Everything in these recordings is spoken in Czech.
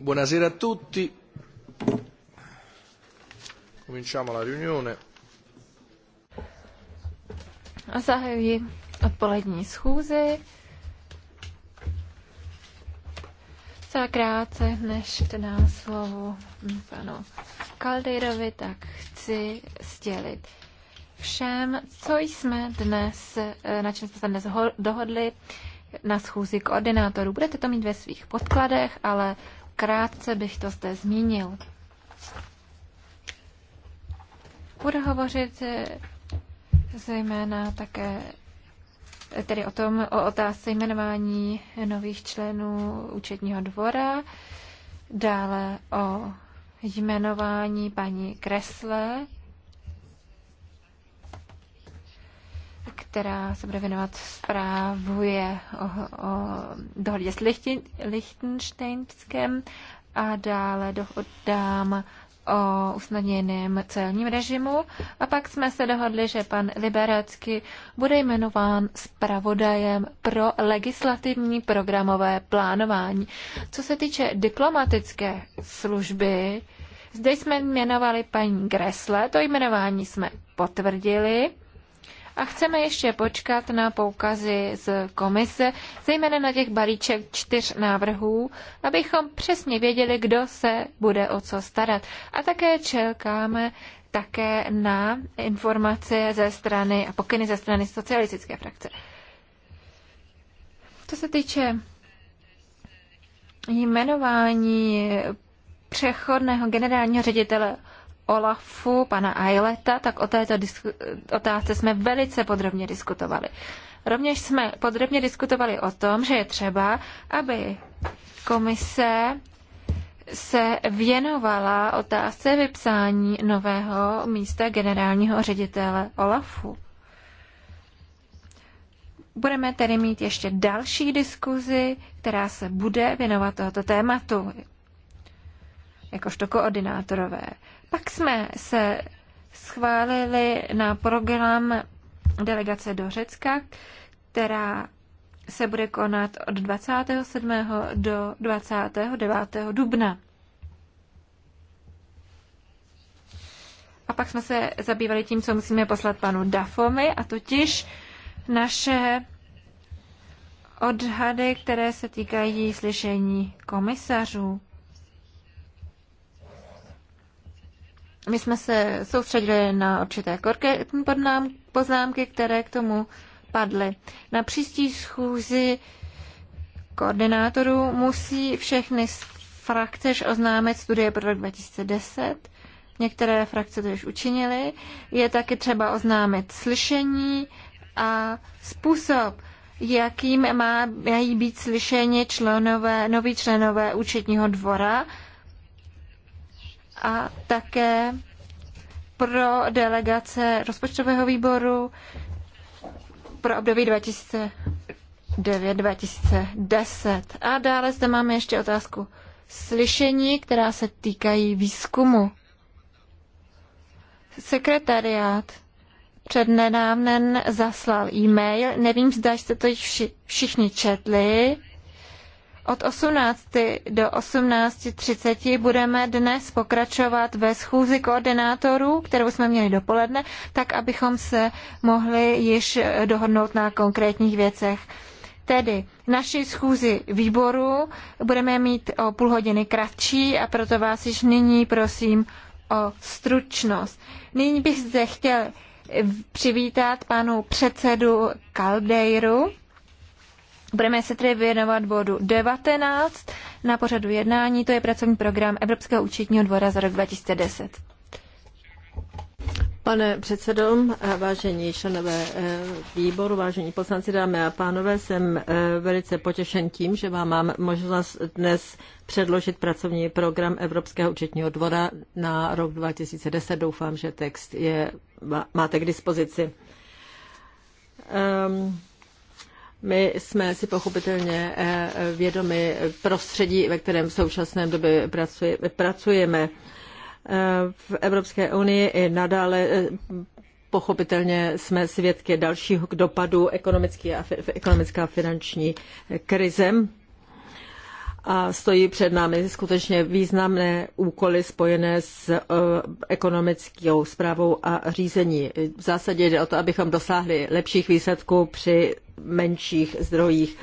Buonasera a tutti. Cominciamo la riunione. Zahajuji odpolední schůzi. Celá krátce, než dá slovo panu Kaldejrovi, tak chci sdělit všem, co jsme dnes, na čem jsme se dnes dohodli na schůzi koordinátorů. Budete to mít ve svých podkladech, ale krátce bych to zde zmínil. Budu hovořit eh, zejména také eh, tedy o tom, o otázce jmenování nových členů účetního dvora, dále o jmenování paní Kresle která se bude věnovat zprávuje o, o dohodě s Lichtin, Lichtensteinském a dále dohodám o usnadněném celním režimu. A pak jsme se dohodli, že pan Liberácky bude jmenován zpravodajem pro legislativní programové plánování. Co se týče diplomatické služby, zde jsme jmenovali paní Gresle, to jmenování jsme potvrdili a chceme ještě počkat na poukazy z komise, zejména na těch balíček čtyř návrhů, abychom přesně věděli, kdo se bude o co starat. A také čelkáme také na informace ze strany a pokyny ze strany socialistické frakce. Co se týče jmenování přechodného generálního ředitele Olafu, pana Aileta, tak o této otázce jsme velice podrobně diskutovali. Rovněž jsme podrobně diskutovali o tom, že je třeba, aby komise se věnovala otázce vypsání nového místa generálního ředitele Olafu. Budeme tedy mít ještě další diskuzi, která se bude věnovat tohoto tématu, jakožto koordinátorové. Pak jsme se schválili na program delegace do Řecka, která se bude konat od 27. do 29. dubna. A pak jsme se zabývali tím, co musíme poslat panu Dafomi, a totiž naše odhady, které se týkají slyšení komisařů. my jsme se soustředili na určité konkrétní poznámky, které k tomu padly. Na příští schůzi koordinátorů musí všechny frakce oznámit studie pro rok 2010. Některé frakce to již učinily. Je taky třeba oznámit slyšení a způsob, jakým má, mají být slyšeni členové, noví členové účetního dvora a také pro delegace rozpočtového výboru pro období 2009-2010. A dále zde máme ještě otázku slyšení, která se týkají výzkumu. Sekretariát přednedávnen zaslal e-mail. Nevím, zda jste to vši, všichni četli. Od 18 do 18.30 budeme dnes pokračovat ve schůzi koordinátorů, kterou jsme měli dopoledne, tak abychom se mohli již dohodnout na konkrétních věcech. Tedy naši schůzi výboru budeme mít o půl hodiny kratší a proto vás již nyní prosím o stručnost. Nyní bych zde chtěl přivítat panu předsedu Caldeiru Budeme se tedy věnovat bodu 19 na pořadu jednání, to je pracovní program Evropského účetního dvora za rok 2010. Pane předsedo, vážení členové eh, výboru, vážení poslanci, dámy a pánové, jsem eh, velice potěšen tím, že vám mám možnost dnes předložit pracovní program Evropského účetního dvora na rok 2010. Doufám, že text je, máte k dispozici. Um, my jsme si pochopitelně eh, vědomi prostředí, ve kterém v současné době pracujeme. Eh, v Evropské unii i nadále eh, pochopitelně jsme svědky dalšího dopadu ekonomické a finanční krize a stojí před námi skutečně významné úkoly spojené s ekonomickou zprávou a řízení. V zásadě jde o to, abychom dosáhli lepších výsledků při menších zdrojích.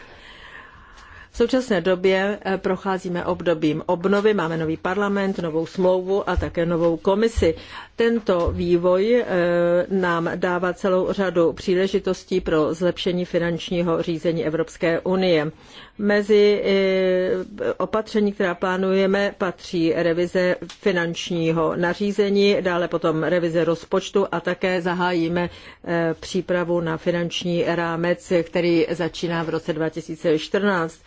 V současné době eh, procházíme obdobím obnovy, máme nový parlament, novou smlouvu a také novou komisi. Tento vývoj eh, nám dává celou řadu příležitostí pro zlepšení finančního řízení Evropské unie. Mezi eh, opatření, která plánujeme, patří revize finančního nařízení, dále potom revize rozpočtu a také zahájíme přípravu na finanční rámec, který začíná v roce 2014.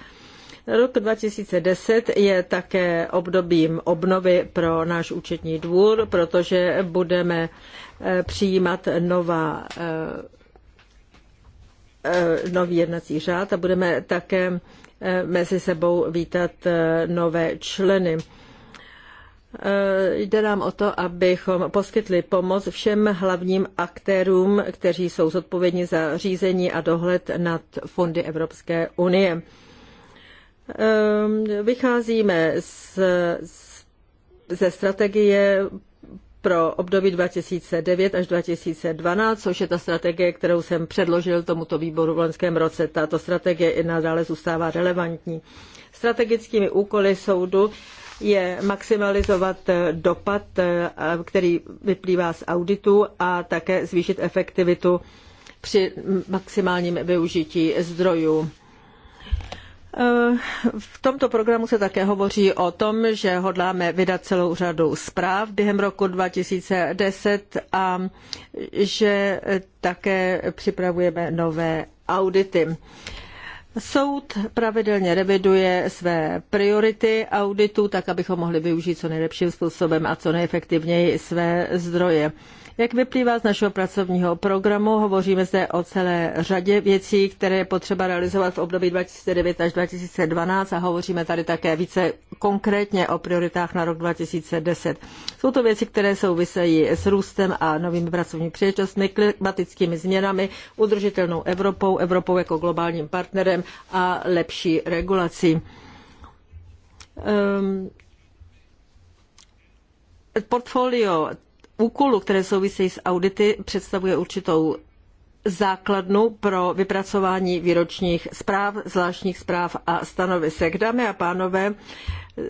Rok 2010 je také obdobím obnovy pro náš účetní dvůr, protože budeme eh, přijímat nová, eh, eh, nový jednací řád a budeme také mezi sebou vítat nové členy. Jde nám o to, abychom poskytli pomoc všem hlavním aktérům, kteří jsou zodpovědní za řízení a dohled nad fondy Evropské unie. Ehm, vycházíme z, ze strategie pro období 2009 až 2012, což je ta strategie, kterou jsem předložil tomuto výboru v loňském roce. Tato strategie i nadále zůstává relevantní. Strategickými úkoly soudu je maximalizovat dopad, eh, který vyplývá z auditu a také zvýšit efektivitu při maximálním využití zdrojů. V tomto programu se také hovoří o tom, že hodláme vydat celou řadu zpráv během roku 2010 a že také připravujeme nové audity. Soud pravidelně reviduje své priority auditu, tak abychom mohli využít co nejlepším způsobem a co nejefektivněji své zdroje. Jak vyplývá z našeho pracovního programu, hovoříme zde o celé řadě věcí, které je potřeba realizovat v období 2009 až 2012 a hovoříme tady také více konkrétně o prioritách na rok 2010. Jsou to věci, které souvisejí s růstem a novými pracovními příležitostmi, klimatickými změnami, udržitelnou Evropou, Evropou jako globálním partnerem a lepší regulací. Um, portfolio úkolů, které souvisejí s audity, představuje určitou základnu pro vypracování výročních zpráv, zvláštních zpráv a stanovisek. Dámy a pánové, eh,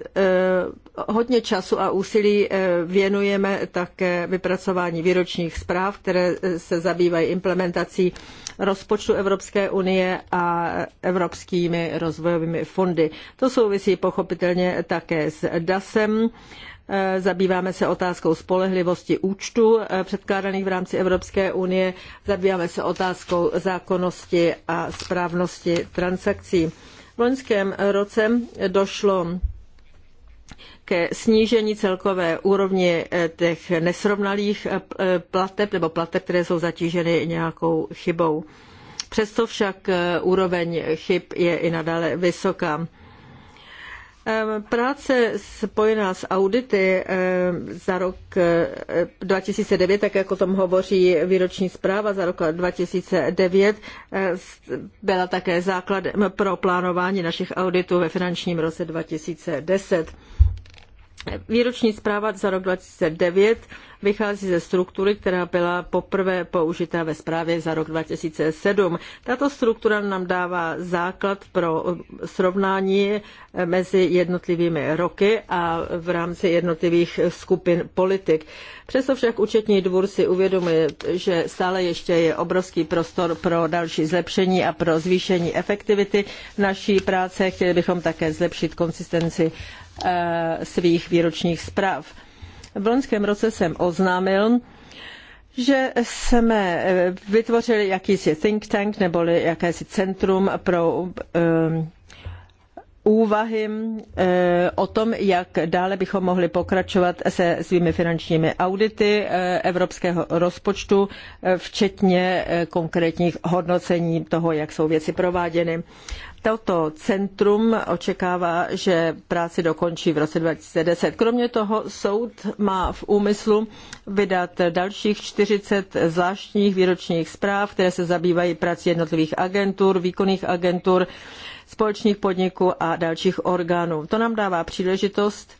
hodně času a úsilí eh, věnujeme také vypracování výročních zpráv, které eh, se zabývají implementací rozpočtu Evropské unie a evropskými rozvojovými fondy. To souvisí pochopitelně také s DASem Eh, zabýváme se otázkou spolehlivosti účtů eh, předkládaných v rámci Evropské unie, zabýváme se otázkou zákonnosti a správnosti transakcí. V loňském roce došlo ke snížení celkové úrovně eh, těch nesrovnalých plateb nebo plateb, které jsou zatíženy nějakou chybou. Přesto však úroveň chyb je i nadále vysoká. Práce spojená s audity za rok 2009, eh, tak jako o tom hovoří výroční zpráva za rok 2009, eh, byla také základem pro plánování našich auditů ve finančním roce 2010. Výroční zpráva za rok 2009 vychází ze struktury, která byla poprvé použita ve zprávě za rok 2007. Tato struktura nám dává základ pro srovnání mezi jednotlivými roky a v rámci jednotlivých skupin politik. Přesto však účetní dvůr si uvědomuje, že stále ještě je obrovský prostor pro další zlepšení a pro zvýšení efektivity naší práce. Chtěli bychom také zlepšit konsistenci Eh, svých výročních zpráv. V loňském roce jsem oznámil, že jsme eh, vytvořili jakýsi think tank neboli jakési centrum pro eh, úvahy o tom, jak dále bychom mohli pokračovat se svými finančními audity evropského rozpočtu, včetně konkrétních hodnocení toho, jak jsou věci prováděny. Toto centrum očekává, že práci dokončí v roce 2010. Kromě toho soud má v úmyslu vydat dalších 40 zvláštních výročních zpráv, které se zabývají prací jednotlivých agentur, výkonných agentur, společných podniků a dalších orgánů. To nám dává příležitost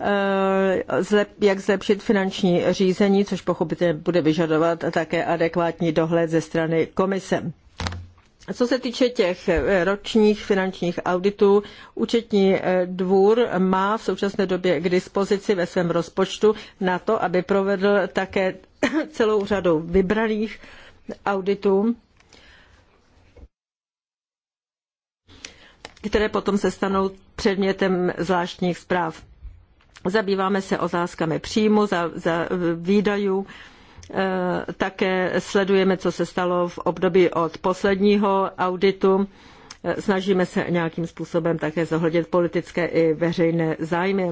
eh, jak zlepšit finanční řízení, což pochopitelně bude vyžadovat také adekvátní dohled ze strany komise. Co se týče těch eh, ročních finančních auditů, účetní eh, dvůr má v současné době k dispozici ve svém rozpočtu na to, aby provedl také celou řadu vybraných auditů, které potom se stanou předmětem zvláštních zpráv. Zabýváme se otázkami příjmu, za, za výdajů, Eh, také sledujeme, co se stalo v období od posledního auditu. Eh, snažíme se nějakým způsobem také zohlednit politické i veřejné zájmy.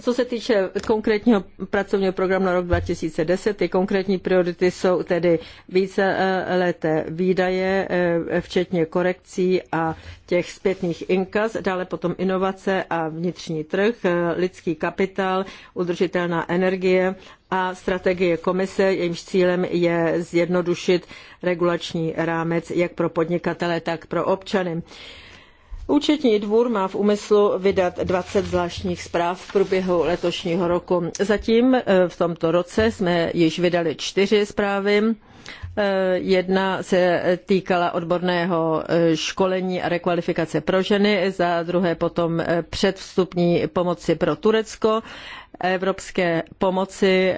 Co se týče konkrétního pracovního programu na rok 2010, ty konkrétní priority jsou tedy více leté výdaje, eh, včetně korekcí a těch zpětných inkas, dále potom inovace a vnitřní trh, eh, lidský kapitál, udržitelná energie a strategie komise, jejímž cílem je zjednodušit regulační rámec jak pro podnikatele, tak pro občany. Účetní dvůr má v úmyslu vydat 20 zvláštních zpráv v průběhu letošního roku. Zatím eh, v tomto roce jsme již vydali čtyři zprávy. Eh, jedna se týkala odborného eh, školení a rekvalifikace pro ženy, za druhé potom předvstupní pomoci pro Turecko, evropské pomoci,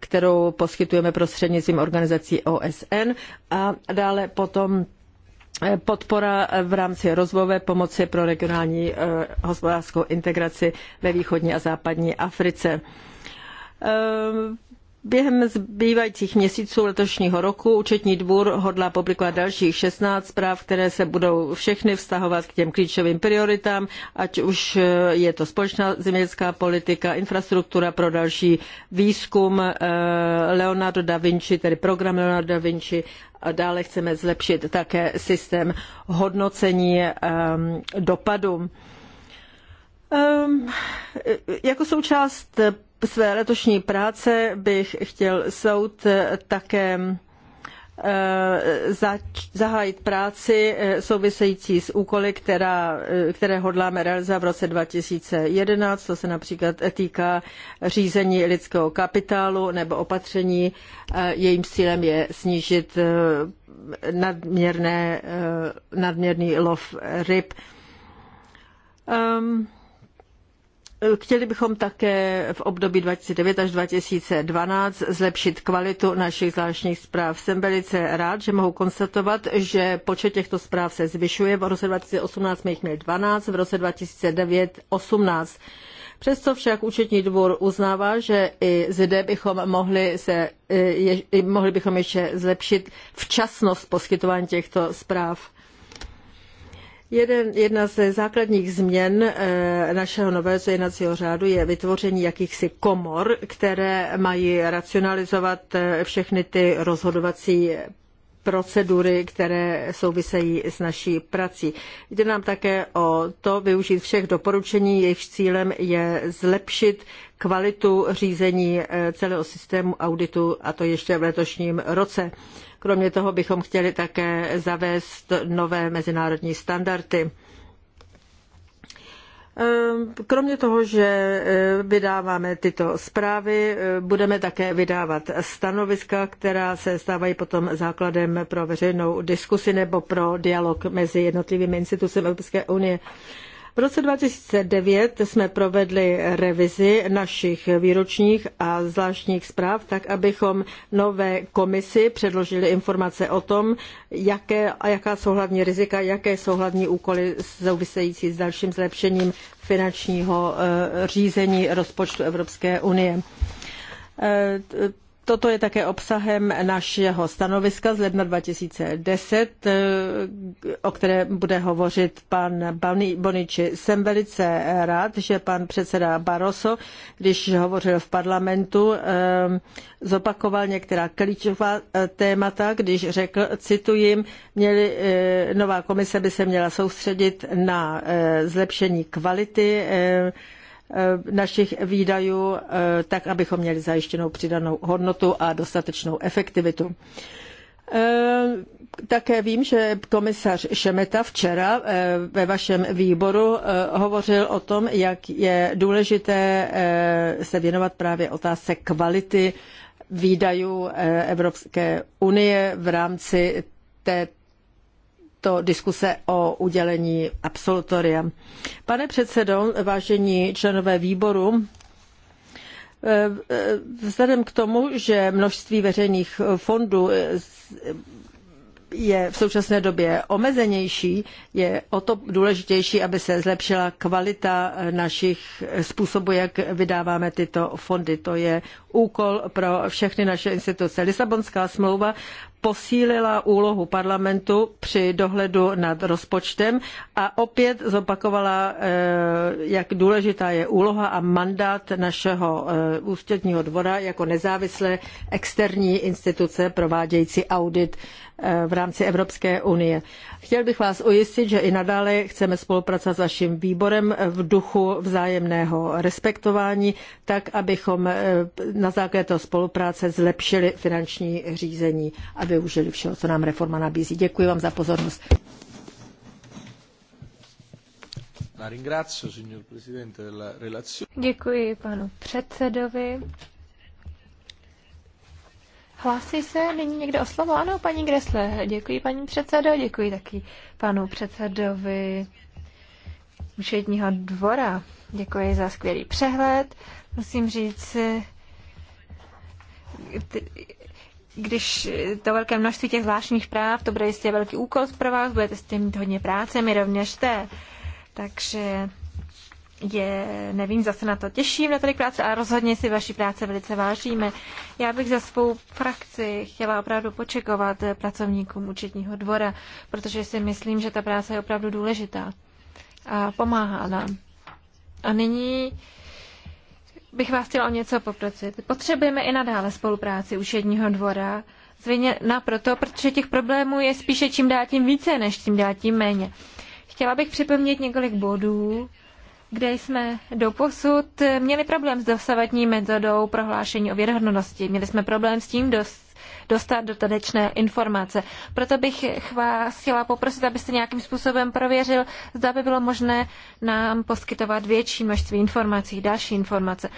kterou poskytujeme prostřednictvím organizací OSN a dále potom Eh, podpora eh, v rámci rozvojové pomoci pro regionální eh, hospodářskou integraci ve východní a západní Africe. Během zbývajících měsíců letošního roku účetní dvůr hodlá publikovat dalších 16 zpráv, které se budou všechny vztahovat k těm klíčovým prioritám, ať už je to společná zemědělská politika, infrastruktura pro další výzkum Leonardo da Vinci, tedy program Leonardo da Vinci Dále chceme zlepšit také systém hodnocení ehm, dopadu. Ehm, jako součást své letošní práce bych chtěl soud také Eh, zahájit práci eh, související s úkoly, která, eh, které hodláme realizovat v roce 2011. To se například týká řízení lidského kapitálu nebo opatření. Jejím cílem je snížit nadměrné, nadměrný lov ryb. Um, Chtěli bychom také v období 2009 až 2012 zlepšit kvalitu našich zvláštních zpráv. Jsem velice rád, že mohu konstatovat, že počet těchto zpráv se zvyšuje. V roce 2018 jsme jich měli 12, v roce 2009 18. Přesto však účetní dvůr uznává, že i zde bychom mohli, se, eh, je, mohli bychom ještě zlepšit včasnost poskytování těchto zpráv jedna ze základních změn eh, našeho nového jednacího řádu je vytvoření jakýchsi komor, které mají racionalizovat eh, všechny ty rozhodovací procedury, které souvisejí s naší prací. Jde nám také o to využít všech doporučení, jejichž cílem je zlepšit kvalitu řízení eh, celého systému auditu, a to ještě v letošním roce. Kromě toho bychom chtěli také zavést nové mezinárodní standardy. Ehm, kromě toho, že eh, vydáváme tyto zprávy, eh, budeme také vydávat stanoviska, která se stávají potom základem pro veřejnou diskusi nebo pro dialog mezi jednotlivými institucemi Evropské unie. V roce 2009 jsme provedli revizi našich výročních a zvláštních zpráv, tak abychom nové komisi předložili informace o tom, jaké a jaká jsou hlavní rizika, jaké jsou hlavní úkoly související s dalším zlepšením finančního eh, řízení rozpočtu Evropské unie. Eh, Toto je také obsahem našeho stanoviska z ledna 2010, eh, o které bude hovořit pan Boniči. Jsem velice rád, že pan předseda Barroso, když hovořil v parlamentu, eh, zopakoval některá klíčová eh, témata, když řekl, cituji, měli, nová komise by se měla soustředit na zlepšení kvality Eh, našich výdajů, eh, tak abychom měli zajištěnou přidanou hodnotu a dostatečnou efektivitu. Eh, také vím, že komisař Šemeta včera ve vašem výboru hovořil o tom, jak je důležité se věnovat právě otázce kvality výdajů Evropské unie v rámci té to diskuse o udělení absolutoria. Pane předsedo, vážení členové výboru, eh, eh, vzhledem k tomu, že množství veřejných fondů eh, je v současné době omezenější, je o to důležitější, aby se zlepšila kvalita našich způsobů, jak vydáváme tyto fondy. To je úkol pro všechny naše instituce. Lisabonská smlouva posílila úlohu parlamentu při dohledu nad rozpočtem a opět zopakovala, eh, jak důležitá je úloha a mandát našeho eh, ústředního dvora jako nezávislé externí instituce provádějící audit eh, v rámci Evropské unie. Chtěl bych vás ujistit, že i nadále chceme spolupracovat s vaším výborem v duchu vzájemného respektování, tak abychom eh, na základě toho spolupráce zlepšili finanční řízení a využili všeho, co nám reforma nabízí. Děkuji vám za pozornost. Děkuji panu předsedovi. Hlásí se nyní někdo o slovo? Ano, paní Gresle. Děkuji, paní předsedo, děkuji taky panu předsedovi účetního dvora. Děkuji za skvělý přehled. Musím říct, když to velké množství těch zvláštních práv, to bude jistě velký úkol pro vás, budete s tím mít hodně práce, my rovněž té. Takže je, nevím, zase na to těším, na tady práce, ale rozhodně si vaší práce velice vážíme. Já bych za svou frakci chtěla opravdu počekovat pracovníkům účetního dvora, protože si myslím, že ta práce je opravdu důležitá a pomáhá nám. A nyní bych vás chtěla o něco poprosit. Potřebujeme i nadále spolupráci účetního dvora, Na proto, protože těch problémů je spíše čím dál tím více, než čím dál tím méně. Chtěla bych připomnět několik bodů, kde jsme doposud měli problém s dosavadní metodou prohlášení o věrohodnosti. Měli jsme problém s tím dost dostat dodatečné informace. Proto bych vás chtěla poprosit, abyste nějakým způsobem prověřil, zda by bylo možné nám poskytovat větší množství informací, další informace.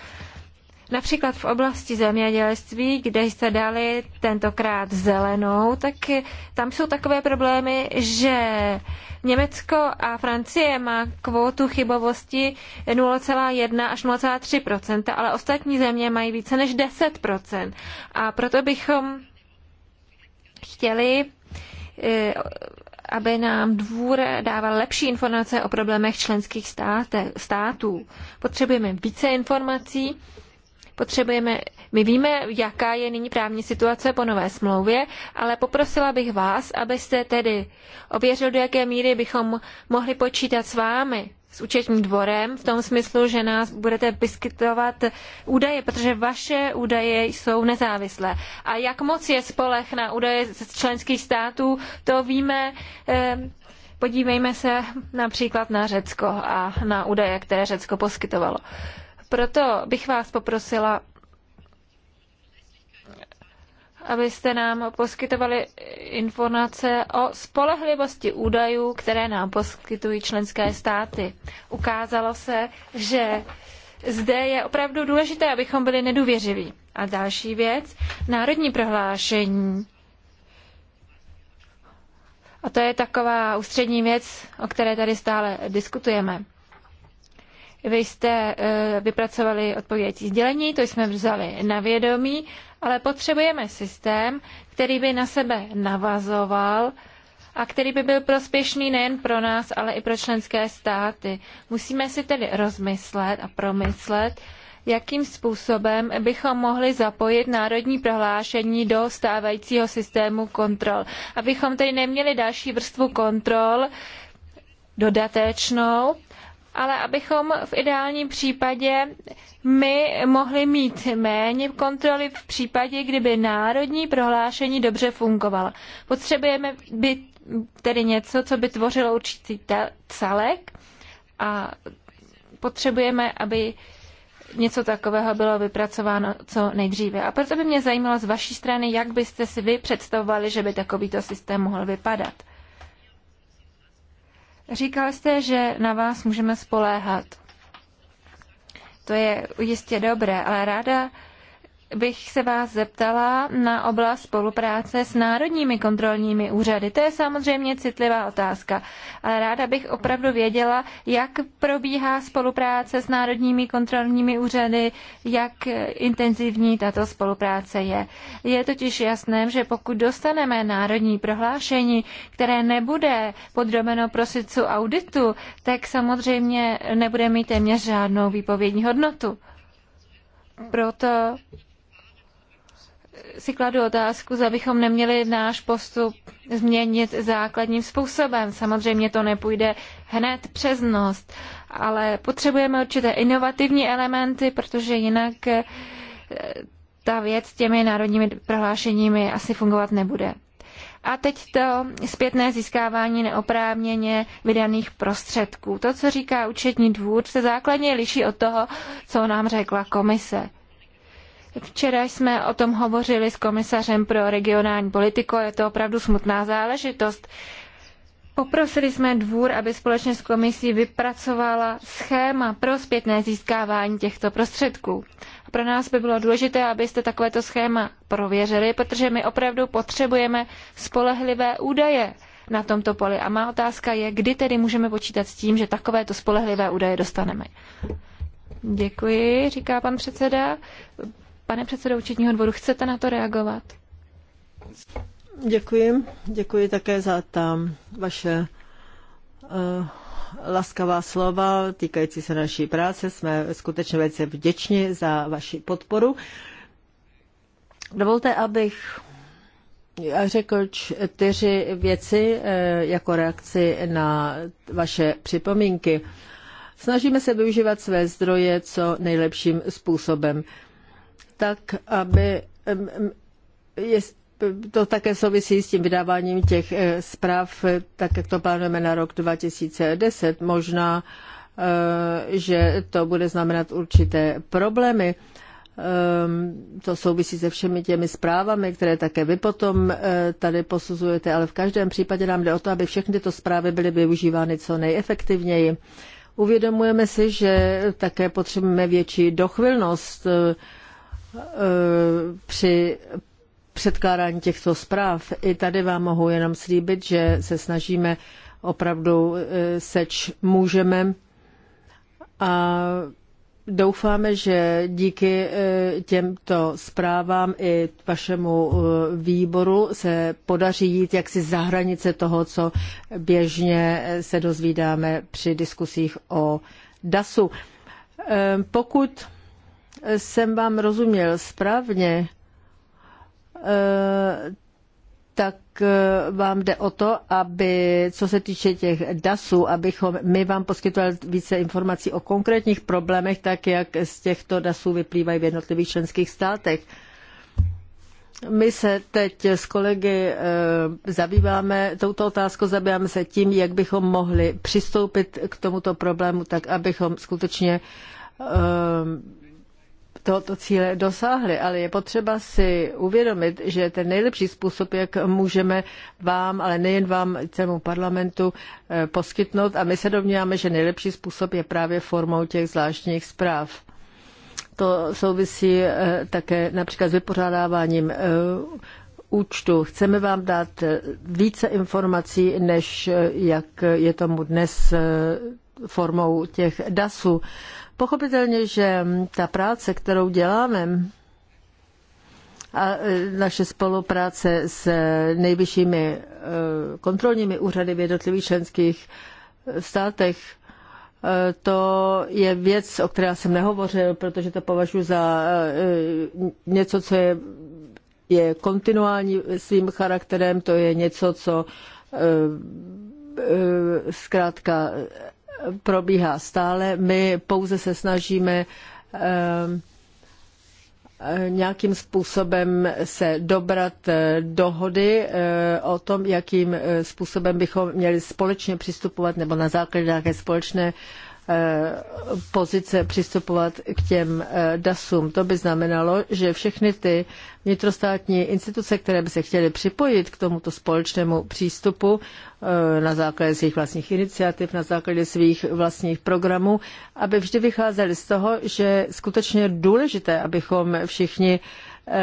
Například v oblasti zemědělství, kde jste dali tentokrát zelenou, tak tam jsou takové problémy, že Německo a Francie má kvótu chybovosti 0,1 až 0,3 ale ostatní země mají více než 10 A proto bychom chtěli eh, aby nám dvůr dával lepší informace o problémech členských států. Potřebujeme více informací Potřebujeme, my víme, jaká je nyní právní situace po nové smlouvě, ale poprosila bych vás, abyste tedy ověřil, do jaké míry bychom mohli počítat s vámi, s účetním dvorem, v tom smyslu, že nás budete vyskytovat údaje, protože vaše údaje jsou nezávislé. A jak moc je spoleh na údaje z členských států, to víme. Eh, podívejme se například na Řecko a na údaje, které Řecko poskytovalo. Proto bych vás poprosila, abyste nám poskytovali informace o spolehlivosti údajů, které nám poskytují členské státy. Ukázalo se, že zde je opravdu důležité, abychom byli nedůvěřiví. A další věc, národní prohlášení. A to je taková ústřední věc, o které tady stále diskutujeme. Vy jste eh, vypracovali odpověď sdělení, to jsme vzali na vědomí, ale potřebujeme systém, který by na sebe navazoval a který by byl prospěšný nejen pro nás, ale i pro členské státy. Musíme si tedy rozmyslet a promyslet, jakým způsobem bychom mohli zapojit národní prohlášení do stávajícího systému kontrol. Abychom tedy neměli další vrstvu kontrol dodatečnou, ale abychom v ideálním případě my mohli mít méně kontroly v případě, kdyby národní prohlášení dobře fungovalo. Potřebujeme být tedy něco, co by tvořilo určitý celek a potřebujeme, aby něco takového bylo vypracováno co nejdříve. A proto by mě zajímalo z vaší strany, jak byste si vy představovali, že by takovýto systém mohl vypadat. Říkal jste, že na vás můžeme spoléhat. To je jistě dobré, ale ráda bych se vás zeptala na oblast spolupráce s národními kontrolními úřady. To je samozřejmě citlivá otázka, ale ráda bych opravdu věděla, jak probíhá spolupráce s národními kontrolními úřady, jak intenzivní tato spolupráce je. Je totiž jasné, že pokud dostaneme národní prohlášení, které nebude podrobeno prosicu auditu, tak samozřejmě nebude mít téměř žádnou výpovědní hodnotu. Proto si kladu otázku, zda bychom neměli náš postup změnit základním způsobem. Samozřejmě to nepůjde hned přes noc, ale potřebujeme určité inovativní elementy, protože jinak eh, ta věc s těmi národními prohlášeními asi fungovat nebude. A teď to zpětné získávání neoprávněně vydaných prostředků. To, co říká účetní dvůr, se základně liší od toho, co nám řekla komise. Včera jsme o tom hovořili s komisařem pro regionální politiku a je to opravdu smutná záležitost. Poprosili jsme dvůr, aby společně s komisí vypracovala schéma pro zpětné získávání těchto prostředků. Pro nás by bylo důležité, abyste takovéto schéma prověřili, protože my opravdu potřebujeme spolehlivé údaje na tomto poli. A má otázka je, kdy tedy můžeme počítat s tím, že takovéto spolehlivé údaje dostaneme. Děkuji, říká pan předseda. Pane předsedo účetního dvoru, chcete na to reagovat? Děkuji. Děkuji také za ta vaše uh, laskavá slova týkající se naší práce. Jsme skutečně velice vděční za vaši podporu. Dovolte, abych já řekl čtyři věci eh, jako reakci na vaše připomínky. Snažíme se využívat své zdroje co nejlepším způsobem tak aby to také souvisí s tím vydáváním těch eh, zpráv, eh, tak jak to plánujeme na rok 2010. Možná, eh, že to bude znamenat určité problémy. To souvisí se všemi těmi zprávami, které také vy potom tady posuzujete, ale v každém případě nám jde o to, aby všechny tyto zprávy byly využívány co nejefektivněji. Uvědomujeme si, že také potřebujeme větší dochvilnost Eh, při předkládání těchto zpráv. I tady vám mohu jenom slíbit, že se snažíme opravdu eh, seč můžeme a doufáme, že díky eh, těmto zprávám i vašemu výboru se podaří jít jaksi za hranice toho, co běžně se dozvídáme při diskusích o DASu. Pokud jsem vám rozuměl správně, eh, tak eh, vám jde o to, aby, co se týče těch DASů, abychom my vám poskytovali více informací o konkrétních problémech, tak jak z těchto DASů vyplývají v jednotlivých členských státech. My se teď s kolegy eh, zabýváme touto otázkou, zabýváme se tím, jak bychom mohli přistoupit k tomuto problému, tak abychom skutečně tohoto cíle dosáhli, ale je potřeba si uvědomit, že ten nejlepší způsob, jak můžeme vám, ale nejen vám, celému parlamentu eh, poskytnout, a my se domníváme, že nejlepší způsob je právě formou těch zvláštních zpráv. To souvisí eh, také například s vypořádáváním eh, účtu. Chceme vám dát více informací, než jak je tomu dnes formou těch DASů. Pochopitelně, že ta práce, kterou děláme, a e, naše spolupráce s nejvyššími e, kontrolními úřady v jednotlivých členských e, státech, to je věc, o které jsem nehovořil, protože to považuji za něco, co je, je kontinuální svým charakterem, to je něco, co zkrátka probíhá stále. My pouze se snažíme ehm, eh, nějakým způsobem se dobrat eh, dohody eh, o tom, jakým způsobem bychom měli společně přistupovat nebo na základě nějaké společné Eh, pozice přistupovat k těm eh, DASům. To by znamenalo, že všechny ty vnitrostátní instituce, které by se chtěly připojit k tomuto společnému přístupu eh, na základě svých vlastních iniciativ, na základě svých vlastních programů, aby vždy vycházeli z toho, že skutečně je důležité, abychom všichni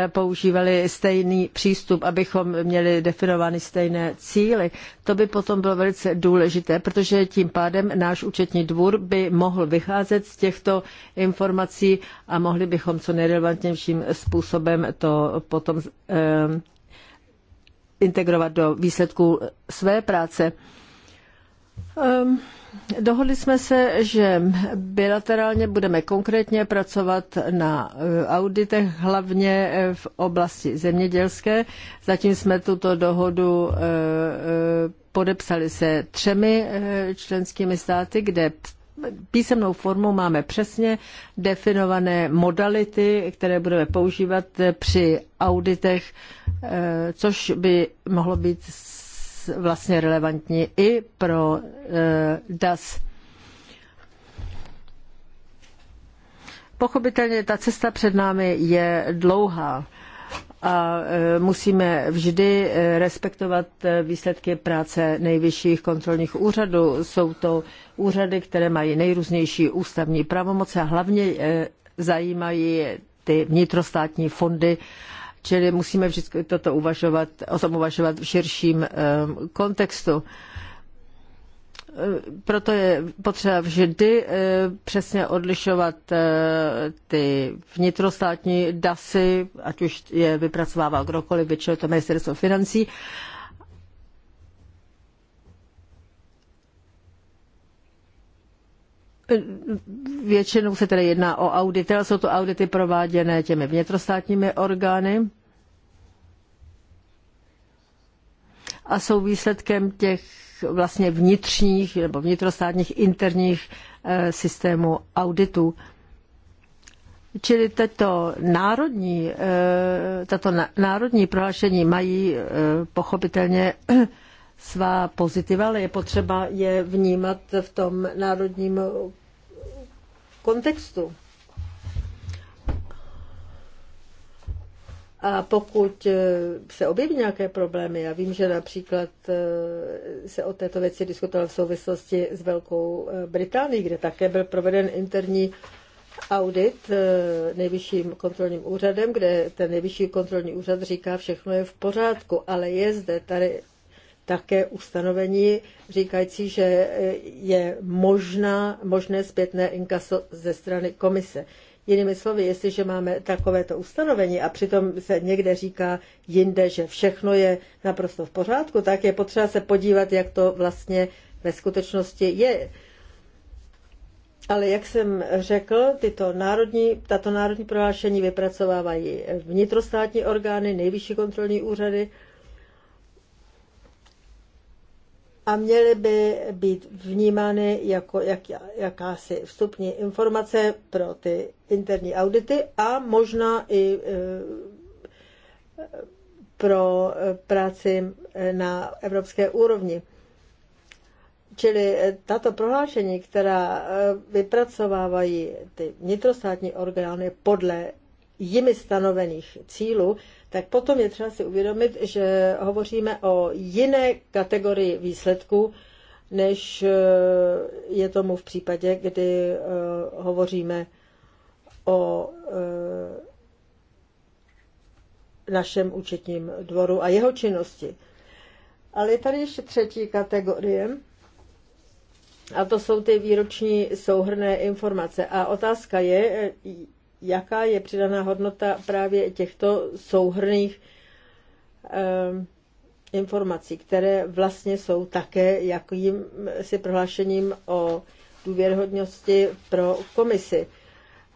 používali stejný přístup, abychom měli definovány stejné cíly. To by potom bylo velice důležité, protože tím pádem náš účetní dvůr by mohl vycházet z těchto informací a mohli bychom co nejrelevantnějším způsobem to potom eh, integrovat do výsledků své práce. Um, Dohodli jsme se, že bilaterálně budeme konkrétně pracovat na eh, auditech, hlavně eh, v oblasti zemědělské. Zatím jsme tuto dohodu eh, podepsali se třemi členskými státy, kde písemnou formou máme přesně definované modality, které budeme používat při auditech, což by mohlo být vlastně relevantní i pro eh, DAS. Pochopitelně ta cesta před námi je dlouhá a eh, musíme vždy eh, respektovat výsledky práce nejvyšších kontrolních úřadů. Jsou to úřady, které mají nejrůznější ústavní pravomoce a hlavně zajímají ty vnitrostátní fondy Čili musíme vždycky toto uvažovat, o tom uvažovat v širším eh, kontextu. Eh, proto je potřeba vždy eh, přesně odlišovat ty vnitrostátní DASy, ať už je vypracovává kdokoliv, většinou to ministerstvo financí, Většinou se tedy jedná o audity, ale jsou to audity prováděné těmi vnitrostátními orgány a jsou výsledkem těch vlastně vnitřních nebo vnitrostátních interních eh, systémů auditu. Čili tato národní, eh, tato národní prohlášení mají eh, pochopitelně svá pozitiva, ale je potřeba je vnímat v tom národním kontextu. A pokud eh, se objeví nějaké problémy, já vím, že například eh, se o této věci diskutoval v souvislosti s Velkou eh, Británií, kde také byl proveden interní audit nejvyšším kontrolním úřadem, kde ten nejvyšší kontrolní úřad říká, všechno je v pořádku, ale je zde tady také ustanovení říkající, že je možná, možné zpětné inkaso ze strany komise. Jinými slovy, jestliže máme takovéto ustanovení a přitom se někde říká jinde, že všechno je naprosto v pořádku, tak je potřeba se podívat, jak to vlastně ve skutečnosti je. Ale jak jsem řekl, tyto národní, tato národní prohlášení vypracovávají vnitrostátní orgány, nejvyšší kontrolní úřady, a měly by být vnímány jako jak, jakási vstupní informace pro ty interní audity a možná i e, pro práci na evropské úrovni. Čili tato prohlášení, která e, vypracovávají ty vnitrostátní orgány podle jimi stanovených cílů, tak potom je třeba si uvědomit, že hovoříme o jiné kategorii výsledků, než eh, je tomu v případě, kdy eh, hovoříme o eh, našem účetním dvoru a jeho činnosti. Ale je tady ještě třetí kategorie, a to jsou ty výroční souhrné informace. A otázka je, jaká je přidaná hodnota právě těchto souhrných ehm, informací, které vlastně jsou také si prohlášením o důvěrhodnosti pro komisi.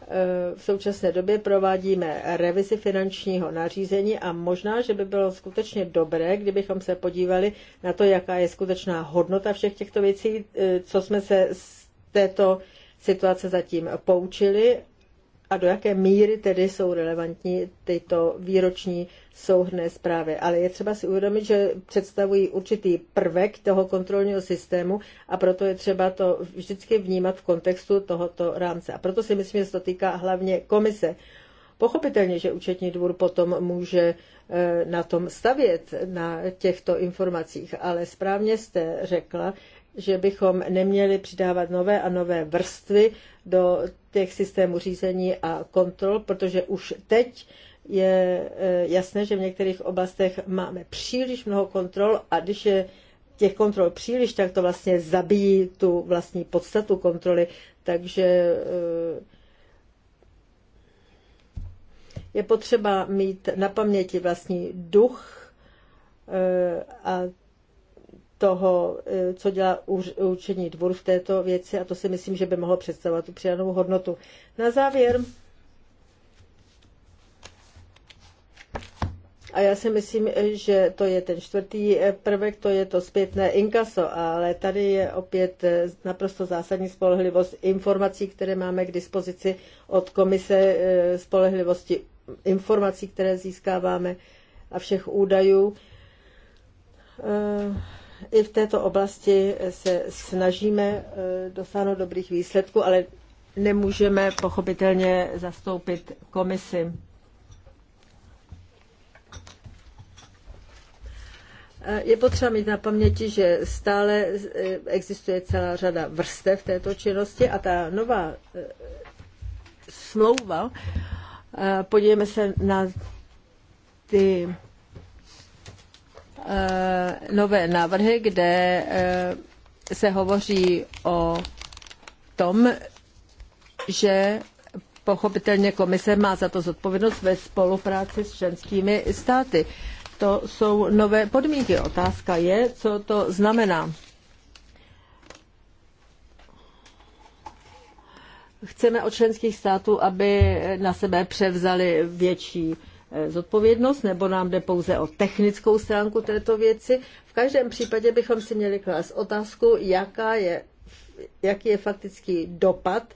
Ehm, v současné době provádíme revizi finančního nařízení a možná, že by bylo skutečně dobré, kdybychom se podívali na to, jaká je skutečná hodnota všech těchto věcí, e, co jsme se z této situace zatím poučili a do jaké míry tedy jsou relevantní tyto výroční souhrné zprávy. Ale je třeba si uvědomit, že představují určitý prvek toho kontrolního systému a proto je třeba to vždycky vnímat v kontextu tohoto rámce. A proto si myslím, že se to týká hlavně komise. Pochopitelně, že účetní dvůr potom může eh, na tom stavět, na těchto informacích, ale správně jste řekla, že bychom neměli přidávat nové a nové vrstvy do těch systémů řízení a kontrol, protože už teď je eh, jasné, že v některých oblastech máme příliš mnoho kontrol a když je těch kontrol příliš, tak to vlastně zabíjí tu vlastní podstatu kontroly. Takže eh, je potřeba mít na paměti vlastní duch eh, a toho, eh, co dělá učení dvůr v této věci a to si myslím, že by mohlo představovat tu přidanou hodnotu. Na závěr, a já si myslím, eh, že to je ten čtvrtý eh, prvek, to je to zpětné inkaso, ale tady je opět naprosto zásadní spolehlivost informací, které máme k dispozici od komise spolehlivosti informací, které získáváme a všech údajů i v této oblasti se snažíme eh, dosáhnout dobrých výsledků, ale nemůžeme pochopitelně zastoupit komisi. Eh, je potřeba mít na paměti, že stále eh, existuje celá řada vrstev této činnosti a ta nová smlouva, podívejme se na ty Eh, nové návrhy, kde eh, se hovoří o tom, že pochopitelně komise má za to zodpovědnost ve spolupráci s členskými státy. To jsou nové podmínky. Otázka je, co to znamená. Chceme od členských států, aby na sebe převzali větší Eh, zodpovědnost, nebo nám jde pouze o technickou stránku této věci. V každém případě bychom si měli klást otázku, jaká je, jaký je faktický dopad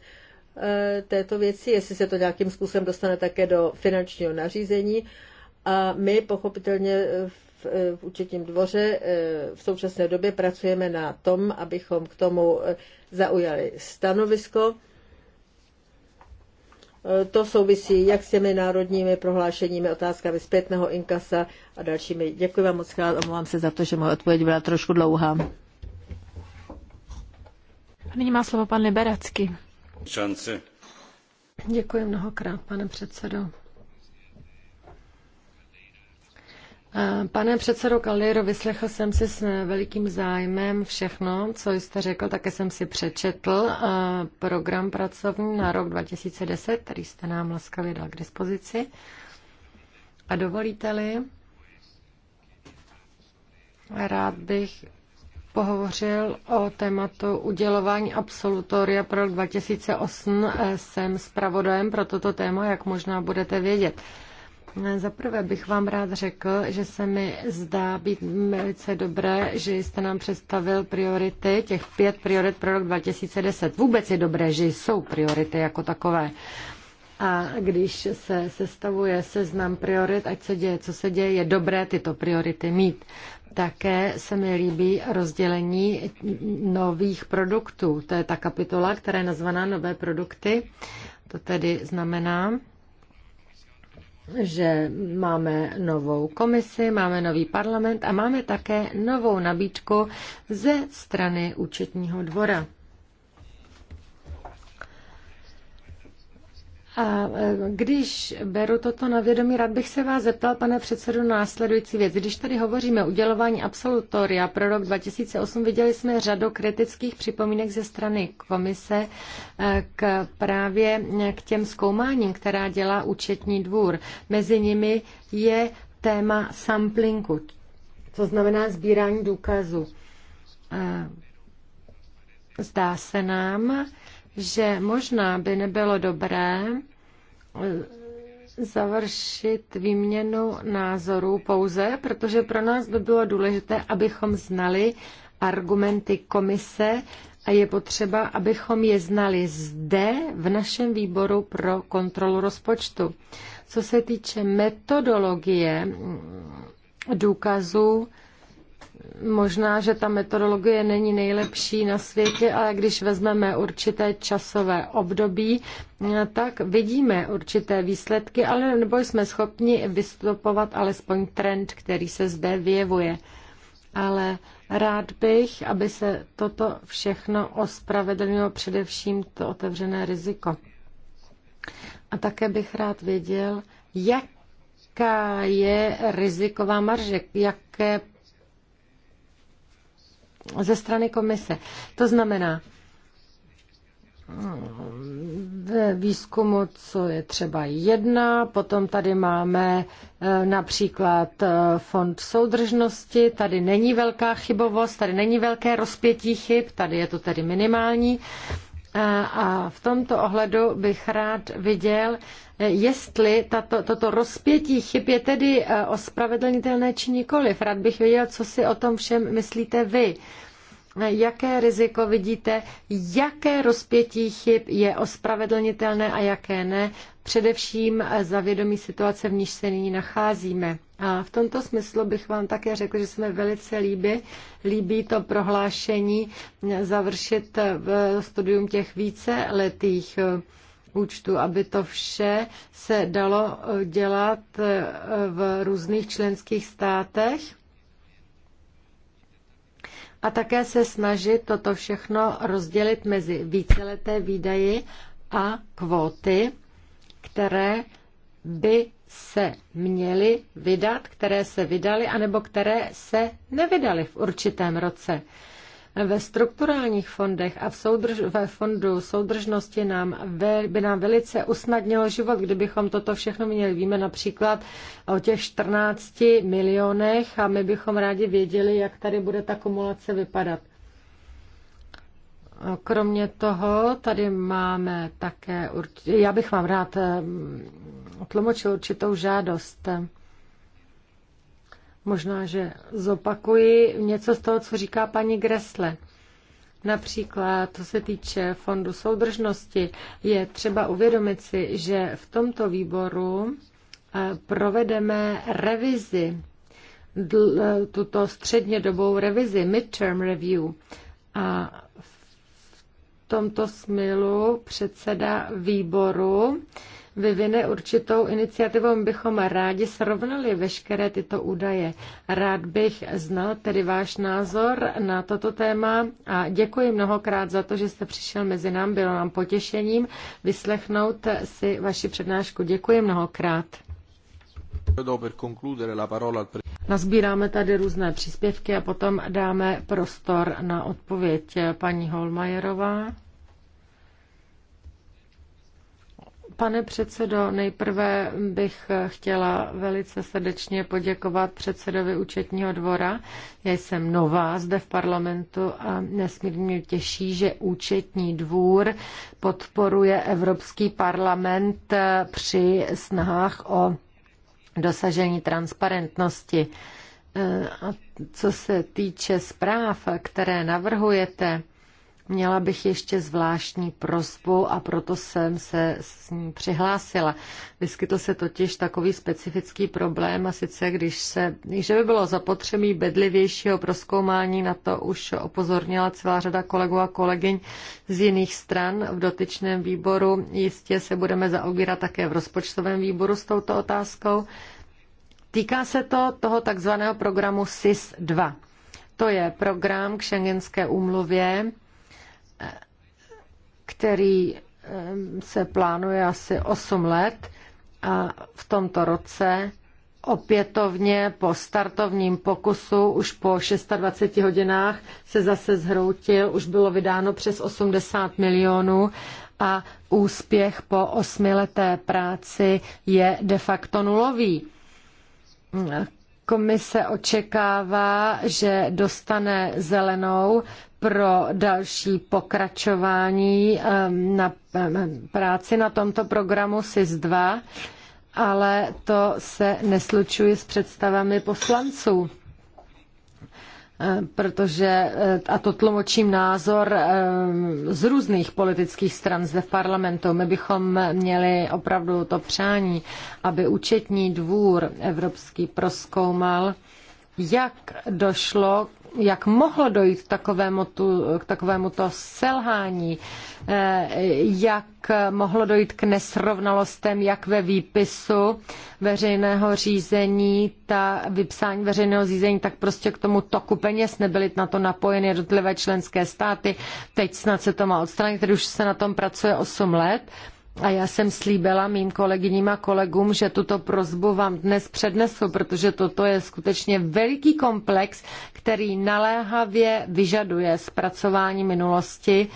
eh, této věci, jestli se to nějakým způsobem dostane také do finančního nařízení. A my pochopitelně v, eh, v účetním dvoře v současné době pracujeme na tom, abychom k tomu zaujali stanovisko. Eh, to souvisí jak s těmi národními prohlášeními, otázkami zpětného inkasa a dalšími. Děkuji vám moc krát, omlouvám se za to, že moje odpověď byla trošku dlouhá. A nyní má slovo pan Liberacky. Šance. Děkuji mnohokrát, pane předsedo. Pane předsedo Kaliro, vyslechl jsem si s velikým zájmem všechno, co jste řekl, také jsem si přečetl eh, program pracovní na rok 2010, který jste nám laskavě dal k dispozici. A dovolíte-li, rád bych pohovořil o tématu udělování absolutoria pro rok 2008. Eh, jsem zpravodajem pro toto téma, jak možná budete vědět. Za prvé bych vám rád řekl, že se mi zdá být velice dobré, že jste nám představil priority, těch pět priorit pro rok 2010. Vůbec je dobré, že jsou priority jako takové. A když se sestavuje seznam priorit, ať se děje, co se děje, je dobré tyto priority mít. Také se mi líbí rozdělení nových produktů. To je ta kapitola, která je nazvaná Nové produkty. To tedy znamená, že máme novou komisi, máme nový parlament a máme také novou nabídku ze strany účetního dvora. A e, když beru toto na vědomí, rád bych se vás zeptal, pane předsedu, následující věc. Když tady hovoříme o udělování absolutoria pro rok 2008, viděli jsme řadu kritických připomínek ze strany komise e, k právě k těm zkoumáním, která dělá účetní dvůr. Mezi nimi je téma samplingu, co znamená sbírání důkazů. E, zdá se nám, že možná by nebylo dobré eh, završit výměnu názorů pouze, protože pro nás by bylo důležité, abychom znali argumenty komise a je potřeba, abychom je znali zde v našem výboru pro kontrolu rozpočtu. Co se týče metodologie mm, důkazů, Možná, že ta metodologie není nejlepší na světě, ale když vezmeme určité časové období, tak vidíme určité výsledky, ale nebo jsme schopni vystupovat alespoň trend, který se zde vyjevuje. Ale rád bych, aby se toto všechno ospravedlnilo především to otevřené riziko. A také bych rád věděl, jak jaká je riziková marže, jaké ze strany komise. To znamená, ve výzkumu, co je třeba jedna, potom tady máme e, například e, fond soudržnosti, tady není velká chybovost, tady není velké rozpětí chyb, tady je to tedy minimální. A v tomto ohledu bych rád viděl, eh, jestli tato, toto rozpětí chyb je tedy eh, ospravedlnitelné či nikoliv. Rád bych věděl, co si o tom všem myslíte vy jaké riziko vidíte, jaké rozpětí chyb je ospravedlnitelné a jaké ne, především za vědomí situace, v níž se nyní nacházíme. A v tomto smyslu bych vám také řekl, že jsme velice líbí, líbí to prohlášení završit v studium těch více letých eh, účtu, aby to vše se dalo eh, dělat eh, v různých členských státech a také se snažit toto všechno rozdělit mezi víceleté výdaji a kvóty, které by se měly vydat, které se vydaly, anebo které se nevydaly v určitém roce. Ve strukturálních fondech a v soudrž, ve fondu soudržnosti nám ve, by nám velice usnadnilo život, kdybychom toto všechno měli. Víme například o těch 14 milionech a my bychom rádi věděli, jak tady bude ta kumulace vypadat. Kromě toho tady máme také, já bych vám rád eh, tlumočil určitou žádost. Možná, že zopakuji něco z toho, co říká paní Gresle. Například, co se týče fondu soudržnosti, je třeba uvědomit si, že v tomto výboru eh, provedeme revizi, eh, tuto dobou revizi, midterm review. A v tomto smilu předseda výboru vyvine určitou iniciativou, my bychom rádi srovnali veškeré tyto údaje. Rád bych znal tedy váš názor na toto téma a děkuji mnohokrát za to, že jste přišel mezi nám. Bylo nám potěšením vyslechnout si vaši přednášku. Děkuji mnohokrát. Nazbíráme tady různé příspěvky a potom dáme prostor na odpověď paní Holmajerová. Pane předsedo, nejprve bych chtěla velice srdečně poděkovat předsedovi účetního dvora. Já jsem nová zde v parlamentu a nesmírně těší, že účetní dvůr podporuje Evropský parlament při snahách o dosažení transparentnosti. E, a co se týče zpráv, které navrhujete, Měla bych ještě zvláštní prozbu a proto jsem se s ní přihlásila. Vyskytl se totiž takový specifický problém a sice, když se, že by bylo zapotřebí bedlivějšího proskoumání, na to už opozornila celá řada kolegů a kolegyň z jiných stran v dotyčném výboru. Jistě se budeme zaobírat také v rozpočtovém výboru s touto otázkou. Týká se to toho takzvaného programu SIS-2. To je program k šengenské úmluvě, který se plánuje asi 8 let a v tomto roce opětovně po startovním pokusu už po 26 hodinách se zase zhroutil, už bylo vydáno přes 80 milionů a úspěch po osmileté práci je de facto nulový. Komise očekává, že dostane zelenou pro další pokračování ehm, na ehm, práci na tomto programu SIS 2, ale to se neslučuje s představami poslanců ehm, protože, eh, a to tlumočím názor z různých politických stran zde v parlamentu, my bychom měli opravdu to přání, aby účetní dvůr evropský proskoumal, jak došlo, jak mohlo dojít k takovému, tu, k takovému to selhání, eh, jak mohlo dojít k nesrovnalostem, jak ve výpisu veřejného řízení, ta vypsání veřejného řízení, tak prostě k tomu toku peněz nebyly na to napojeny jednotlivé členské státy. Teď snad se to má odstranit, tedy už se na tom pracuje 8 let a já jsem slíbila mým kolegyním a kolegům, že tuto prozbu vám dnes přednesu, protože toto je skutečně veliký komplex, který naléhavě vyžaduje zpracování minulosti,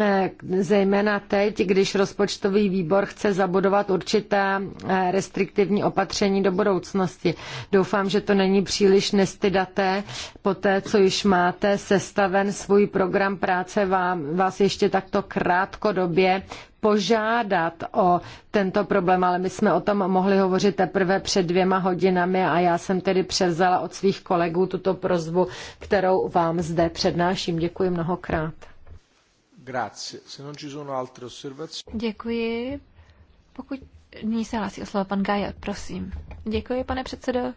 eh, zejména teď, když rozpočtový výbor chce zabudovat určité eh, restriktivní opatření do budoucnosti. Doufám, že to není příliš nestydaté. Po té, co již máte sestaven svůj program práce, vám, vás ještě takto krátkodobě požádat o tento problém, ale my jsme o tom mohli hovořit teprve před dvěma hodinami a já jsem tedy převzala od svých kolegů tuto prozbu, kterou vám zde přednáším. Děkuji mnohokrát. Děkuji. Pokud ní se hlásí o slovo pan Gajer, prosím. Děkuji, pane předsedo.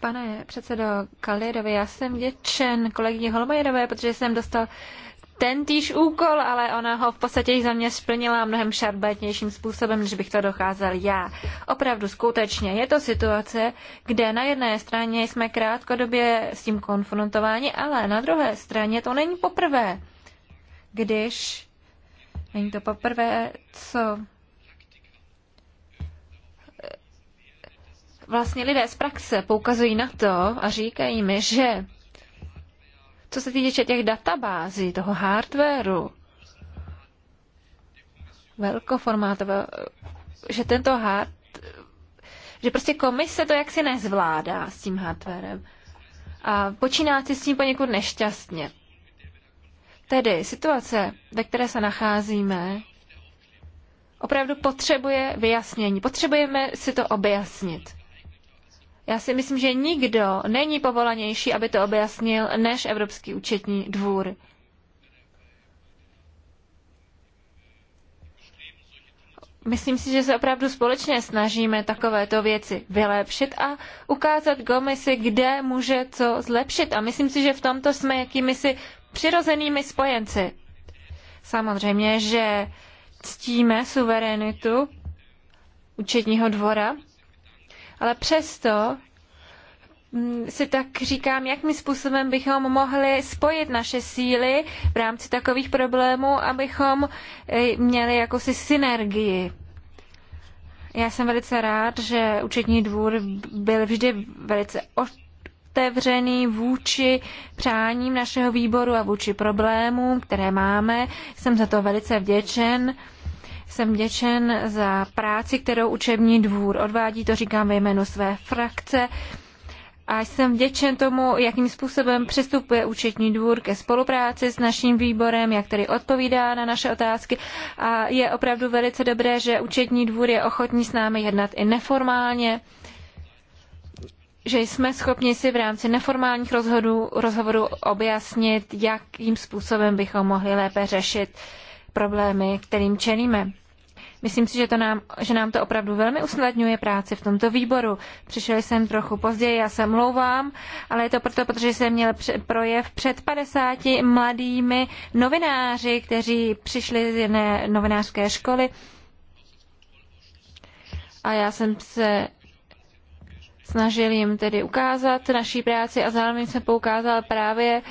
Pane předsedo Kalidovi, já jsem děčen kolegyně Holmajerové, protože jsem dostal uh, ten úkol, ale ona ho v podstatě za mě splnila mnohem šarbetnějším způsobem, než bych to dokázal já. Opravdu skutečně je to situace, kde na jedné straně jsme krátkodobě s tím konfrontováni, ale na druhé straně to není poprvé, když není to poprvé, co vlastně lidé z praxe poukazují na to a říkají mi, že co se týče těch databází, toho hardwareu, velkoformátového, že tento hard, že prostě komise to jaksi nezvládá s tím hardwarem a počíná si s tím poněkud nešťastně. Tedy situace, ve které se nacházíme, opravdu potřebuje vyjasnění. Potřebujeme si to objasnit. Já si myslím, že nikdo není povolanější, aby to objasnil, než Evropský účetní dvůr. Myslím si, že se opravdu společně snažíme takovéto věci vylepšit a ukázat komisi, kde může co zlepšit. A myslím si, že v tomto jsme jakýmisi přirozenými spojenci. Samozřejmě, že ctíme suverenitu účetního dvora, ale přesto mm, si tak říkám, jakým způsobem bychom mohli spojit naše síly v rámci takových problémů, abychom eh, měli jakousi synergii. Já jsem velice rád, že účetní dvůr byl vždy velice otevřený vůči přáním našeho výboru a vůči problémům, které máme. Jsem za to velice vděčen. Jsem vděčen za práci, kterou učební dvůr odvádí, to říkám ve jménu své frakce. A jsem vděčen tomu, jakým způsobem přistupuje účetní dvůr ke spolupráci s naším výborem, jak tedy odpovídá na naše otázky. A je opravdu velice dobré, že účetní dvůr je ochotní s námi jednat i neformálně že jsme schopni si v rámci neformálních rozhodů, rozhovorů objasnit, jakým způsobem bychom mohli lépe řešit uh, problémy, kterým čelíme. Myslím si, že, to nám, že nám to opravdu velmi usnadňuje práci v tomto výboru. Přišel jsem trochu později, já se mlouvám, ale je to proto, protože jsem měl projev před 50 mladými novináři, kteří přišli z jedné novinářské školy. A já jsem se snažil jim tedy ukázat naší práci a zároveň jsem poukázal právě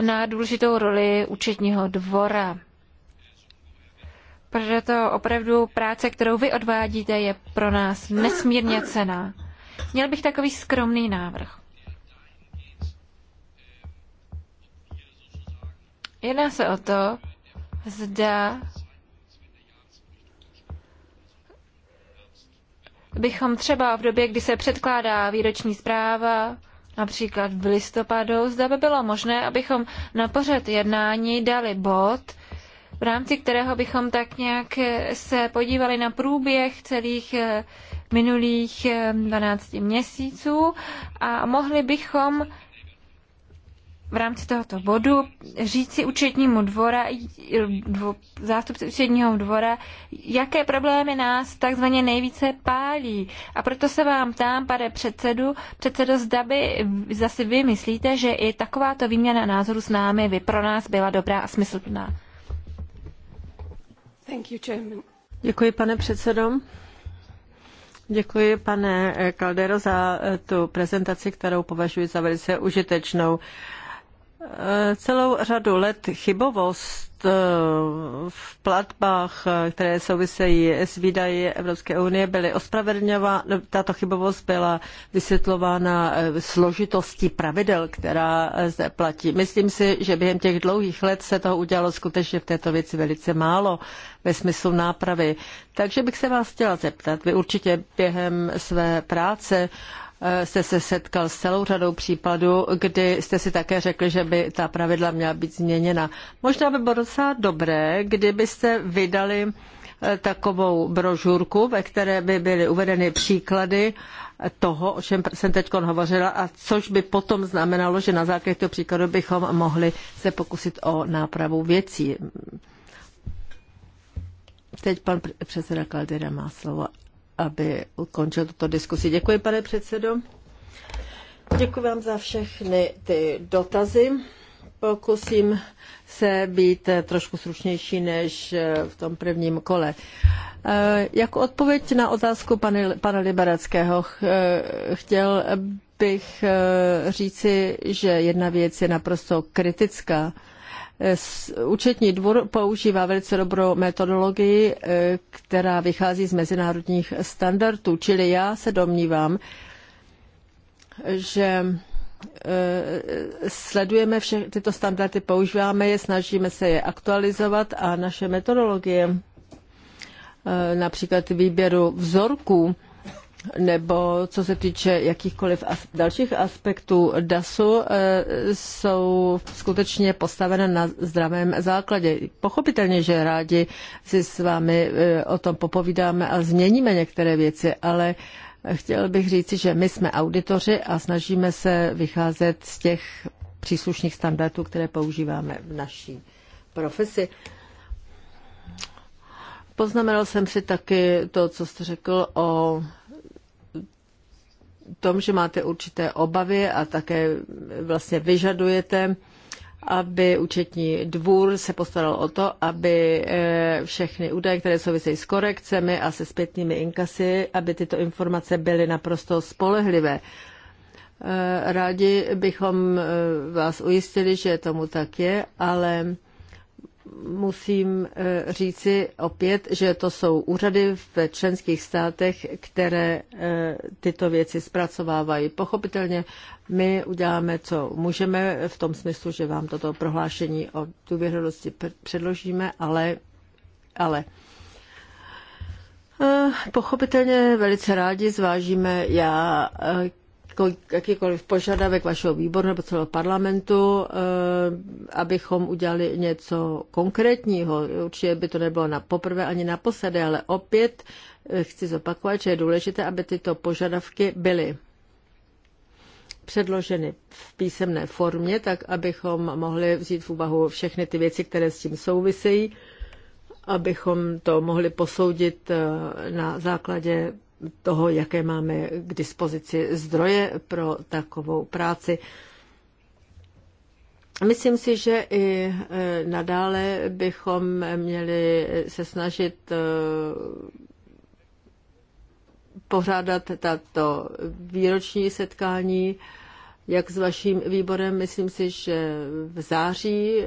na důležitou roli účetního dvora protože to opravdu práce, kterou vy odvádíte, je pro nás nesmírně cená. Měl bych takový skromný návrh. Jedná se o to, zda bychom třeba v době, kdy se předkládá výroční zpráva, například v listopadu, zda by bylo možné, abychom na pořad jednání dali bod, v rámci kterého bychom tak nějak se podívali na průběh celých eh, minulých 12 eh, měsíců a mohli bychom v rámci tohoto bodu říci účetnímu dvora, dvo, zástupci účetního dvora, jaké problémy nás takzvaně nejvíce pálí. A proto se vám ptám, pane předsedu, předsedo, zda by zase vy myslíte, že i takováto výměna názoru s námi by pro nás byla dobrá a smyslná. Děkuji, pane předsedo. Děkuji, pane eh, Caldero, za eh, tu prezentaci, kterou považuji za velice užitečnou. Eh, celou řadu let chybovost Eh, v platbách, eh, které souvisejí s výdaji Evropské unie, byly ospravedlňována, no, tato chybovost byla vysvětlována eh, složitostí pravidel, která zde platí. Myslím si, že během těch dlouhých let se toho udělalo skutečně v této věci velice málo ve smyslu nápravy. Takže bych se vás chtěla zeptat, vy určitě během své práce uh, jste se setkal s celou řadou případů, kdy jste si také řekl, že by ta pravidla měla být změněna. Možná by bylo docela dobré, kdybyste vydali eh, takovou brožurku, ve které by byly uvedeny příklady toho, o čem jsem teď hovořila, a což by potom znamenalo, že na základě toho příkladu bychom mohli se pokusit o nápravu věcí. Teď pan předseda Kaldera má slovo aby ukončil tuto diskusi. Děkuji, pane předsedo. Děkuji vám za všechny ty dotazy. Pokusím se být trošku stručnější než v tom prvním kole. Eh, jako odpověď na otázku pana Liberackého eh, chtěl bych eh, říci, že jedna věc je naprosto kritická Eh, účetní dvůr používá velice dobrou metodologii, eh, která vychází z mezinárodních standardů, čili já se domnívám, že eh, sledujeme všechny tyto standardy, používáme je, snažíme se je aktualizovat a naše metodologie, například výběru vzorků, nebo co se týče jakýchkoliv dalších aspektů DASu, eh, jsou skutečně postavené na zdravém základě. Pochopitelně, že rádi si s vámi eh, o tom popovídáme a změníme některé věci, ale chtěl bych říci, že my jsme auditoři a snažíme se vycházet z těch příslušných standardů, které používáme v naší profesi. Poznamenal jsem si taky to, co jste řekl o tom, že máte určité obavy a také vlastně vyžadujete, aby účetní dvůr se postaral o to, aby eh, všechny údaje, které souvisejí s korekcemi a se zpětnými inkasy, aby tyto informace byly naprosto spolehlivé. Eh, rádi bychom eh, vás ujistili, že tomu tak je, ale musím eh, říci opět, že to jsou úřady v členských státech, které eh, tyto věci zpracovávají. Pochopitelně my uděláme, co můžeme, v tom smyslu, že vám toto prohlášení o důvěrnosti předložíme, ale, ale eh, Pochopitelně velice rádi zvážíme, já, jakýkoliv požadavek vašeho výboru nebo celého parlamentu, eh, abychom udělali něco konkrétního. Určitě by to nebylo na poprvé ani na posledy, ale opět eh, chci zopakovat, že je důležité, aby tyto požadavky byly předloženy v písemné formě, tak abychom mohli vzít v úvahu všechny ty věci, které s tím souvisejí, abychom to mohli posoudit eh, na základě toho, jaké máme k dispozici zdroje pro takovou práci. Myslím si, že i e, nadále bychom měli se snažit e, pořádat tato výroční setkání, jak s vaším výborem. Myslím si, že v září e,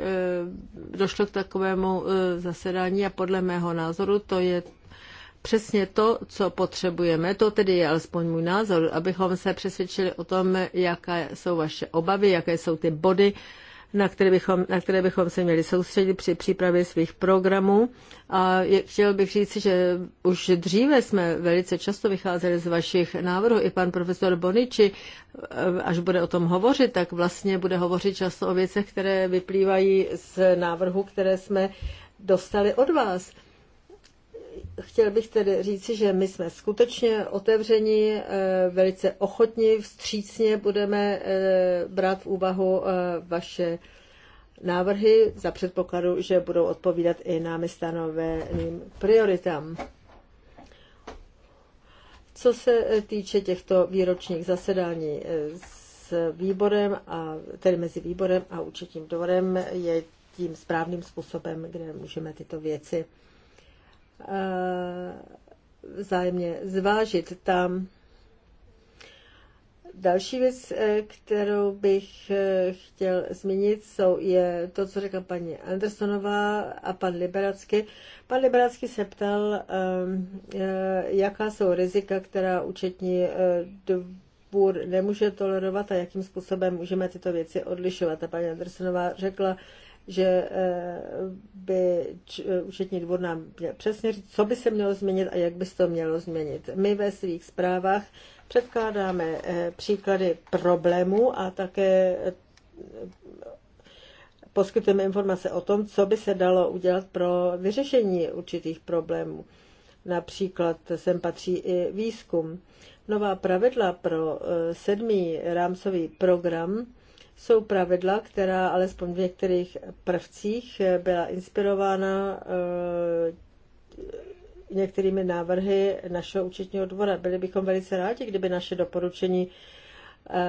došlo k takovému zasedání a podle mého názoru to je přesně to, co potřebujeme. To tedy je alespoň můj názor, abychom se přesvědčili o tom, jaké jsou vaše obavy, jaké jsou ty body, na které bychom, na které bychom se měli soustředit při přípravě svých programů. A je, chtěl bych říct, že už dříve jsme velice často vycházeli z vašich návrhů. I pan profesor Boniči, až bude o tom hovořit, tak vlastně bude hovořit často o věcech, které vyplývají z návrhu, které jsme dostali od vás chtěl bych tedy říci, že my jsme skutečně otevřeni, eh, velice ochotní, vstřícně budeme eh, brát v úvahu eh, vaše návrhy za předpokladu, že budou odpovídat i námi stanoveným prioritám. Co se týče těchto výročních zasedání s výborem, a, tedy mezi výborem a účetním dvorem, je tím správným způsobem, kde můžeme tyto věci Eh, vzájemně zvážit. Tam Další věc, eh, kterou bych eh, chtěl zmínit, jsou, je to, co řekla paní Andersonová a pan Liberacky. Pan Liberacky se ptal, jaká jsou rizika, která účetní dvůr nemůže tolerovat a jakým způsobem můžeme tyto věci odlišovat. A paní Andersonová řekla, že eh, by eh, účetní dvor nám měl přesně říct, co by se mělo změnit a jak by se to mělo změnit. My ve svých zprávách předkládáme eh, příklady problémů a také poskytujeme informace o tom, co by se dalo udělat pro vyřešení určitých problémů. Například sem patří i výzkum. Nová pravidla pro sedmý rámcový program jsou pravidla, která alespoň v některých prvcích byla inspirována eh, některými návrhy našeho účetního dvora. Byli bychom velice rádi, kdyby naše doporučení eh,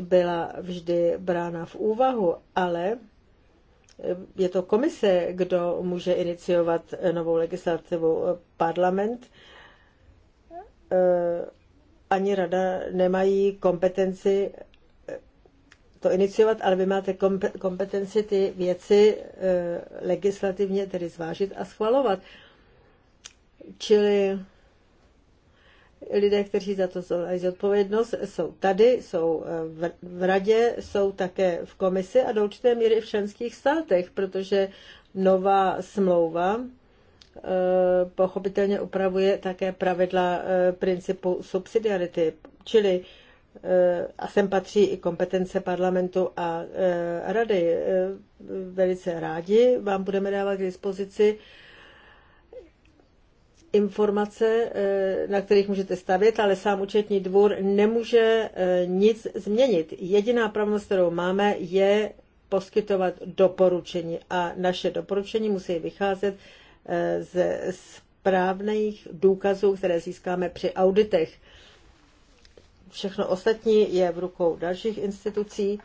byla vždy brána v úvahu, ale eh, je to komise, kdo může iniciovat novou legislativu. Parlament ani rada nemají kompetenci to iniciovat, ale vy máte kompetenci ty věci eh, legislativně tedy zvážit a schvalovat. Čili lidé, kteří za to mají zodpovědnost, jsou tady, jsou eh, v radě, jsou také v komisi a do určité míry v členských státech, protože nová smlouva eh, pochopitelně upravuje také pravidla principu subsidiarity, čili Eh, a sem patří i kompetence parlamentu a eh, rady. Eh, velice rádi vám budeme dávat k dispozici informace, na kterých můžete stavět, ale sám účetní dvůr nemůže nic změnit. Jediná pravomoc, kterou máme, je poskytovat doporučení a naše doporučení musí vycházet ze správných důkazů, které získáme při auditech všechno ostatní je v rukou dalších institucí.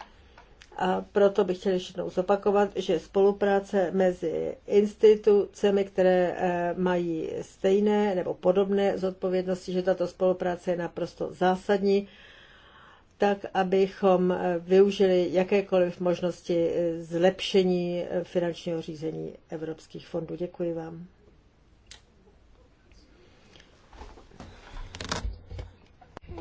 A proto bych chtěl ještě jednou zopakovat, že spolupráce mezi institucemi, které eh, mají stejné nebo podobné zodpovědnosti, že tato spolupráce je naprosto zásadní, tak abychom eh, využili jakékoliv možnosti eh, zlepšení finančního řízení evropských fondů. Děkuji vám.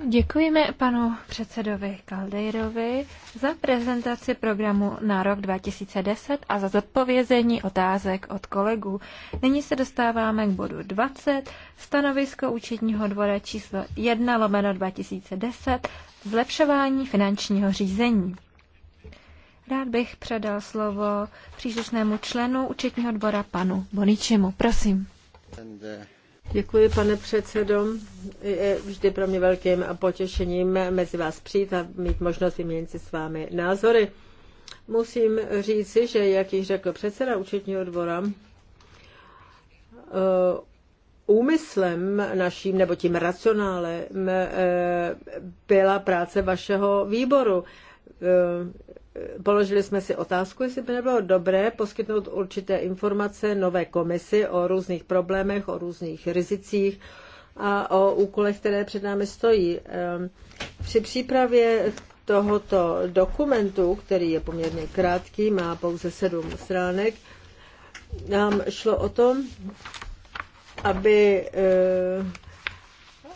Děkujeme panu předsedovi Kaldejrovi za prezentaci programu na rok 2010 a za zodpovězení otázek od kolegů. Nyní se dostáváme k bodu 20, stanovisko účetního dvora číslo 1 lomeno 2010, zlepšování finančního řízení. Rád bych předal slovo příslušnému členu účetního dvora panu Boničemu. Prosím. And, uh... Děkuji, pane předsedo. Je vždy pro mě velkým potěšením mezi vás přijít a mít možnost vyměnit si s vámi názory. Musím říci, že, jak již řekl předseda účetního dvora, eh, úmyslem naším nebo tím racionálem eh, byla práce vašeho výboru eh, položili jsme si otázku, jestli by nebylo dobré poskytnout určité informace nové komisi o různých problémech, o různých rizicích a o úkolech, které před námi stojí. Ehm, při přípravě tohoto dokumentu, který je poměrně krátký, má pouze sedm stránek, nám šlo o to, aby eh,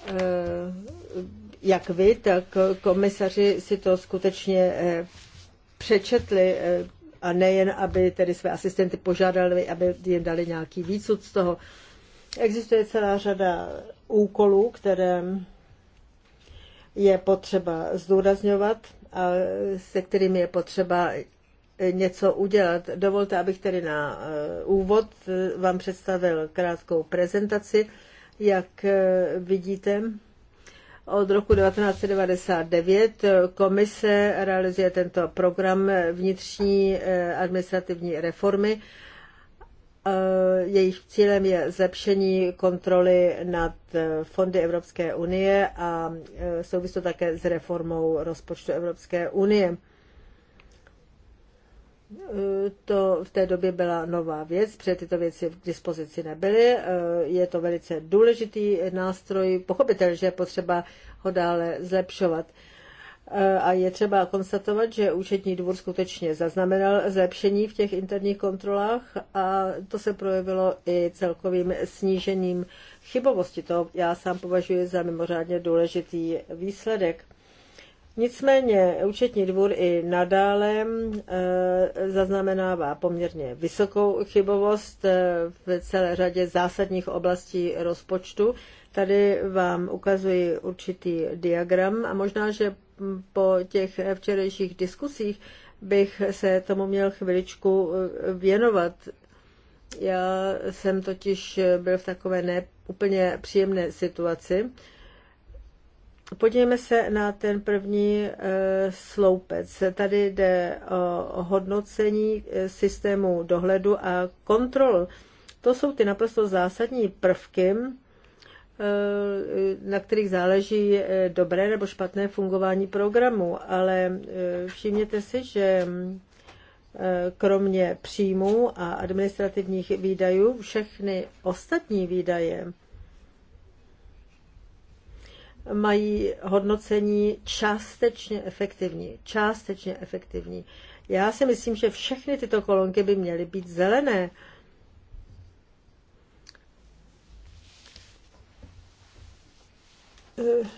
eh, jak vy, tak komisaři si to skutečně eh, přečetli eh, a nejen, aby tedy své asistenty požádali, aby jim dali nějaký výcud z toho. Existuje celá řada úkolů, které je potřeba zdůrazňovat a se kterými je potřeba něco udělat. Dovolte, abych tedy na eh, úvod eh, vám představil krátkou prezentaci. Jak vidíte, od roku 1999 komise realizuje tento program vnitřní eh, administrativní reformy. Eh, jejich cílem je zlepšení kontroly nad eh, fondy Evropské unie a souvisí to také s reformou rozpočtu Evropské unie to v té době byla nová věc, protože tyto věci v dispozici nebyly. Eh, je to velice důležitý nástroj, pochopitelně, že je potřeba ho dále zlepšovat. Eh, a je třeba konstatovat, že účetní dvůr skutečně zaznamenal zlepšení v těch interních kontrolách a to se projevilo i celkovým snížením chybovosti. To já sám považuji za mimořádně důležitý výsledek. Nicméně účetní dvůr i nadále eh, zaznamenává poměrně vysokou chybovost eh, v celé řadě zásadních oblastí rozpočtu. Tady vám ukazuji určitý diagram a možná, že po těch včerejších diskusích bych se tomu měl chviličku eh, věnovat. Já jsem totiž byl v takové neúplně příjemné situaci, Podívejme se na ten první eh, sloupec. Tady jde o hodnocení eh, systému dohledu a kontrol. To jsou ty naprosto zásadní prvky, eh, na kterých záleží dobré nebo špatné fungování programu, ale všimněte si, že kromě příjmů a administrativních výdajů všechny ostatní výdaje mají hodnocení částečně efektivní. Částečně efektivní. Já si myslím, že všechny tyto kolonky by měly být zelené. Eh,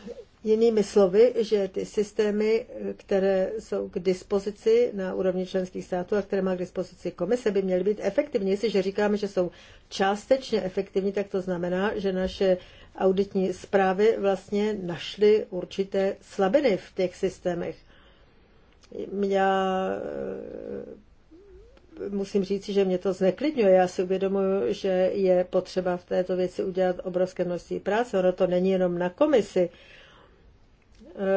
jinými slovy, že ty systémy, které jsou k dispozici na úrovni členských států a které má k dispozici komise, by měly být efektivní. Jestliže říkáme, že jsou částečně efektivní, tak to znamená, že naše auditní zprávy vlastně našly určité slabiny v těch systémech. Já eh, musím říct, že mě to zneklidňuje. Já si uvědomuji, že je potřeba v této věci udělat obrovské množství práce. Ono to není jenom na komisi, eh,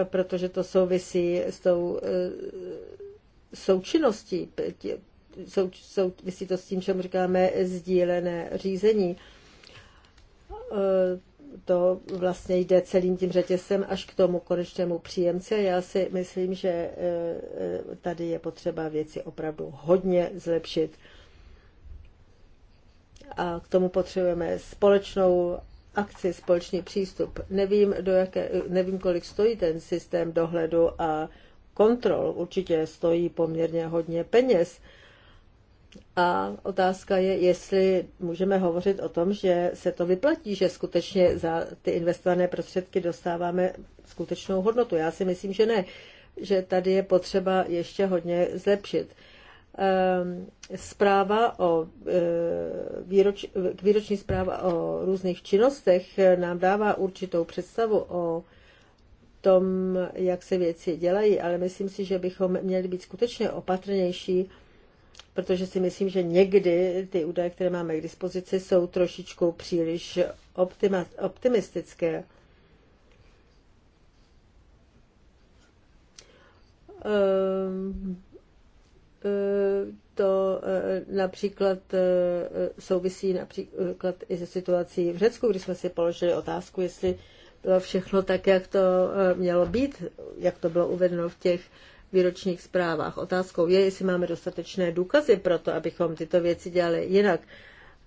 protože to souvisí s tou eh, součinností, souvisí to s tím, čemu říkáme sdílené řízení to vlastně jde celým tím řetězem až k tomu konečnému příjemci. Já si myslím, že e, e, tady je potřeba věci opravdu hodně zlepšit. A k tomu potřebujeme společnou akci, společný přístup. Nevím, do jaké, nevím, kolik stojí ten systém dohledu a kontrol. Určitě stojí poměrně hodně peněz a otázka je, jestli můžeme hovořit o tom, že se to vyplatí, že skutečně za ty investované prostředky dostáváme skutečnou hodnotu. Já si myslím, že ne, že tady je potřeba ještě hodně zlepšit. Ehm, zpráva o, e, výroč, výroční zpráva o různých činnostech nám dává určitou představu o tom, jak se věci dělají, ale myslím si, že bychom měli být skutečně opatrnější protože si myslím, že někdy ty údaje, které máme k dispozici, jsou trošičku příliš optima, optimistické. Ehm, ehm, to eh, například eh, souvisí například i se situací v Řecku, kdy jsme si položili otázku, jestli bylo všechno tak, jak to eh, mělo být, jak to bylo uvedeno v těch výročních zprávách. Otázkou je, jestli máme dostatečné důkazy pro to, abychom tyto věci dělali jinak.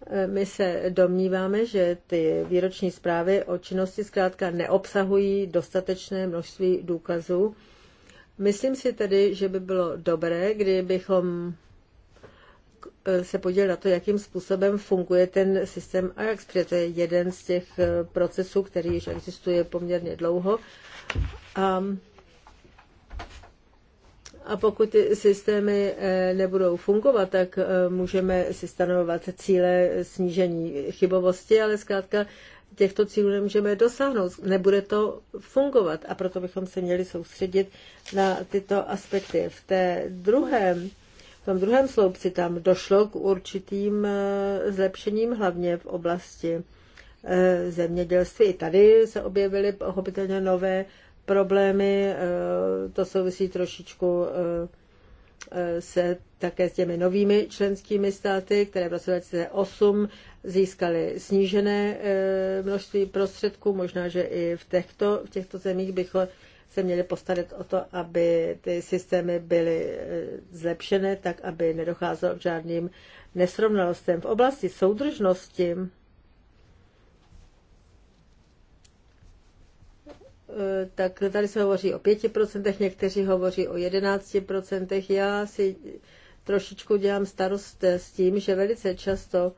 E, my se domníváme, že ty výroční zprávy o činnosti zkrátka neobsahují dostatečné množství důkazů. Myslím si tedy, že by bylo dobré, kdybychom e, se podílel na to, jakým způsobem funguje ten systém Ajax, protože to je jeden z těch e, procesů, který již existuje poměrně dlouho. A a pokud ty systémy eh, nebudou fungovat, tak eh, můžeme si stanovovat cíle snížení chybovosti, ale zkrátka těchto cílů nemůžeme dosáhnout. Nebude to fungovat a proto bychom se měli soustředit na tyto aspekty. V té druhém v tom druhém sloupci tam došlo k určitým eh, zlepšením, hlavně v oblasti zemědělství. I tady se objevily pochopitelně nové problémy, eh, to souvisí trošičku eh, se také s těmi novými členskými státy, které v roce 2008 získaly snížené eh, množství prostředků. Možná, že i v těchto, v těchto zemích bychom se měli postarat o to, aby ty systémy byly zlepšené, tak aby nedocházelo k žádným nesrovnalostem. V oblasti soudržnosti Eh, tak tady se hovoří o 5%, někteří hovoří o 11%. Já si trošičku dělám starost s tím, že velice často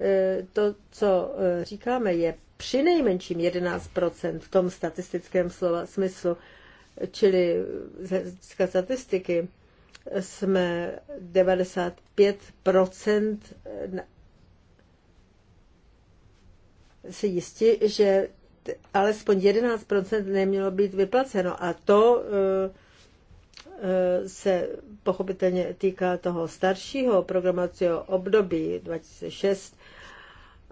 eh, to, co eh, říkáme, je při nejmenším 11% v tom statistickém slova smyslu, čili z hlediska statistiky jsme 95% si jistí, že alespoň 11% nemělo být vyplaceno. A to eh, eh, se pochopitelně týká toho staršího programacího období 2006,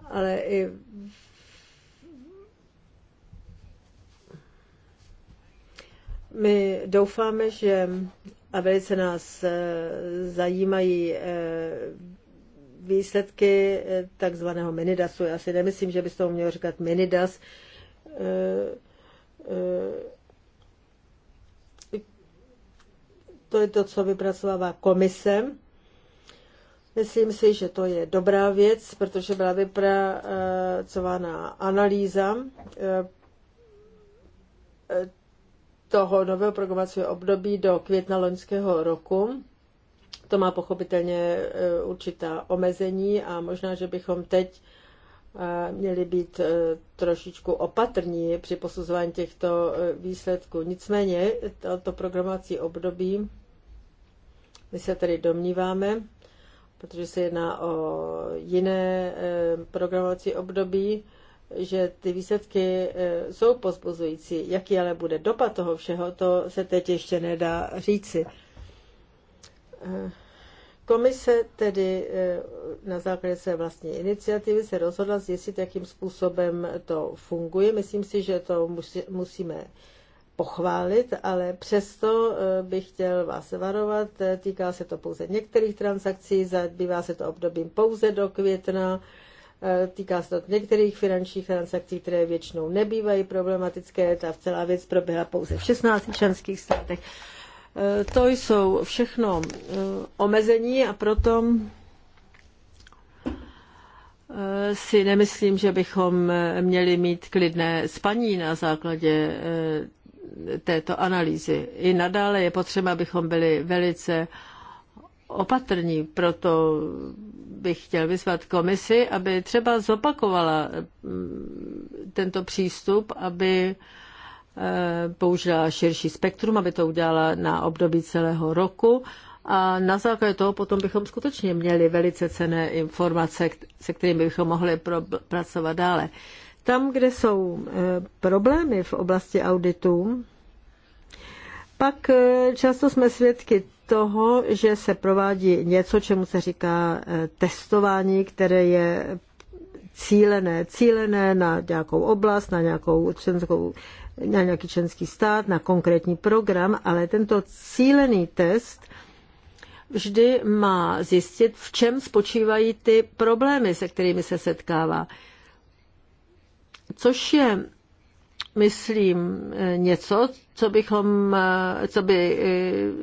ale i My doufáme, že a velice nás eh, zajímají výsledky takzvaného minidasu. Já si nemyslím, že by z toho měl říkat minidas, Eh, eh, to je to, co vypracovává komise. Myslím si, že to je dobrá věc, protože byla vypracována analýza eh, toho nového programovacího období do května loňského roku. To má pochopitelně určitá omezení a možná, že bychom teď měli být e, trošičku opatrní při posuzování těchto e, výsledků. Nicméně toto programovací období, my se tedy domníváme, protože se jedná o jiné e, programovací období, že ty výsledky jsou pozbuzující. Jaký ale bude dopad toho všeho, to se teď ještě nedá říci. Komise tedy na základě své vlastní iniciativy se rozhodla zjistit, jakým způsobem to funguje. Myslím si, že to musí, musíme pochválit, ale přesto eh, bych chtěl vás varovat. Týká se to pouze některých transakcí, zabývá se to obdobím pouze do května, eh, týká se to některých finančních transakcí, které většinou nebývají problematické. Ta celá věc proběhla pouze v 16 členských státech. Eh, to jsou všechno omezení a proto Eh, si nemyslím, že bychom eh, měli mít klidné spaní na základě eh, této analýzy. I nadále je potřeba, abychom byli velice opatrní, proto bych chtěl vyzvat komisi, aby třeba zopakovala mm, tento přístup, aby použila širší spektrum, aby to udělala na období celého roku a na základě toho potom bychom skutečně měli velice cené informace, se kterými bychom mohli pracovat dále. Tam, kde jsou e, problémy v oblasti auditů, pak e, často jsme svědky toho, že se provádí něco, čemu se říká e, testování, které je cílené, cílené na nějakou oblast, na, nějakou členskou, na nějaký členský stát, na konkrétní program, ale tento cílený test vždy má zjistit, v čem spočívají ty problémy, se kterými se setkává. Což je, myslím, něco, co, bychom, co by eh,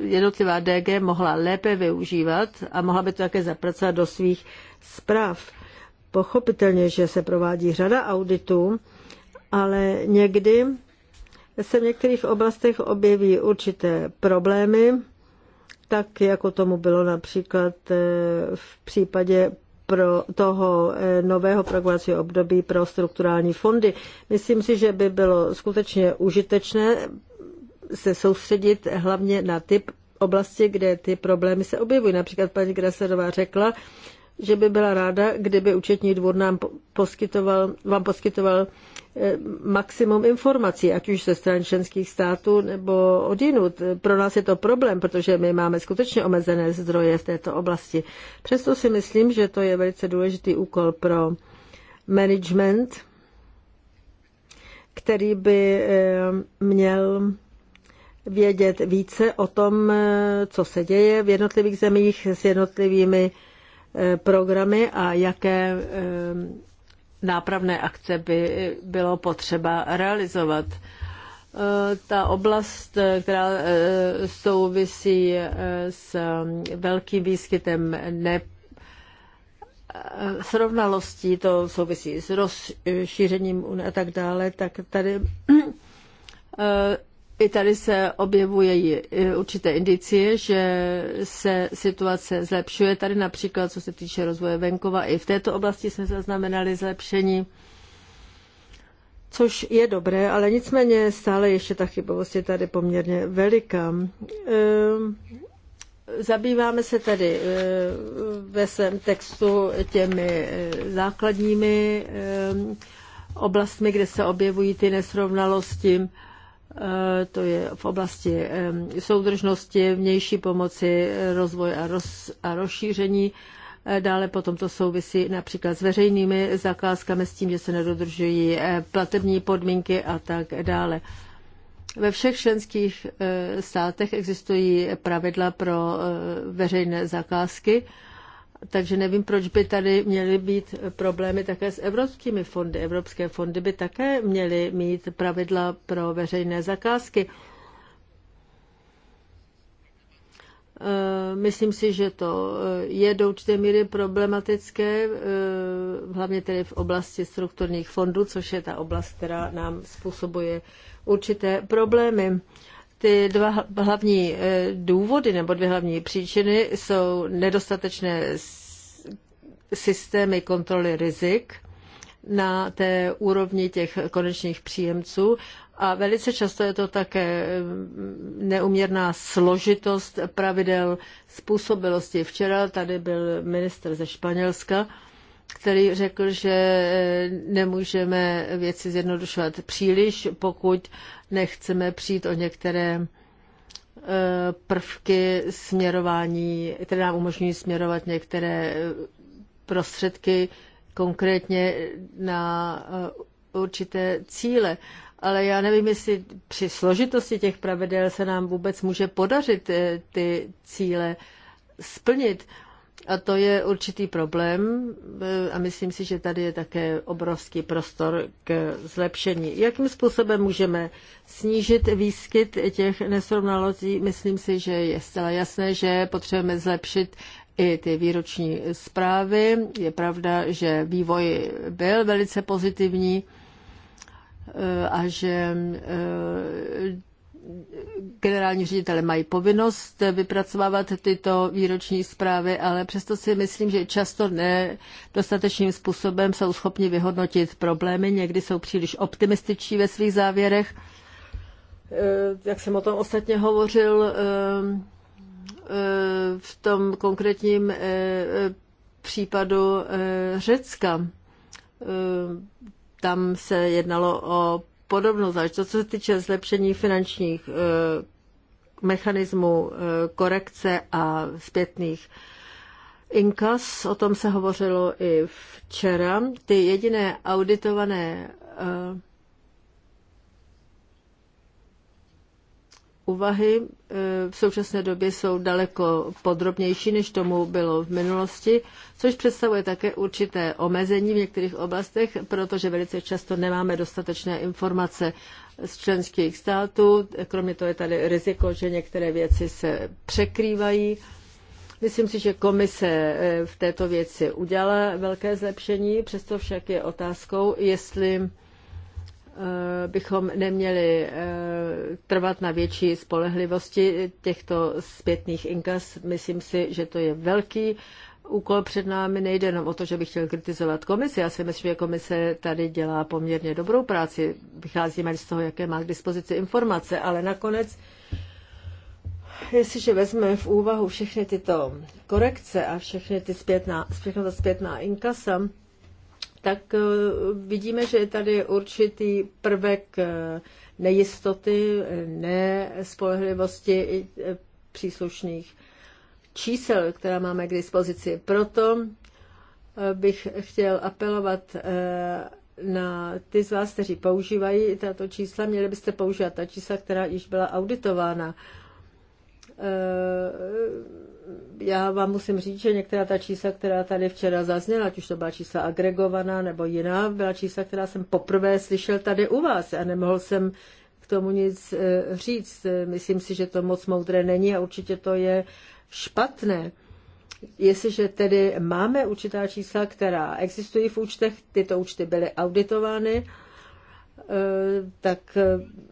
jednotlivá DG mohla lépe využívat a mohla by to také zapracovat do svých zpráv. Pochopitelně, že se provádí řada auditů, ale někdy se v některých oblastech objeví určité problémy, tak jako tomu bylo například eh, v případě pro toho eh, nového programovacího období pro strukturální fondy. Myslím si, že by bylo skutečně užitečné se soustředit hlavně na ty oblasti, kde ty problémy se objevují. Například paní Graserová řekla, že by byla ráda, kdyby účetní dvůr nám poskytoval, vám poskytoval maximum informací, ať už ze stran členských států nebo od jinut. Pro nás je to problém, protože my máme skutečně omezené zdroje v této oblasti. Přesto si myslím, že to je velice důležitý úkol pro management, který by eh, měl vědět více o tom, eh, co se děje v jednotlivých zemích s jednotlivými eh, programy a jaké nápravné akce by bylo potřeba realizovat. E, ta oblast, e, která e, souvisí s velkým výskytem ne srovnalostí, to souvisí s rozšířením a tak dále, tak tady i tady se objevuje určité indicie, že se situace zlepšuje. Tady například, co se týče rozvoje venkova, i v této oblasti jsme zaznamenali zlepšení, což je dobré, ale nicméně stále ještě ta chybovost je tady poměrně veliká. Ehm, zabýváme se tady eh, ve svém textu těmi eh, základními ehm, oblastmi, kde se objevují ty nesrovnalosti Eh, to je v oblasti soudržnosti, vnější pomoci, rozvoj a, roz, a rozšíření. Eh, dále potom to souvisí například s veřejnými zakázkami, s tím, že se nedodržují eh, platební podmínky a tak dále. Ve všech členských státech existují pravidla pro veřejné zakázky takže nevím, proč by tady měly být problémy také s evropskými fondy. Evropské fondy by také měly mít pravidla pro veřejné zakázky. Eh, myslím si, že to eh, je do určité míry problematické, eh, hlavně tedy v oblasti strukturních fondů, což je ta oblast, která nám způsobuje určité problémy ty dva hlavní e, důvody nebo dvě hlavní příčiny jsou nedostatečné systémy kontroly rizik na té úrovni těch konečných příjemců a velice často je to také e, neuměrná složitost pravidel způsobilosti. Včera tady byl minister ze Španělska, který řekl, že e, nemůžeme věci zjednodušovat příliš, pokud nechceme přijít o některé e, prvky směrování, které nám umožňují směrovat některé e, prostředky konkrétně na e, určité cíle. Ale já nevím, jestli při složitosti těch pravidel se nám vůbec může podařit ty cíle splnit. A to je určitý problém e, a myslím si, že tady je také obrovský prostor k zlepšení. Jakým způsobem můžeme snížit výskyt těch nesrovnalostí? Myslím si, že je zcela jasné, že potřebujeme zlepšit i ty výroční zprávy. Je pravda, že vývoj byl velice pozitivní e, a že e, generální ředitele mají povinnost vypracovávat tyto výroční zprávy, ale přesto si myslím, že často nedostatečným způsobem jsou schopni vyhodnotit problémy, někdy jsou příliš optimističní ve svých závěrech. Eh, jak jsem o tom ostatně hovořil, eh, eh, v tom konkrétním případu Řecka. Tam se jednalo o podobnou záležitost, co se týče zlepšení finančních eh, mechanismů eh, korekce a zpětných inkas. O tom se hovořilo i včera. Ty jediné auditované eh, úvahy e, v současné době jsou daleko podrobnější, než tomu bylo v minulosti, což představuje také určité omezení v některých oblastech, protože velice často nemáme dostatečné informace z členských států. Kromě toho je tady riziko, že některé věci se překrývají. Myslím si, že komise e, v této věci udělala velké zlepšení, přesto však je otázkou, jestli Eh, bychom neměli eh, trvat na větší spolehlivosti těchto zpětných inkas. Myslím si, že to je velký úkol před námi. Nejde jenom o to, že bych chtěl kritizovat komisi. Já si myslím, že komise tady dělá poměrně dobrou práci. Vycházíme z toho, jaké má k dispozici informace, ale nakonec jestliže vezmeme v úvahu všechny tyto korekce a všechny ty zpětná, všechno zpětná inkasa, tak eh, vidíme, že je tady určitý prvek eh, nejistoty, nespolehlivosti eh, příslušných čísel, která máme k dispozici. Proto bych chtěl apelovat na ty z vás, kteří používají tato čísla, měli byste používat ta čísla, která již byla auditována. Eh, já vám musím říct, že některá ta čísla, která tady včera zazněla, ať už to byla čísla agregovaná nebo jiná, byla čísla, která jsem poprvé slyšel tady u vás a nemohl jsem k tomu nic eh, říct. Myslím si, že to moc moudré není a určitě to je špatné. Jestliže tedy máme určitá čísla, která existují v účtech, tyto účty byly auditovány, Eh, tak eh,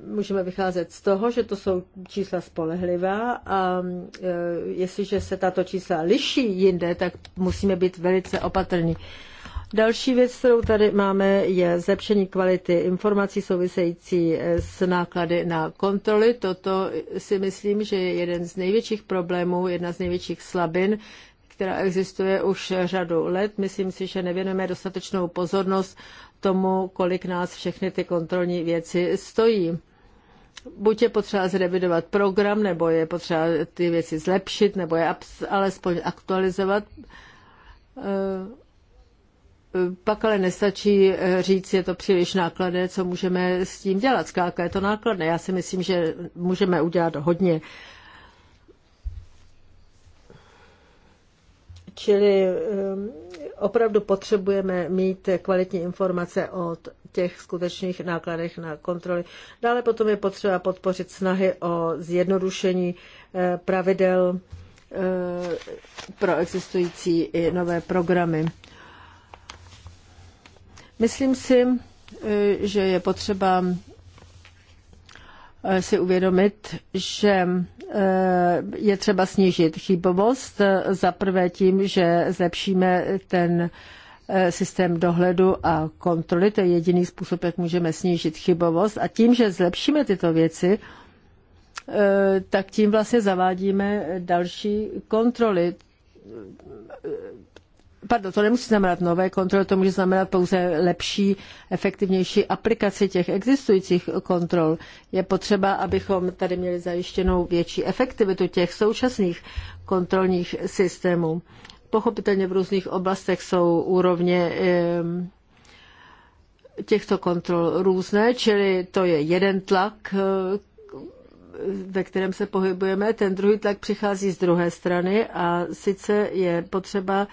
můžeme vycházet z toho, že to jsou čísla spolehlivá a eh, jestliže se tato čísla liší jinde, tak musíme být velice opatrní. Další věc, kterou tady máme, je zlepšení kvality informací související s náklady na kontroly. Toto si myslím, že je jeden z největších problémů, jedna z největších slabin, která existuje už řadu let. Myslím si, že nevěnujeme dostatečnou pozornost tomu, kolik nás všechny ty kontrolní věci stojí. Buď je potřeba zrevidovat program, nebo je potřeba ty věci zlepšit, nebo je alespoň aktualizovat. Eh, pak ale nestačí eh, říct, je to příliš nákladné, co můžeme s tím dělat. Zkrátka je to nákladné. Já si myslím, že můžeme udělat hodně. Čili eh, opravdu potřebujeme mít kvalitní informace o těch skutečných nákladech na kontroly. Dále potom je potřeba podpořit snahy o zjednodušení eh, pravidel eh, pro existující i nové programy. Myslím si, eh, že je potřeba si uvědomit, že Eh, je třeba snížit chybovost, eh, za prvé tím, že zlepšíme ten eh, systém dohledu a kontroly, to je jediný způsob, jak můžeme snížit chybovost a tím, že zlepšíme tyto věci, tak tím vlastně zavádíme další kontroly pardon, to nemusí znamenat nové kontroly, to může znamenat pouze lepší, efektivnější aplikaci těch existujících kontrol. Je potřeba, abychom tady měli zajištěnou větší efektivitu těch současných kontrolních systémů. Pochopitelně v různých oblastech jsou úrovně těchto kontrol různé, čili to je jeden tlak, ve kterém se pohybujeme. Ten druhý tlak přichází z druhé strany a sice je potřeba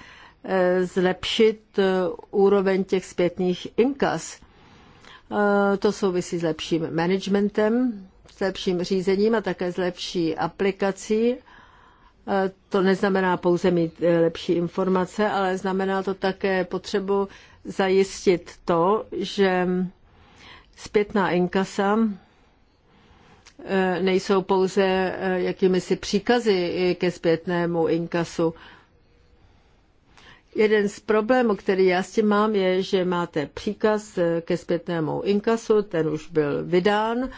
Eh, zlepšit eh, úroveň těch zpětných inkas. Eh, to souvisí s lepším managementem, s lepším řízením a také s lepší aplikací. To neznamená pouze mít lepší informace, ale znamená to také potřebu zajistit to, že zpětná inkasa nejsou pouze jakými si příkazy ke zpětnému inkasu, Jeden z problémů, který já s tím mám, je, že máte příkaz eh, ke zpětnému inkasu, ten už byl vydán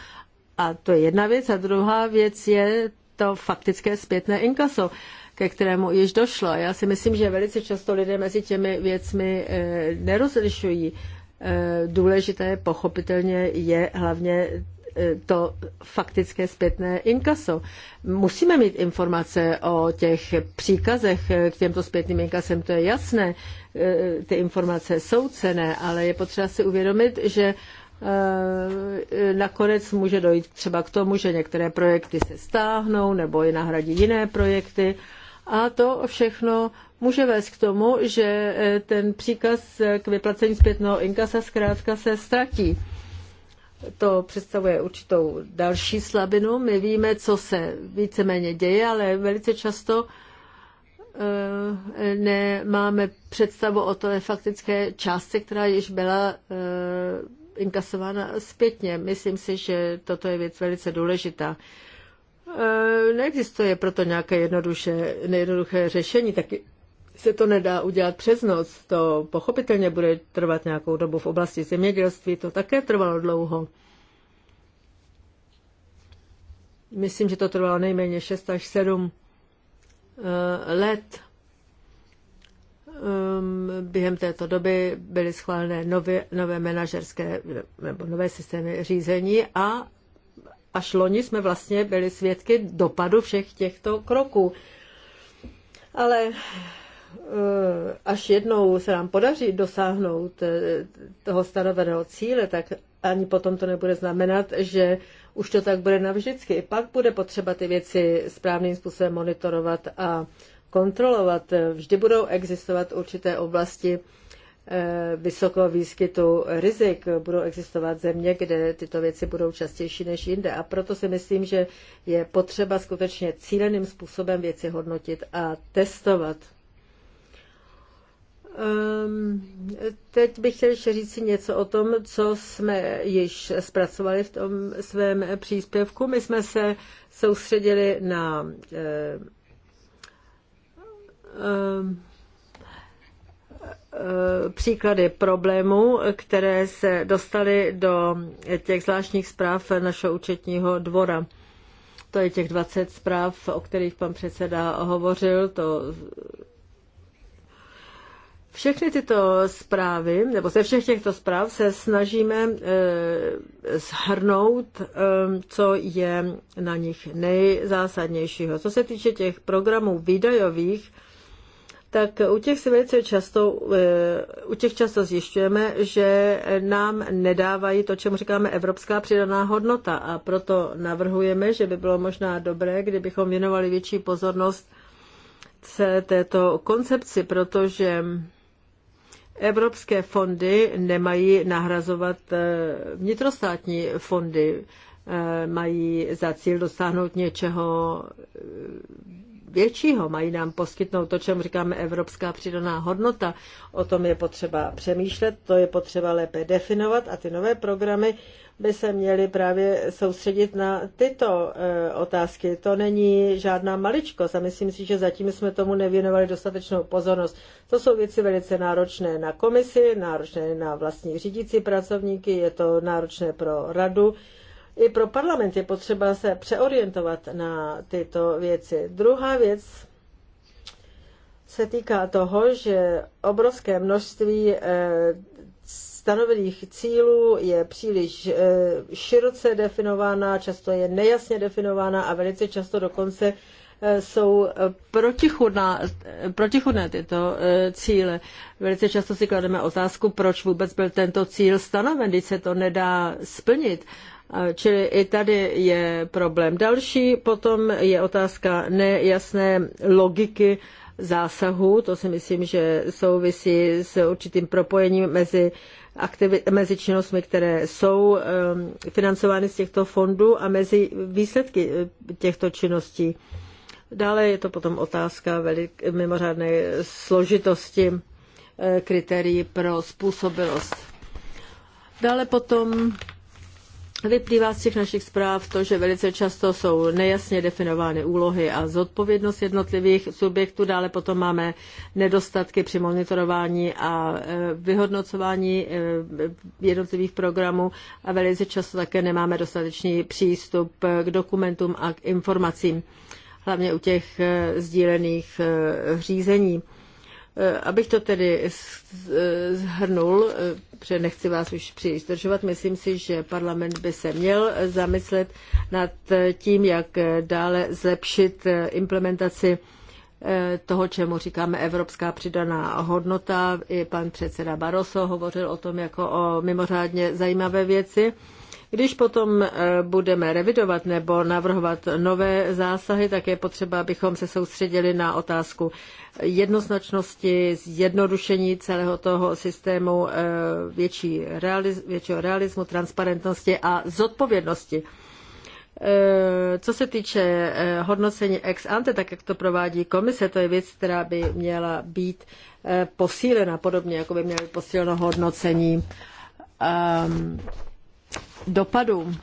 a to je jedna věc. A druhá věc je to faktické zpětné inkaso, ke kterému již došlo. Já si myslím, že velice často lidé mezi těmi věcmi eh, nerozlišují. Eh, důležité pochopitelně je hlavně to faktické zpětné inkaso. Musíme mít informace o těch příkazech k těmto zpětným inkasem, to je jasné. E, ty informace jsou cené, ale je potřeba si uvědomit, že e, nakonec může dojít třeba k tomu, že některé projekty se stáhnou nebo je nahradí jiné projekty. A to všechno může vést k tomu, že e, ten příkaz k vyplacení zpětného inkasa zkrátka se ztratí to představuje určitou další slabinu. My víme, co se víceméně děje, ale velice často eh, nemáme představu o té faktické části, která již byla eh, inkasována zpětně. Myslím si, že toto je věc velice důležitá. Eh, neexistuje proto nějaké jednoduše, nejednoduché řešení, taky se to nedá udělat přes noc, to pochopitelně bude trvat nějakou dobu. V oblasti zemědělství to také trvalo dlouho. Myslím, že to trvalo nejméně 6 až 7 eh, let. Ehm, během této doby byly schválené nové, nové manažerské nebo nové systémy řízení a až loni jsme vlastně byli svědky dopadu všech těchto kroků. Ale až jednou se nám podaří dosáhnout eh, toho stanoveného cíle, tak ani potom to nebude znamenat, že už to tak bude navždycky. I pak bude potřeba ty věci správným způsobem monitorovat a kontrolovat. Vždy budou existovat určité oblasti eh, vysokého výskytu rizik. Budou existovat země, kde tyto věci budou častější než jinde. A proto si myslím, že je potřeba skutečně cíleným způsobem věci hodnotit a testovat. Um, teď bych chtěl ještě říct si něco o tom, co jsme již zpracovali v tom svém příspěvku. My jsme se soustředili na um, příklady problémů, které se dostaly do těch zvláštních zpráv našeho účetního dvora. To je těch 20 zpráv, o kterých pan předseda hovořil, to všechny tyto zprávy, nebo ze všech těchto zpráv se snažíme e, shrnout, e, co je na nich nejzásadnějšího. Co se týče těch programů výdajových, tak u těch si velice často, eh, u těch často zjišťujeme, že nám nedávají to, čemu říkáme evropská přidaná hodnota a proto navrhujeme, že by bylo možná dobré, kdybychom věnovali větší pozornost se této koncepci, protože Evropské fondy nemají nahrazovat eh, vnitrostátní fondy, eh, mají za cíl dosáhnout něčeho eh, většího, mají nám poskytnout to, čemu říkáme evropská přidaná hodnota. O tom je potřeba přemýšlet, to je potřeba lépe definovat a ty nové programy by se měly právě soustředit na tyto eh, otázky. To není žádná maličkost a myslím si, že zatím jsme tomu nevěnovali dostatečnou pozornost. To jsou věci velice náročné na komisi, náročné na vlastní řídící pracovníky, je to náročné pro radu i pro parlament je potřeba se přeorientovat na tyto věci. Druhá věc se týká toho, že obrovské množství eh, stanovených cílů je příliš eh, široce definována, často je nejasně definována a velice často dokonce eh, jsou protichudná, protichudné tyto cíle. Velice často si klademe otázku, proč vůbec byl tento cíl stanoven, když se to nedá splnit. Čili i tady je problém. Další potom je otázka nejasné logiky zásahu. To si myslím, že souvisí s určitým propojením mezi, aktivi- mezi činnostmi, které jsou ehm, financovány z těchto fondů a mezi výsledky eh, těchto činností. Dále je to potom otázka velik- mimořádné složitosti eh, kritérií pro způsobilost. Dále potom Vyplývá z těch našich zpráv to, že velice často jsou nejasně definovány úlohy a zodpovědnost jednotlivých subjektů. Dále potom máme nedostatky při monitorování a e, vyhodnocování e, jednotlivých programů a velice často také nemáme dostatečný přístup k dokumentům a k informacím, hlavně u těch e, sdílených řízení. Eh, abych to tedy eh, zhrnul, eh, protože nechci vás už příliš zdržovat, myslím si, že parlament by se měl zamyslet nad tím, jak dále zlepšit implementaci toho, čemu říkáme evropská přidaná hodnota. I pan předseda Barroso hovořil o tom jako o mimořádně zajímavé věci. Když potom eh, budeme revidovat nebo navrhovat nové zásahy, tak je potřeba, abychom se soustředili na otázku jednoznačnosti, zjednodušení celého toho systému, eh, větší realiz, většího realismu, transparentnosti a zodpovědnosti. Eh, co se týče hodnocení ex ante, tak jak to provádí komise, to je věc, která by měla být posílena, podobně jako by měla být posíleno hodnocení ehm, dopadů. E,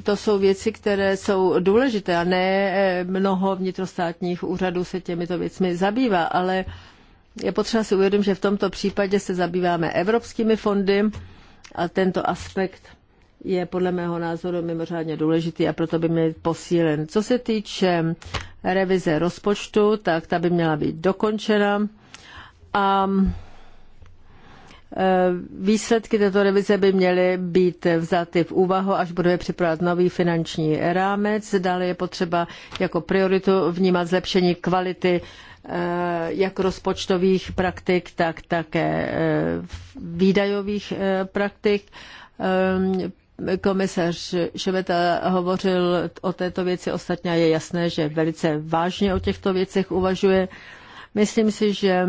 to jsou věci, které jsou důležité a ne e, mnoho vnitrostátních úřadů se těmito věcmi zabývá, ale je potřeba si uvědomit, že v tomto případě se zabýváme evropskými fondy a tento aspekt je podle mého názoru mimořádně důležitý a proto by měl posílen. Co se týče revize rozpočtu, tak ta by měla být dokončena a Eh, výsledky této revize by měly být vzaty v úvahu, až budeme připravovat nový finanční rámec. Dále je potřeba jako prioritu vnímat zlepšení kvality eh, jak rozpočtových praktik, tak také eh, výdajových praktik. Komisař Šemeta hovořil o této věci, ostatně je jasné, že velice vážně o těchto věcech uvažuje. Myslím si, že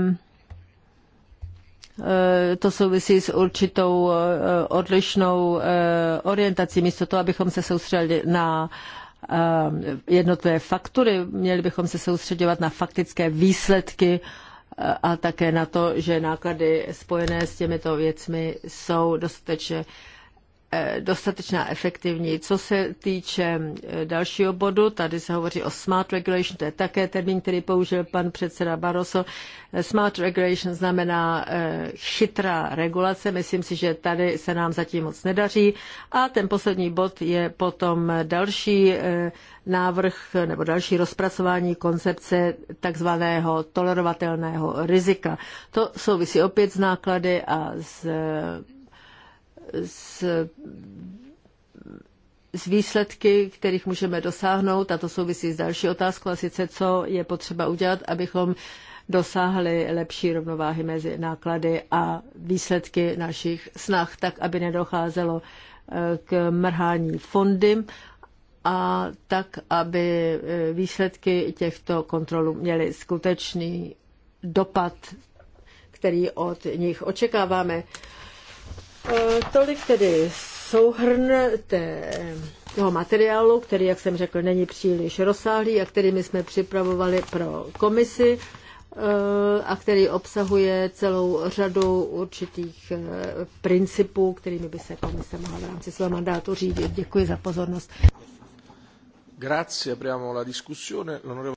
Eh, to souvisí s určitou eh, odlišnou eh, orientací. Místo toho, abychom se soustředili na jednotlivé faktury, měli bychom se soustředovat na faktické výsledky a také na to, že náklady spojené s těmito věcmi jsou dostatečně Eh, dostatečná efektivní. Co se týče eh, dalšího bodu, tady se hovoří o smart regulation, to je také termín, který použil pan předseda Barroso. Eh, smart regulation znamená chytrá regulace, myslím si, že tady se nám zatím moc nedaří. A ten poslední bod je potom další návrh nebo další rozpracování koncepce takzvaného tolerovatelného rizika. To souvisí opět s náklady a s s z výsledky, kterých můžeme dosáhnout, a to souvisí s další otázkou, a sice co je potřeba udělat, abychom dosáhli lepší rovnováhy mezi náklady a výsledky našich snah, tak aby nedocházelo eh, k mrhání fondy a tak, aby eh, výsledky těchto kontrolů měly skutečný dopad, který od nich očekáváme. Eh, tolik tedy souhrn té, toho materiálu, který, jak jsem řekl, není příliš rozsáhlý a který my jsme připravovali pro komisi eh, a který obsahuje celou řadu určitých eh, principů, kterými by se komise mohla v rámci svého mandátu řídit. Děkuji za pozornost.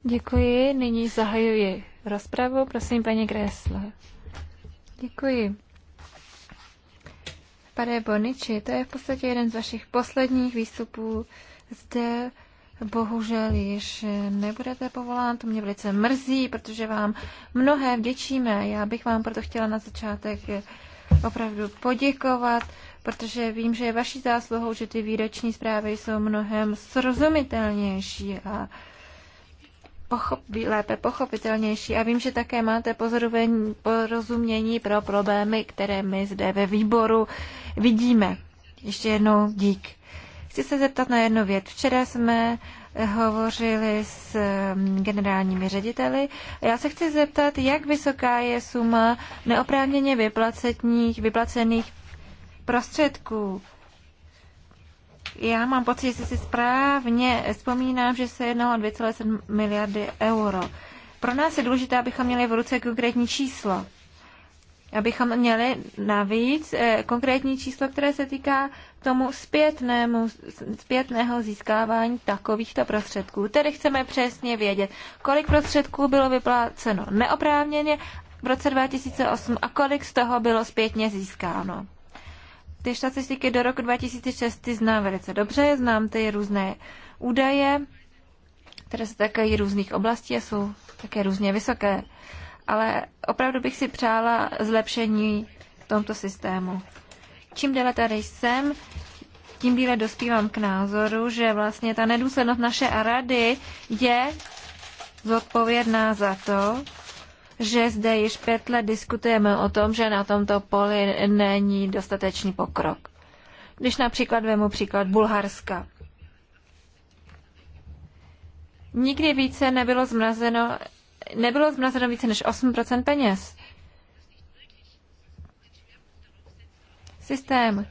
Děkuji, nyní zahajuji rozpravu. Prosím, paní Gressle. Děkuji. Pane Boniči, to je v podstatě jeden z vašich posledních výstupů zde. Bohužel již nebudete povolán, to mě velice mrzí, protože vám mnohé vděčíme. Já bych vám proto chtěla na začátek opravdu poděkovat, protože vím, že je vaší zásluhou, že ty výroční zprávy jsou mnohem srozumitelnější a pochopí, lépe pochopitelnější. a vím, že také máte porozumění pro problémy, které my zde ve výboru vidíme. Ještě jednou dík. Chci se zeptat na jednu věc. Včera jsme hovořili s mm, generálními řediteli. Já se chci zeptat, jak vysoká je suma neoprávněně vyplacených prostředků. Já mám pocit, že si správně vzpomínám, že se jednalo o 2,7 miliardy euro. Pro nás je důležité, abychom měli v ruce konkrétní číslo. Abychom měli navíc eh, konkrétní číslo, které se týká tomu zpětnému, zpětného získávání takovýchto prostředků. Tedy chceme přesně vědět, kolik prostředků bylo vypláceno neoprávněně v roce 2008 a kolik z toho bylo zpětně získáno. Ty statistiky do roku 2006 ty znám velice dobře, znám ty různé údaje, které se i různých oblastí a jsou také různě vysoké. Ale opravdu bych si přála zlepšení v tomto systému. Čím déle tady jsem, tím díle dospívám k názoru, že vlastně ta nedůslednost naše rady je zodpovědná za to, že zde již pět let diskutujeme o tom, že na tomto poli není dostatečný pokrok. Když například vemu příklad Bulharska. Nikdy více nebylo zmrazeno, nebylo zmrazeno více než 8% peněz. Systém,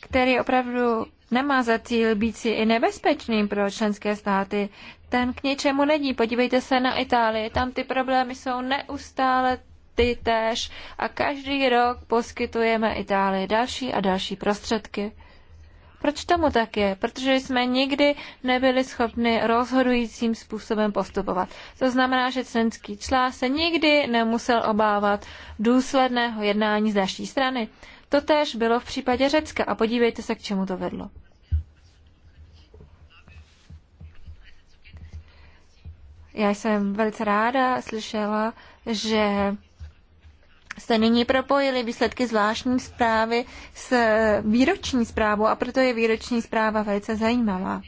který opravdu nemá za cíl být si i nebezpečným pro členské státy, ten k něčemu není. Podívejte se na Itálii, tam ty problémy jsou neustále ty též a každý rok poskytujeme Itálii další a další prostředky. Proč tomu tak je? Protože jsme nikdy nebyli schopni rozhodujícím způsobem postupovat. To znamená, že členský člá se nikdy nemusel obávat důsledného jednání z naší strany. To též bylo v případě Řecka a podívejte se, k čemu to vedlo. Já jsem velice ráda slyšela, že jste nyní propojili výsledky zvláštní zprávy s výroční zprávou a proto je výroční zpráva velice zajímavá.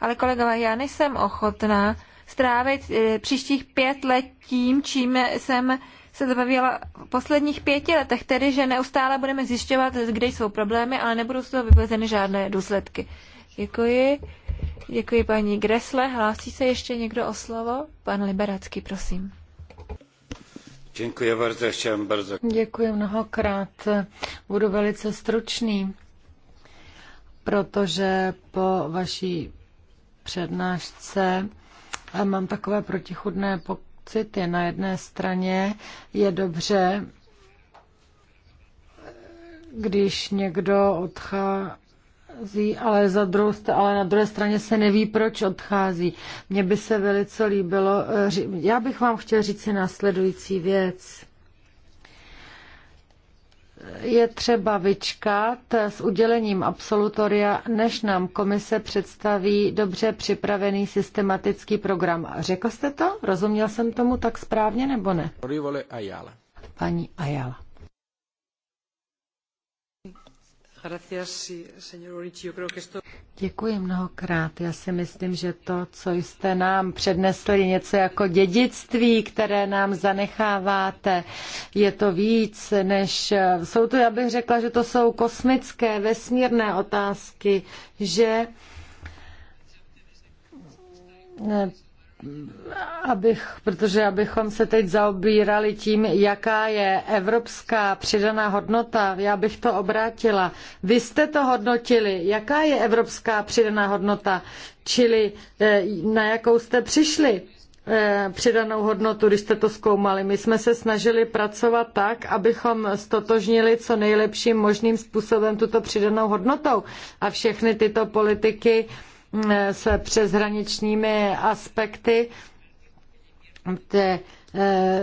Ale kolegové, já nejsem ochotná strávit eh, příštích pět let tím, čím jsem se zabavila v posledních pěti letech, tedy že neustále budeme zjišťovat, kde jsou problémy, ale nebudou z toho vyvezeny žádné důsledky. Děkuji. Děkuji paní Gresle. Hlásí se ještě někdo o slovo? Pan Liberacký, prosím. Děkuji bardzo, chciałem bardzo. Děkuji mnohokrát. Budu velice stručný, protože po vaší přednášce eh, mám takové protichudné pocity. Na jedné straně je dobře, když někdo odchází odchází, ale, za druhou, ale na druhé straně se neví, proč odchází. Mně by se velice líbilo. Eh, já bych vám chtěl říct si následující věc je třeba vyčkat s udělením absolutoria, než nám komise představí dobře připravený systematický program. Řekl jste to? Rozuměl jsem tomu tak správně nebo ne? Paní Ayala. Děkuji mnohokrát. Já si myslím, že to, co jste nám je něco jako dědictví, které nám zanecháváte. Je to víc než... Jsou to, já bych řekla, že to jsou kosmické, vesmírné otázky, že abych, protože abychom se teď zaobírali tím, jaká je evropská přidaná hodnota, já bych to obrátila. Vy jste to hodnotili, jaká je evropská přidaná hodnota, čili eh, na jakou jste přišli eh, přidanou hodnotu, když jste to zkoumali. My jsme se snažili pracovat tak, abychom stotožnili co nejlepším možným způsobem tuto přidanou hodnotou a všechny tyto politiky s přeshraničními aspekty. Te, eh,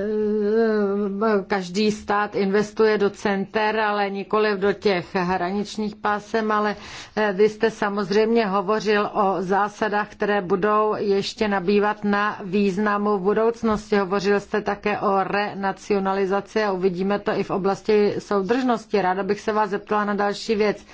každý stát investuje do center, ale nikoli do těch hraničních pásem, ale eh, vy jste samozřejmě hovořil o zásadách, které budou ještě nabývat na významu v budoucnosti. Hovořil jste také o renacionalizaci a uvidíme to i v oblasti soudržnosti. Ráda bych se vás zeptala na další věc.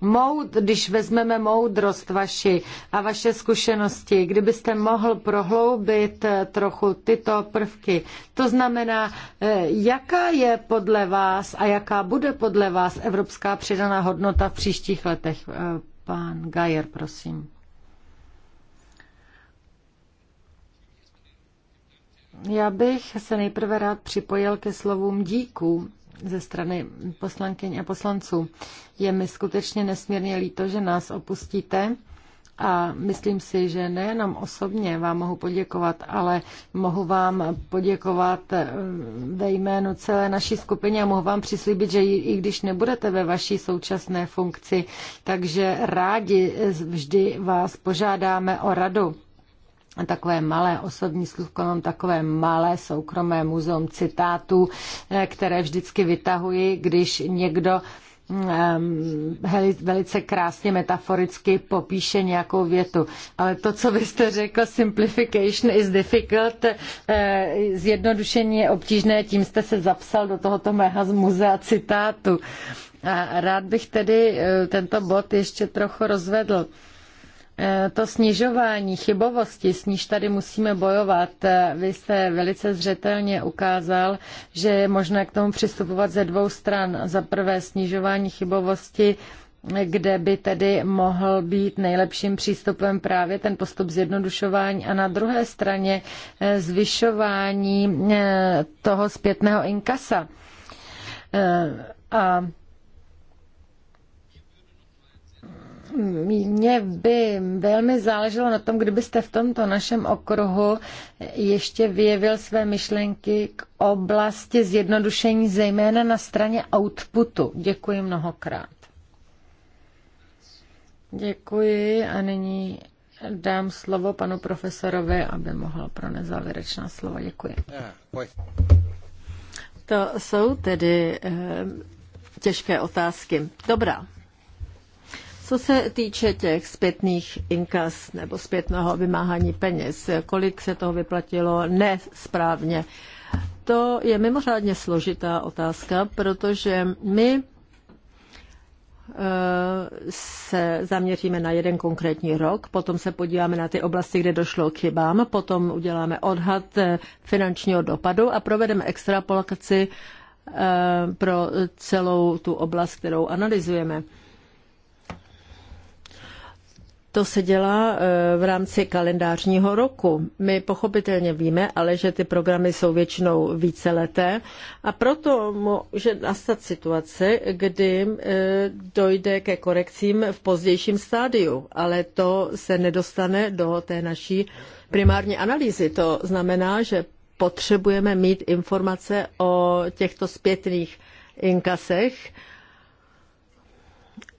Moud, když vezmeme moudrost vaši a vaše zkušenosti, kdybyste mohl prohloubit eh, trochu tyto prvky, to znamená, eh, jaká je podle vás a jaká bude podle vás evropská přidaná hodnota v příštích letech? Eh, pán Gajer, prosím. Já bych se nejprve rád připojil ke slovům díků ze strany poslankyň a poslanců. Je mi skutečně nesmírně líto, že nás opustíte. A myslím si, že nejenom osobně vám mohu poděkovat, ale mohu vám poděkovat eh, ve jménu celé naší skupině a mohu vám přislíbit, že i když nebudete ve vaší současné funkci, takže rádi vždy vás požádáme o radu takové malé osobní sluchko, mám takové malé soukromé muzeum citátů, eh, které vždycky vytahuji, když někdo ehm, velice krásně metaforicky popíše nějakou větu. Ale to, co vy jste řekl, simplification is difficult, eh, zjednodušení je obtížné, tím jste se zapsal do tohoto mého muzea citátu. A rád bych tedy eh, tento bod ještě trochu rozvedl. Eh, to snižování chybovosti, s níž tady musíme bojovat, eh, vy jste velice zřetelně ukázal, že je možné k tomu přistupovat ze dvou stran. Za prvé snižování chybovosti eh, kde by tedy mohl být nejlepším přístupem právě ten postup zjednodušování a na druhé straně zvyšování toho zpětného inkasa. A mě by velmi záleželo na tom, kdybyste v tomto našem okruhu ještě vyjevil své myšlenky k oblasti zjednodušení, zejména na straně outputu. Děkuji mnohokrát. Děkuji a nyní dám slovo panu profesorovi, aby mohl pro nezávěrečná slova. Děkuji. To jsou tedy eh, těžké otázky. Dobrá, co se týče těch zpětných inkas nebo zpětného vymáhání peněz, kolik se toho vyplatilo nesprávně, to je mimořádně složitá otázka, protože my eh, se zaměříme na jeden konkrétní rok, potom se podíváme na ty oblasti, kde došlo k chybám, potom uděláme odhad eh, finančního dopadu a provedeme extrapolaci eh, pro celou tu oblast, kterou analyzujeme. To se dělá e, v rámci kalendářního roku. My pochopitelně víme, ale že ty programy jsou většinou víceleté a proto může nastat situace, kdy e, dojde ke korekcím v pozdějším stádiu, ale to se nedostane do té naší primární analýzy. To znamená, že potřebujeme mít informace o těchto zpětných inkasech,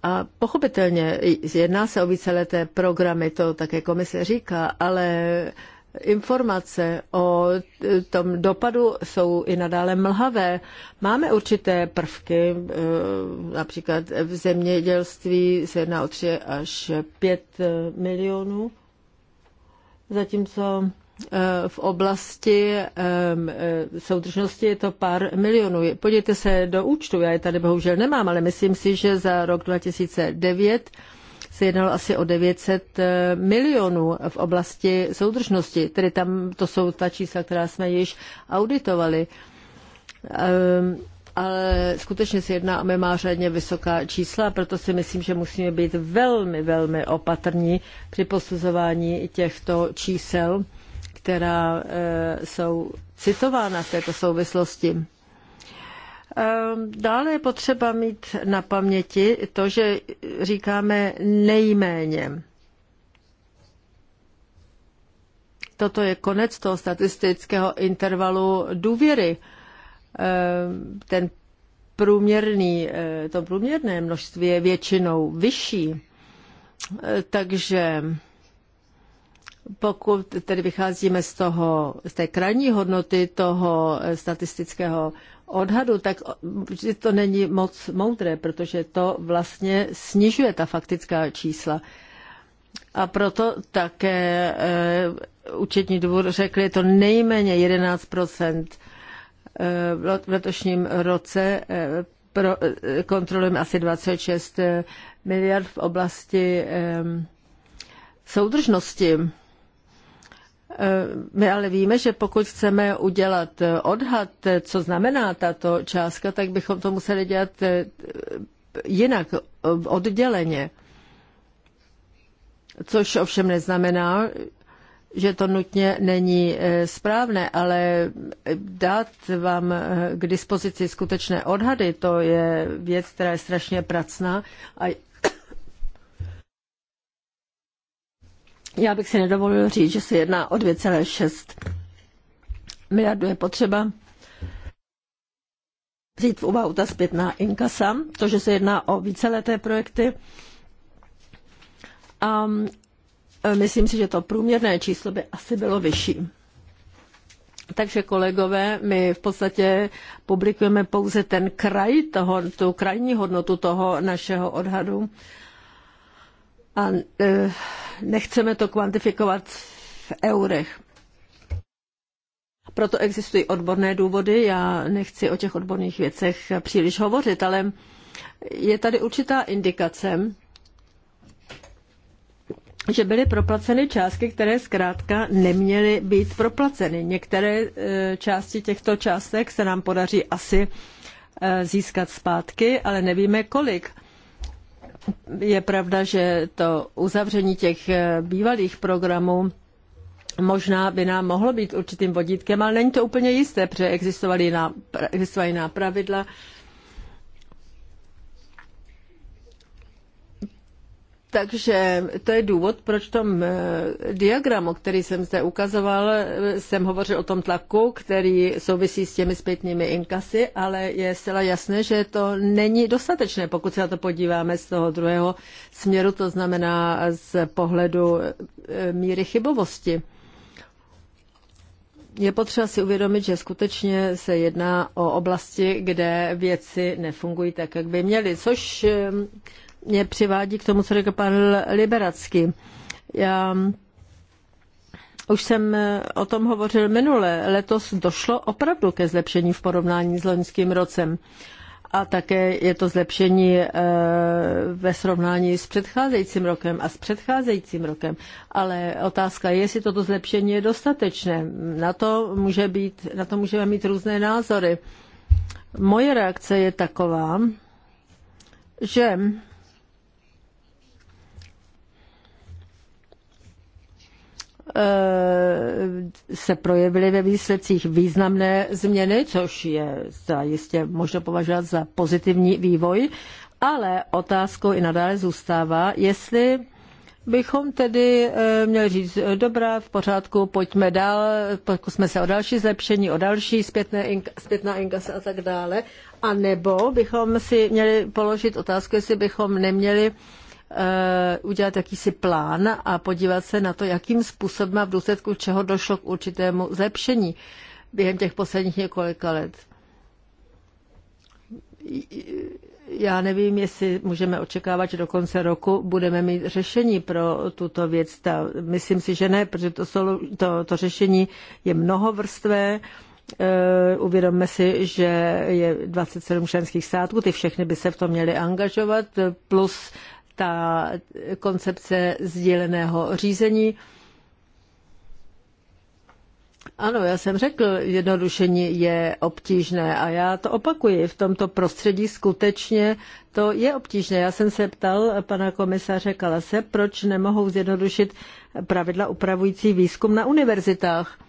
a pochopitelně jedná se o víceleté programy, to také komise říká, ale informace o tom dopadu jsou i nadále mlhavé. Máme určité prvky, eh, například v zemědělství se jedná o 3 až 5 eh, milionů, zatímco Eh, v oblasti eh, soudržnosti je to pár milionů. Podívejte se do účtu, já je tady bohužel nemám, ale myslím si, že za rok 2009 se jednalo asi o 900 eh, milionů v oblasti soudržnosti. Tedy tam to jsou ta čísla, která jsme již auditovali. Ale skutečně se jedná o mimořádně vysoká čísla, proto si myslím, že musíme být velmi, velmi opatrní při posuzování těchto čísel která eh, jsou citována v této souvislosti. Ehm, dále je potřeba mít na paměti to, že říkáme nejméně. Toto je konec toho statistického intervalu důvěry. Ehm, ten průměrný, eh, to průměrné množství je většinou vyšší. Eh, takže pokud tedy vycházíme z, toho, z té krajní hodnoty toho eh, statistického odhadu, tak to není moc moudré, protože to vlastně snižuje ta faktická čísla. A proto také eh, účetní dvůr řekl, je to nejméně 11 eh, v letošním roce kontrolujeme asi 26 miliard v oblasti soudržnosti. Eh, my ale víme, že pokud chceme udělat eh, odhad, eh, co znamená tato částka, tak bychom to museli dělat jinak, odděleně. Což ovšem neznamená, že to nutně není správné, ale dát vám k dispozici skutečné odhady, to je věc, která je strašně pracná a Já bych si nedovolil říct, že se jedná o 2,6 miliardu je potřeba vzít v úvahu ta zpětná inkasa, to, že se jedná o víceleté projekty. A e, myslím si, že to průměrné číslo by asi bylo vyšší. Takže kolegové, my v podstatě publikujeme pouze ten kraj, toho, tu krajní hodnotu toho našeho odhadu. A e, nechceme to kvantifikovat v eurech. Proto existují odborné důvody, já nechci o těch odborných věcech příliš hovořit, ale je tady určitá indikace, že byly proplaceny částky, které zkrátka neměly být proplaceny. Některé e, části těchto částek se nám podaří asi e, získat zpátky, ale nevíme kolik. Je pravda, že to uzavření těch eh, bývalých programů možná by nám mohlo být určitým vodítkem, ale není to úplně jisté, protože existovaly jiná, jiná pravidla, Takže to je důvod, proč v tom eh, diagramu, který jsem zde ukazoval, eh, jsem hovořil o tom tlaku, který souvisí s těmi zpětnými inkasy, ale je zcela jasné, že to není dostatečné, pokud se na to podíváme z toho druhého směru, to znamená z pohledu eh, míry chybovosti. Je potřeba si uvědomit, že skutečně se jedná o oblasti, kde věci nefungují tak, jak by měly, což mě přivádí k tomu, co řekl pan Liberacký. Já už jsem o tom hovořil minule. Letos došlo opravdu ke zlepšení v porovnání s loňským rocem. A také je to zlepšení eh, ve srovnání s předcházejícím rokem a s předcházejícím rokem. Ale otázka je, jestli toto zlepšení je dostatečné. Na to, může být, na to můžeme mít různé názory. Moje reakce je taková, že Eh, se projevily ve výsledcích významné změny, což je zcela jistě možno považovat za pozitivní vývoj, ale otázkou i nadále zůstává, jestli bychom tedy eh, měli říct, dobrá, v pořádku, pojďme dál, pokusme se o další zlepšení, o další zpětné inka, zpětná inkasa a tak dále. A nebo bychom si měli položit otázku, jestli bychom neměli Eh, udělat jakýsi plán a podívat se na to, jakým způsobem a v důsledku čeho došlo k určitému zlepšení během těch posledních několika let. Já nevím, jestli můžeme očekávat, že do konce roku budeme mít řešení pro tuto věc. Ta, myslím si, že ne, protože to, jsou, to, to řešení je mnohovrstvé. Eh, uvědomme si, že je 27 členských států, ty všechny by se v tom měly angažovat, plus ta koncepce sdíleného řízení. Ano, já jsem řekl, jednodušení je obtížné a já to opakuji, v tomto prostředí skutečně to je obtížné. Já jsem se ptal pana komisaře Kalase, proč nemohou zjednodušit pravidla upravující výzkum na univerzitách.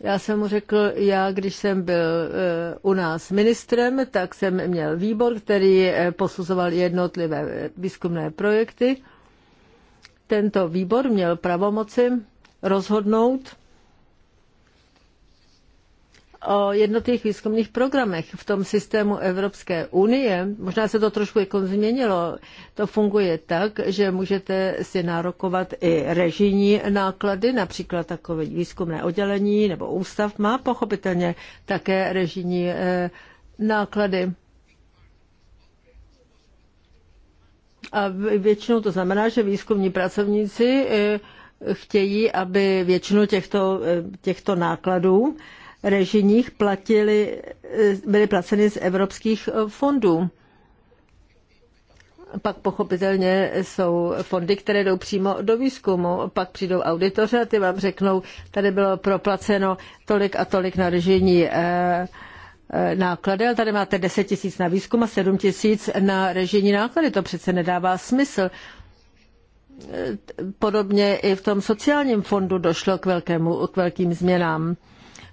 Já jsem mu řekl, já když jsem byl eh, u nás ministrem, tak jsem měl výbor, který eh, posuzoval jednotlivé eh, výzkumné projekty. Tento výbor měl pravomoci rozhodnout o jednotlivých výzkumných programech v tom systému Evropské unie. Možná se to trošku jako změnilo. To funguje tak, že můžete si nárokovat i režijní náklady, například takové výzkumné oddělení nebo ústav má pochopitelně také režijní eh, náklady. A většinou to znamená, že výzkumní pracovníci eh, chtějí, aby většinu těchto, eh, těchto nákladů Režiních platili, eh, byly placeny z evropských eh, fondů. Pak pochopitelně jsou fondy, které jdou přímo do výzkumu. Pak přijdou auditoři a ty vám řeknou, tady bylo proplaceno tolik a tolik na režijní eh, náklady, ale tady máte 10 tisíc na výzkum a 7 tisíc na režijní náklady. To přece nedává smysl. Podobně i v tom sociálním fondu došlo k, velkému, k velkým změnám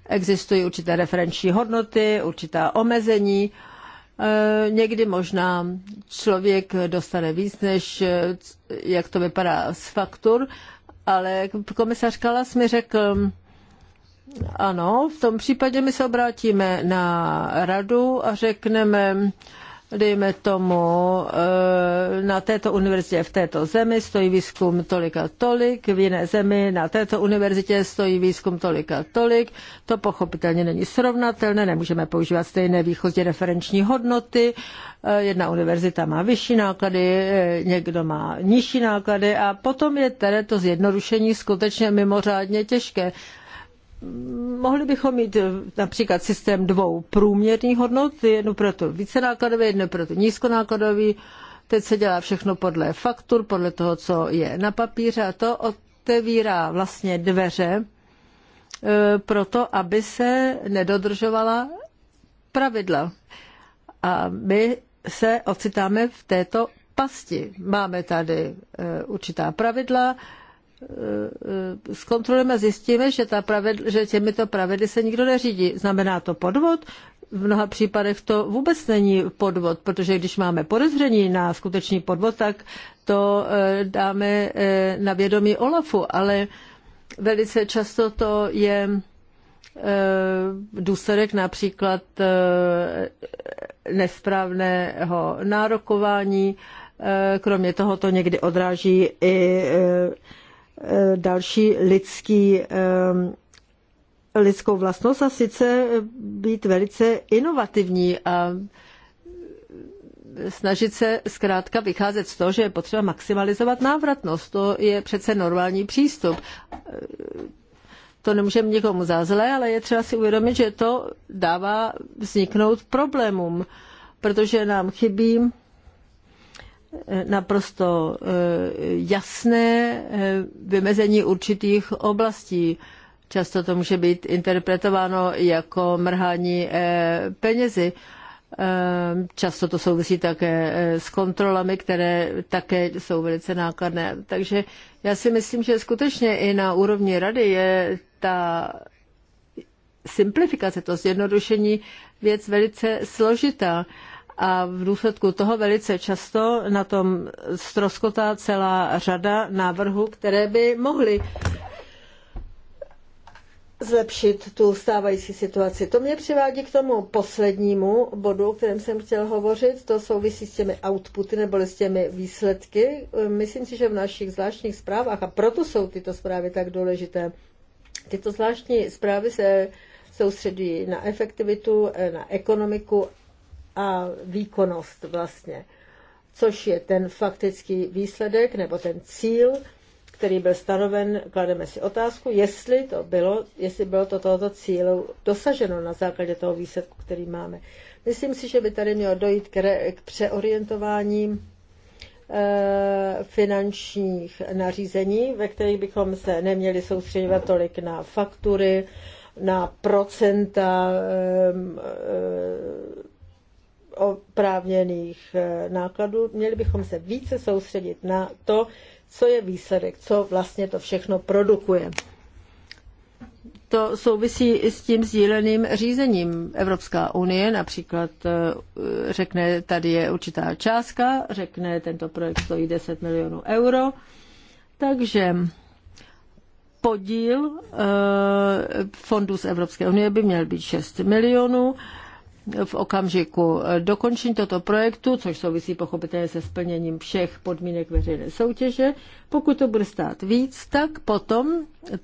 Existují určité referenční hodnoty, určitá omezení. E, někdy možná člověk dostane víc, než e, jak to vypadá z faktur, ale komisař Kalas mi řekl, ano, v tom případě my se obrátíme na radu a řekneme, dejme tomu, eh, na této univerzitě v této zemi stojí výzkum tolik a tolik, v jiné zemi na této univerzitě stojí výzkum tolik a tolik. To pochopitelně není srovnatelné, nemůžeme používat stejné výchozí referenční hodnoty. Eh, jedna univerzita má vyšší náklady, eh, někdo má nižší náklady a potom je tedy to zjednodušení skutečně mimořádně těžké mohli bychom mít eh, například systém dvou průměrných hodnot, jednu pro to vícenákladový, jednu pro to nízkonákladové. Teď se dělá všechno podle faktur, podle toho, co je na papíře a to otevírá vlastně dveře eh, pro to, aby se nedodržovala pravidla. A my se ocitáme v této pasti. Máme tady eh, určitá pravidla, Eh, eh, zkontrolujeme a zjistíme, že, ta pravidl, že těmito pravidly se nikdo neřídí. Znamená to podvod? V mnoha případech to vůbec není podvod, protože když máme podezření na skutečný podvod, tak to eh, dáme na vědomí Olafu, ale velice často to je důsledek například nesprávného nárokování. Kromě toho to někdy odráží i Eh, další lidský, eh, lidskou vlastnost a sice eh, být velice inovativní a snažit se zkrátka vycházet z toho, že je potřeba maximalizovat návratnost. To je přece normální přístup. To nemůžeme nikomu zázle, ale je třeba si uvědomit, že to dává vzniknout problémům, protože nám chybí naprosto eh, jasné eh, vymezení určitých oblastí. Často to může být interpretováno jako mrhání eh, penězi. Často to souvisí také s kontrolami, které také jsou velice nákladné. Takže já si myslím, že skutečně i na úrovni rady je ta simplifikace, to zjednodušení věc velice složitá a v důsledku toho velice často na tom stroskotá celá řada návrhů, které by mohly zlepšit tu stávající situaci. To mě přivádí k tomu poslednímu bodu, o kterém jsem chtěl hovořit. To souvisí s těmi outputy nebo s těmi výsledky. Myslím si, že v našich zvláštních zprávách, a proto jsou tyto zprávy tak důležité, tyto zvláštní zprávy se soustředí na efektivitu, na ekonomiku a výkonnost vlastně, což je ten faktický výsledek nebo ten cíl, který byl stanoven, klademe si otázku, jestli to bylo, jestli bylo to tohoto cílu dosaženo na základě toho výsledku, který máme. Myslím si, že by tady mělo dojít k, re, k přeorientování e, finančních nařízení, ve kterých bychom se neměli soustředovat tolik na faktury, na procenta e, e, oprávněných eh, nákladů, měli bychom se více soustředit na to, co je výsledek, co vlastně to všechno produkuje. To souvisí i s tím sdíleným řízením. Evropská unie například eh, řekne, tady je určitá částka, řekne, tento projekt stojí 10 milionů euro, takže podíl eh, fondů z Evropské unie by měl být 6 milionů v okamžiku dokončení tohoto projektu, což souvisí pochopitelně se splněním všech podmínek veřejné soutěže, pokud to bude stát víc, tak potom eh,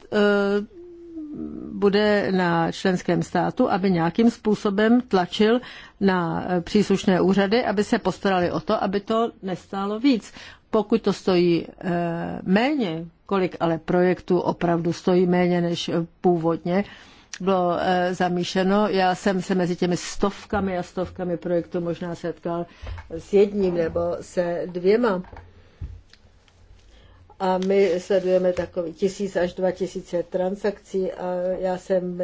bude na členském státu, aby nějakým způsobem tlačil na příslušné úřady, aby se postarali o to, aby to nestálo víc. Pokud to stojí eh, méně, kolik ale projektů opravdu stojí méně než původně, bylo eh, zamýšleno. Já jsem se mezi těmi stovkami a stovkami projektů možná setkal s jedním nebo se dvěma. A my sledujeme takový tisíc až dva tisíce transakcí a já jsem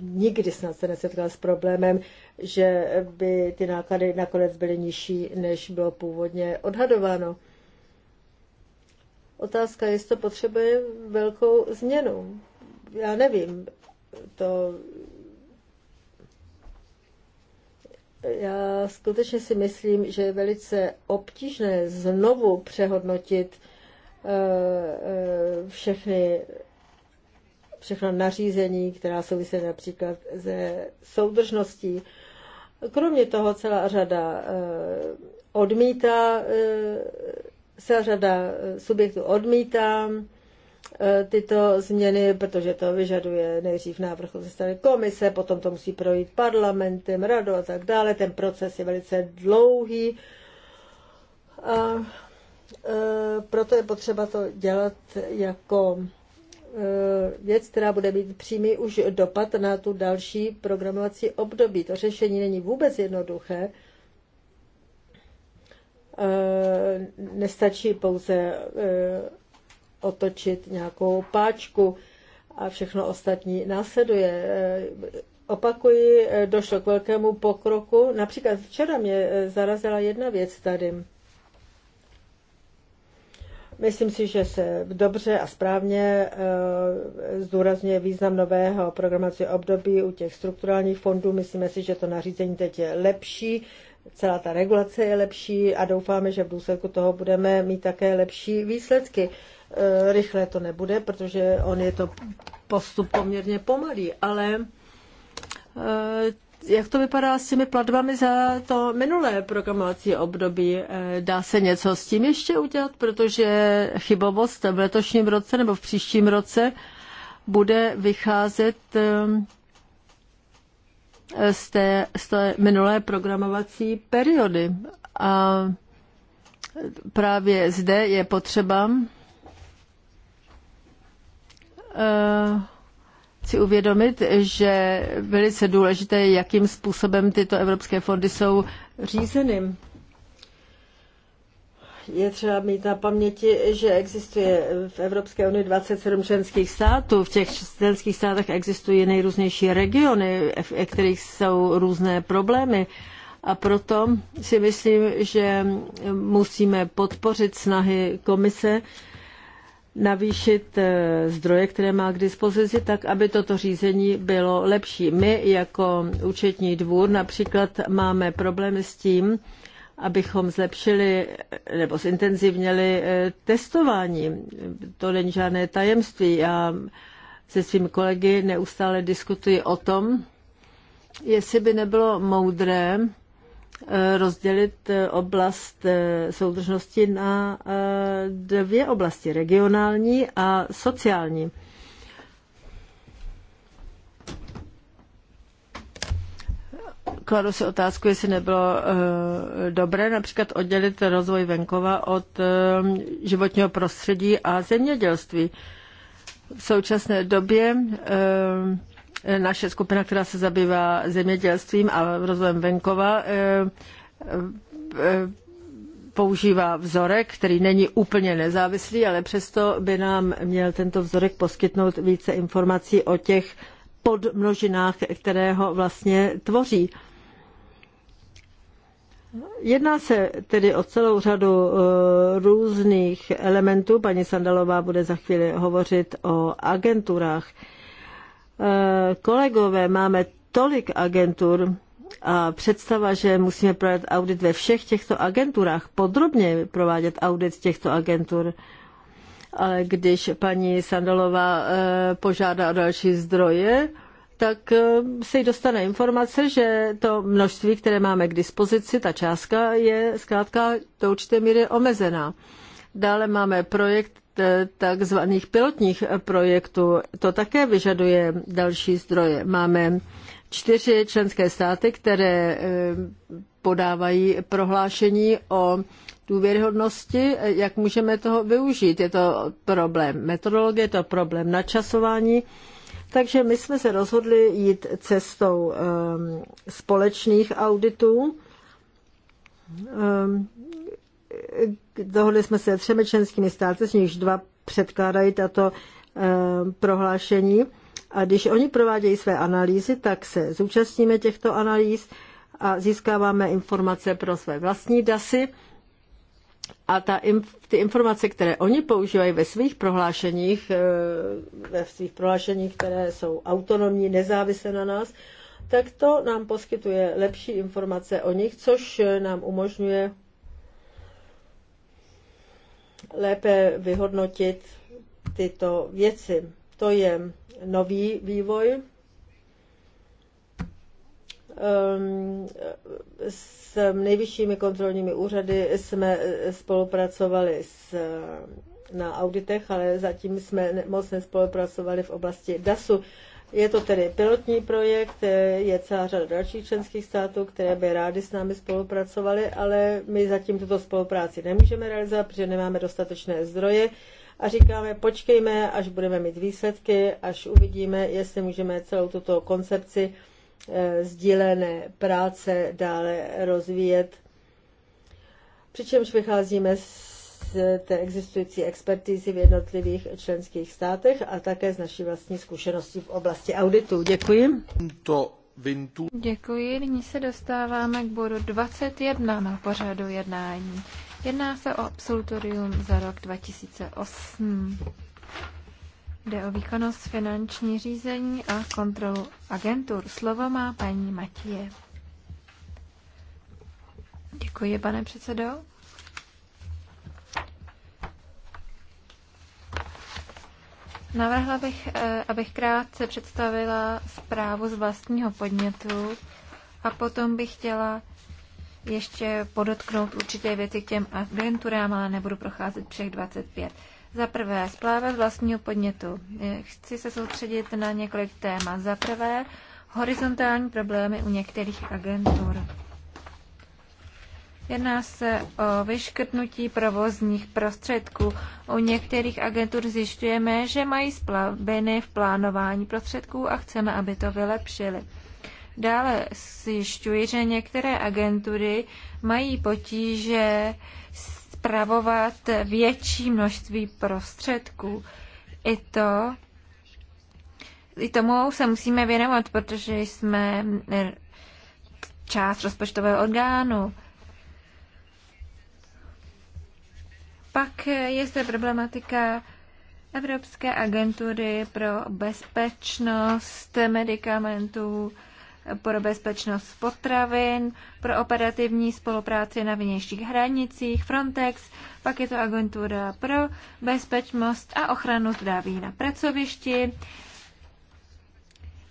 nikdy snad se nesetkal s problémem, že by ty náklady nakonec byly nižší, než bylo původně odhadováno. Otázka je, jestli to potřebuje velkou změnu. Já nevím to já skutečně si myslím, že je velice obtížné znovu přehodnotit eh, eh, všechny, všechna nařízení, která souvisí například se soudržností. Kromě toho celá řada eh, odmítá, celá řada subjektů odmítá E, tyto změny, protože to vyžaduje nejdřív návrh ze strany komise, potom to musí projít parlamentem, radou a tak dále. Ten proces je velice dlouhý. A e, proto je potřeba to dělat jako e, věc, která bude mít přímý už dopad na tu další programovací období. To řešení není vůbec jednoduché. Nestačí pouze otočit nějakou páčku a všechno ostatní následuje. Eh, opakuji, eh, došlo k velkému pokroku. Například včera mě eh, zarazila jedna věc tady. Myslím si, že se dobře a správně zdůrazňuje význam nového programací období u těch strukturálních fondů. Myslíme si, že to nařízení teď je lepší, celá ta regulace je lepší a doufáme, že v důsledku toho budeme mít také lepší výsledky. Eh, rychle to nebude, protože on je to postup poměrně pomalý, ale eh, jak to vypadá s těmi platbami za to minulé programovací období? Eh, dá se něco s tím ještě udělat, protože chybovost v letošním roce nebo v příštím roce bude vycházet z té, z té minulé programovací periody. A právě zde je potřeba Eh, si uvědomit, že velice důležité je, jakým způsobem tyto evropské fondy jsou řízeny. Je třeba mít na paměti, že existuje v Evropské unii 27 členských států. V těch členských státech existují nejrůznější regiony, v kterých jsou různé problémy. A proto si myslím, že musíme podpořit snahy komise, navýšit eh, zdroje, které má k dispozici, tak aby toto řízení bylo lepší. My jako účetní dvůr například máme problémy s tím, abychom zlepšili eh, nebo zintenzivněli eh, testování. To není žádné tajemství. Já se svými kolegy neustále diskutuji o tom, jestli by nebylo moudré Eh, rozdělit eh, oblast eh, soudržnosti na dvě oblasti, regionální a sociální. kladu si otázku, jestli nebylo uh, dobré například oddělit rozvoj venkova od uh, životního prostředí a zemědělství. V současné době uh, naše skupina, která se zabývá zemědělstvím a rozvojem venkova, eh, eh, používá vzorek, který není úplně nezávislý, ale přesto by nám měl tento vzorek poskytnout více informací o těch podmnožinách, které ho vlastně tvoří. Jedná se tedy o celou řadu eh, různých elementů. Paní Sandalová bude za chvíli hovořit o agenturách. Eh, kolegové, máme tolik agentur a představa, že musíme provádět audit ve všech těchto agenturách, podrobně provádět audit těchto agentur, ale když paní Sandalová eh, požádá o další zdroje, tak eh, se jí dostane informace, že to množství, které máme k dispozici, ta částka je zkrátka do určité míry omezená. Dále máme projekt takzvaných pilotních projektů. To také vyžaduje další zdroje. Máme čtyři členské státy, které eh, podávají prohlášení o důvěryhodnosti, jak můžeme toho využít. Je to problém metodologie, je to problém načasování. Takže my jsme se rozhodli jít cestou eh, společných auditů, eh, dohodli jsme se třemi členskými státy, z nichž dva předkládají tato eh, prohlášení. A když oni provádějí své analýzy, tak se zúčastníme těchto analýz a získáváme informace pro své vlastní DASy. A ta, ty informace, které oni používají ve svých prohlášeních, eh, ve svých prohlášeních, které jsou autonomní, nezávislé na nás, tak to nám poskytuje lepší informace o nich, což nám umožňuje lépe vyhodnotit tyto věci. To je nový vývoj. Ehm, s nejvyššími kontrolními úřady jsme spolupracovali s, na auditech, ale zatím jsme moc nespolupracovali v oblasti DASu. Je to tedy pilotní projekt, eh, je celá řada dalších členských států, které by rádi s námi spolupracovaly, ale my zatím tuto spolupráci nemůžeme realizovat, protože nemáme dostatečné zdroje a říkáme, počkejme, až budeme mít výsledky, až uvidíme, jestli můžeme celou tuto koncepci eh, sdílené práce dále rozvíjet. Přičemž vycházíme z té existující expertízy v jednotlivých členských státech a také z naší vlastní zkušenosti v oblasti auditu. Děkuji. To Vintu. Děkuji. Nyní se dostáváme k bodu 21 na pořadu jednání. Jedná se o absolutorium za rok 2008. Jde o výkonnost finanční řízení a kontrolu agentur. Slovo má paní Matěje. Děkuji, pane předsedo. Navrhla bych, eh, abych krátce představila zprávu z vlastního podnětu a potom bych chtěla ještě podotknout určité věci k těm agenturám, ale nebudu procházet všech 25. Za prvé, zpráva z vlastního podnětu. Eh, chci se soustředit na několik témat. Za prvé, horizontální problémy u některých agentur. Jedná se o vyškrtnutí provozních prostředků. U některých agentur zjišťujeme, že mají splaviny v plánování prostředků a chceme, aby to vylepšili. Dále zjišťuji, že některé agentury mají potíže spravovat větší množství prostředků. I to i tomu se musíme věnovat, protože jsme část rozpočtového orgánu. Pak je zde problematika Evropské agentury pro bezpečnost medicamentů, pro bezpečnost potravin, pro operativní spolupráci na vnějších hranicích, Frontex, pak je to agentura pro bezpečnost a ochranu zdraví na pracovišti.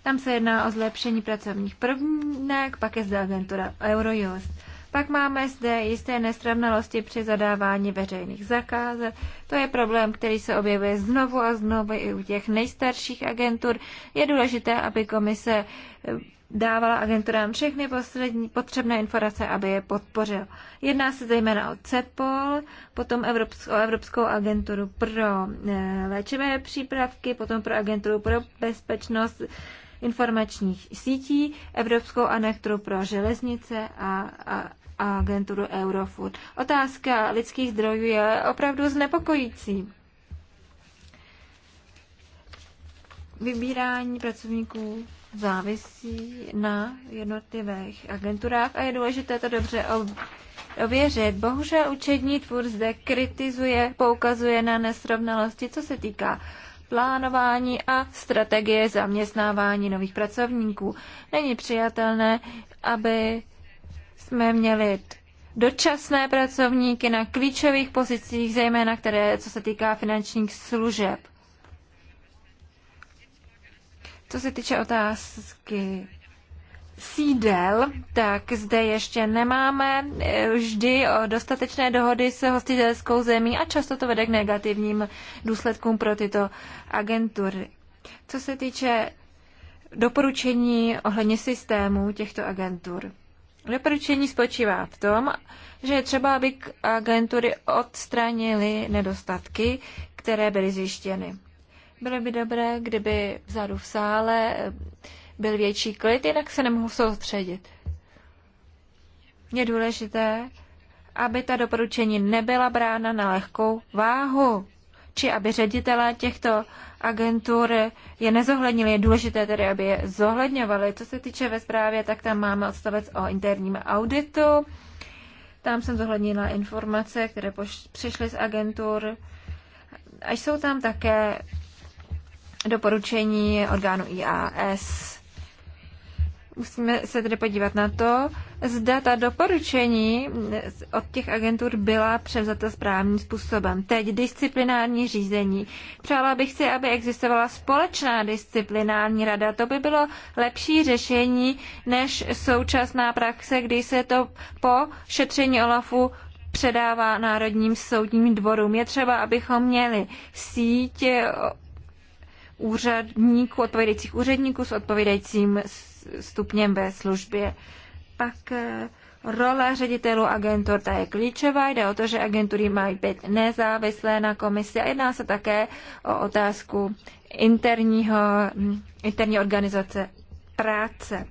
Tam se jedná o zlepšení pracovních prvnek, pak je zde agentura Eurojust. Pak máme zde jisté nestravnalosti při zadávání veřejných zakázek. To je problém, který se objevuje znovu a znovu i u těch nejstarších agentur. Je důležité, aby komise eh, dávala agenturám všechny poslední potřebné informace, aby je podpořil. Jedná se zejména o CEPOL, potom Evropskou, o Evropskou agenturu pro eh, léčivé přípravky, potom pro agenturu pro bezpečnost informačních sítí, Evropskou anektru pro železnice a, a a agenturu Eurofood. Otázka lidských zdrojů je opravdu znepokojící. Vybírání pracovníků závisí na jednotlivých agenturách a je důležité to dobře ověřit. Bohužel učední tvůr zde kritizuje, poukazuje na nesrovnalosti, co se týká plánování a strategie zaměstnávání nových pracovníků. Není přijatelné, aby jsme měli dočasné pracovníky na klíčových pozicích, zejména které, co se týká finančních služeb. Co se týče otázky sídel, tak zde ještě nemáme eh, vždy o dostatečné dohody s hostitelskou zemí a často to vede k negativním důsledkům pro tyto agentury. Co se týče doporučení ohledně systému těchto agentur. Doporučení spočívá v tom, že je třeba, aby agentury odstranily nedostatky, které byly zjištěny. Bylo by dobré, kdyby vzadu v sále byl větší klid, jinak se nemohu soustředit. Je důležité, aby ta doporučení nebyla brána na lehkou váhu či aby ředitelé těchto agentur je nezohlednili. Je důležité tedy, aby je zohledňovali. Co se týče ve zprávě, tak tam máme odstavec o interním auditu. Tam jsem zohlednila informace, které přišly z agentur. A jsou tam také doporučení orgánu IAS. Musíme se tedy podívat na to, zda ta doporučení od těch agentur byla převzata správným způsobem. Teď disciplinární řízení. Přála bych si, aby existovala společná disciplinární rada. To by bylo lepší řešení než současná praxe, kdy se to po šetření OLAFu předává Národním soudním dvorům. Je třeba, abychom měli síť úřadníků, odpovědajících úředníků s odpovědajícím stupněm ve službě pak eh, role ředitelů agentur, ta je klíčová. Jde o to, že agentury mají být nezávislé na komisi a jedná se také o otázku interního, mm, interní organizace práce.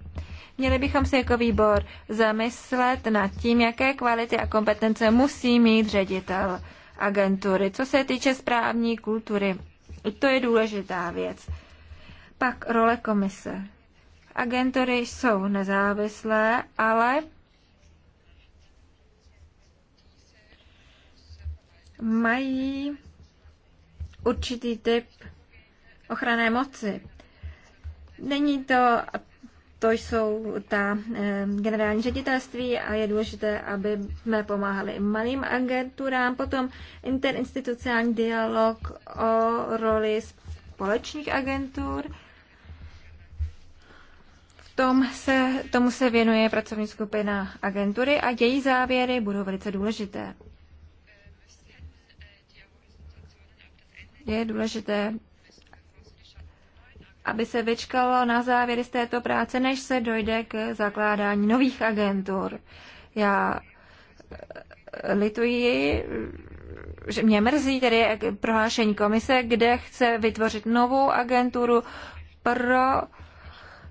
Měli bychom se jako výbor zamyslet nad tím, jaké kvality a kompetence musí mít ředitel agentury. Co se týče správní kultury, to je důležitá věc. Pak role komise. Agentury jsou nezávislé, ale mají určitý typ ochranné moci. Není to, to jsou ta generální ředitelství a je důležité, aby jsme pomáhali malým agenturám. Potom interinstitucionální dialog o roli společných agentur tom se, tomu se věnuje pracovní skupina agentury a její závěry budou velice důležité. Je důležité, aby se vyčkalo na závěry z této práce, než se dojde k zakládání nových agentur. Já eh, lituji, že mě mrzí tedy prohlášení komise, kde chce vytvořit novou agenturu pro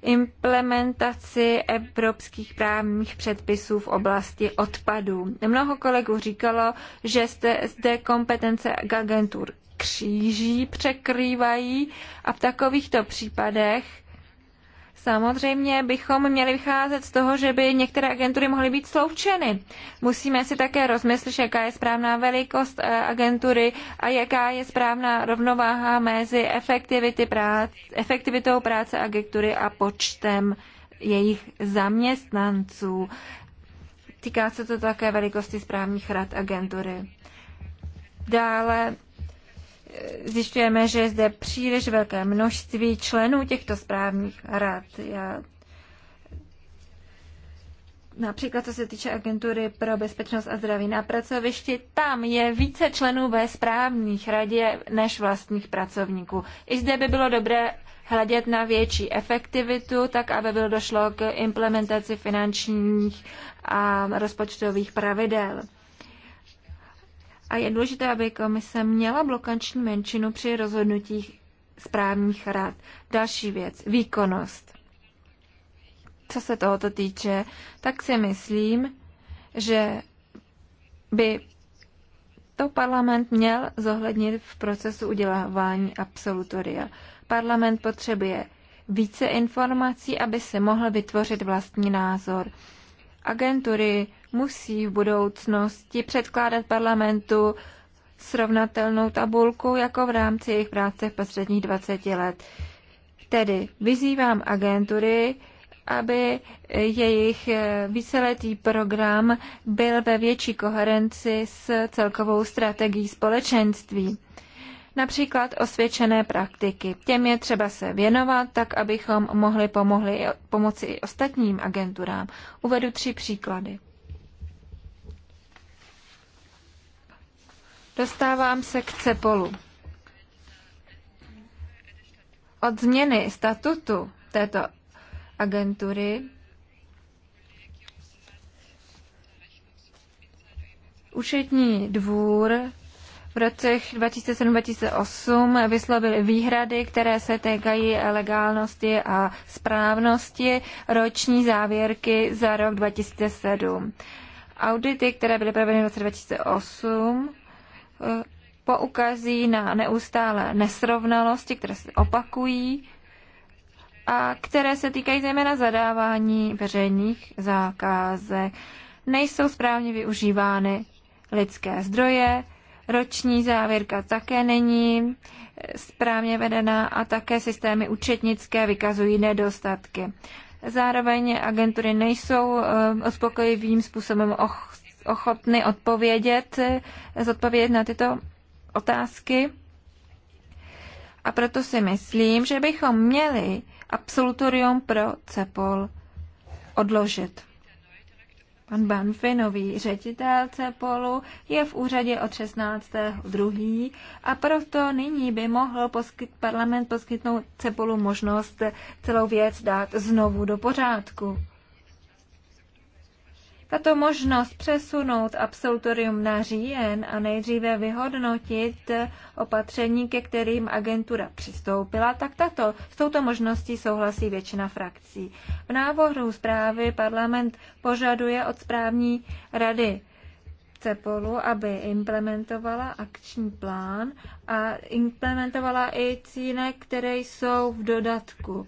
implementaci evropských právních předpisů v oblasti odpadů. Mnoho kolegů říkalo, že jste zde kompetence agentur kříží, překrývají a v takovýchto případech Samozřejmě bychom měli vycházet z toho, že by některé agentury mohly být sloučeny. Musíme si také rozmyslet, jaká je správná velikost eh, agentury a jaká je správná rovnováha mezi práce, efektivitou práce agentury a počtem jejich zaměstnanců. Týká se to také velikosti správních rad agentury. Dále zjišťujeme, že je zde příliš velké množství členů těchto správních rad. Já Například co se týče agentury pro bezpečnost a zdraví na pracovišti, tam je více členů ve správních radě než vlastních pracovníků. I zde by bylo dobré hledět na větší efektivitu, tak aby bylo došlo k implementaci finančních a rozpočtových pravidel a je důležité, aby komise měla blokanční menšinu při rozhodnutích správních rad. Další věc, výkonnost. Co se tohoto týče, tak si myslím, že by to parlament měl zohlednit v procesu udělávání absolutoria. Parlament potřebuje více informací, aby se mohl vytvořit vlastní názor agentury musí v budoucnosti předkládat parlamentu srovnatelnou tabulku jako v rámci jejich práce v posledních 20 let. Tedy vyzývám agentury, aby jejich víceletý program byl ve větší koherenci s celkovou strategií společenství například osvědčené praktiky. Těm je třeba se věnovat, tak abychom mohli pomohli, pomoci i ostatním agenturám. Uvedu tři příklady. Dostávám se k CEPOLu. Od změny statutu této agentury účetní dvůr v rocech 2007-2008 vyslovili výhrady, které se týkají legálnosti a správnosti roční závěrky za rok 2007. Audity, které byly provedeny v roce 2008, eh, poukazí na neustále nesrovnalosti, které se opakují a které se týkají zejména zadávání veřejných zakázek. Nejsou správně využívány lidské zdroje, Roční závěrka také není správně vedená a také systémy účetnické vykazují nedostatky. Zároveň agentury nejsou eh, uspokojivým způsobem ochotny odpovědět, zodpovědět na tyto otázky. A proto si myslím, že bychom měli absolutorium pro CEPOL odložit. Pan Banfi, nový ředitel CEPOLu, je v úřadě od 16. druhý a proto nyní by mohl poskyt, parlament poskytnout CEPOLu možnost celou věc dát znovu do pořádku. Tato možnost přesunout absolutorium na říjen a nejdříve vyhodnotit opatření, ke kterým agentura přistoupila, tak tato, s touto možností souhlasí většina frakcí. V návrhu zprávy parlament požaduje od správní rady CEPOLu, aby implementovala akční plán a implementovala i cíle, které jsou v dodatku.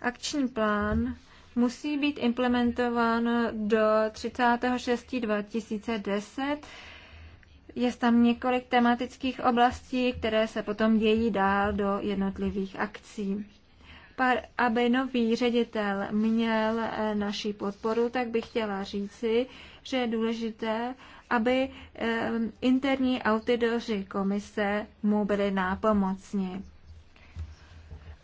Akční plán musí být implementován do 36.2010. 2010. Je tam několik tematických oblastí, které se potom dějí dál do jednotlivých akcí. Par, aby nový ředitel měl eh, naši podporu, tak bych chtěla říci, že je důležité, aby eh, interní autidoři komise mu byli nápomocni.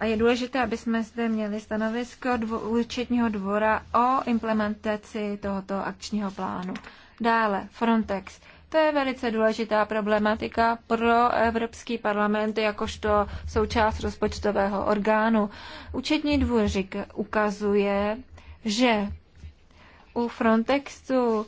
A je důležité, aby jsme zde měli stanovisko dvo, účetního dvora o implementaci tohoto akčního plánu. Dále Frontex. To je velice důležitá problematika pro Evropský parlament jakožto součást rozpočtového orgánu. Účetní dvůřik ukazuje, že u Frontexu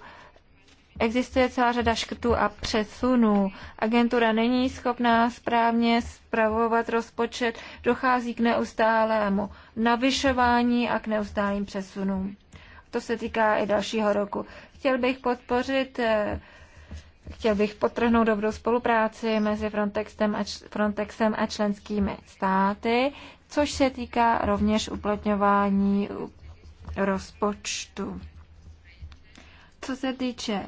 Existuje celá řada škrtů a přesunů. Agentura není schopná správně spravovat rozpočet, dochází k neustálému navyšování a k neustálým přesunům. To se týká i dalšího roku. Chtěl bych podpořit eh, Chtěl bych potrhnout dobrou spolupráci mezi Frontexem a, Frontexem a členskými státy, což se týká rovněž uplatňování rozpočtu. Co se týče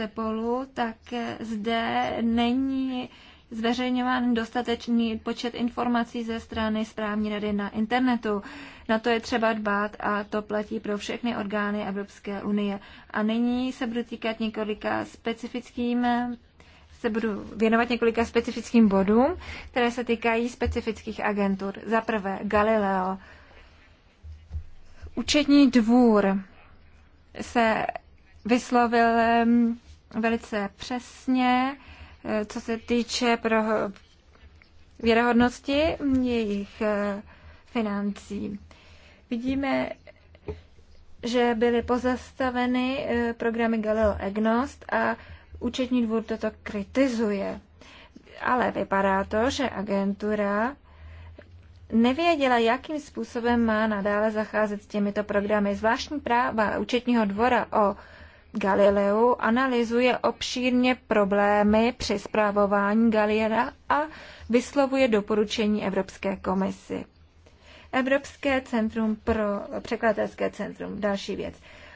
CEPOLu, tak zde není zveřejňován dostatečný počet informací ze strany správní rady na internetu. Na to je třeba dbát a to platí pro všechny orgány Evropské unie. A nyní se budu týkat několika specifickým se budu věnovat několika specifickým bodům, které se týkají specifických agentur. Za prvé Galileo. Učetní dvůr se vyslovil velice přesně, eh, co se týče pro věrohodnosti jejich eh, financí. Vidíme, že byly pozastaveny eh, programy Galileo Egnost a účetní dvůr toto kritizuje. Ale vypadá to, že agentura nevěděla, jakým způsobem má nadále zacházet s těmito programy. Zvláštní práva účetního dvora o Galileu analyzuje obšírně problémy při zprávování Galiera a vyslovuje doporučení Evropské komisi. Evropské centrum pro překladatelské centrum. Další věc.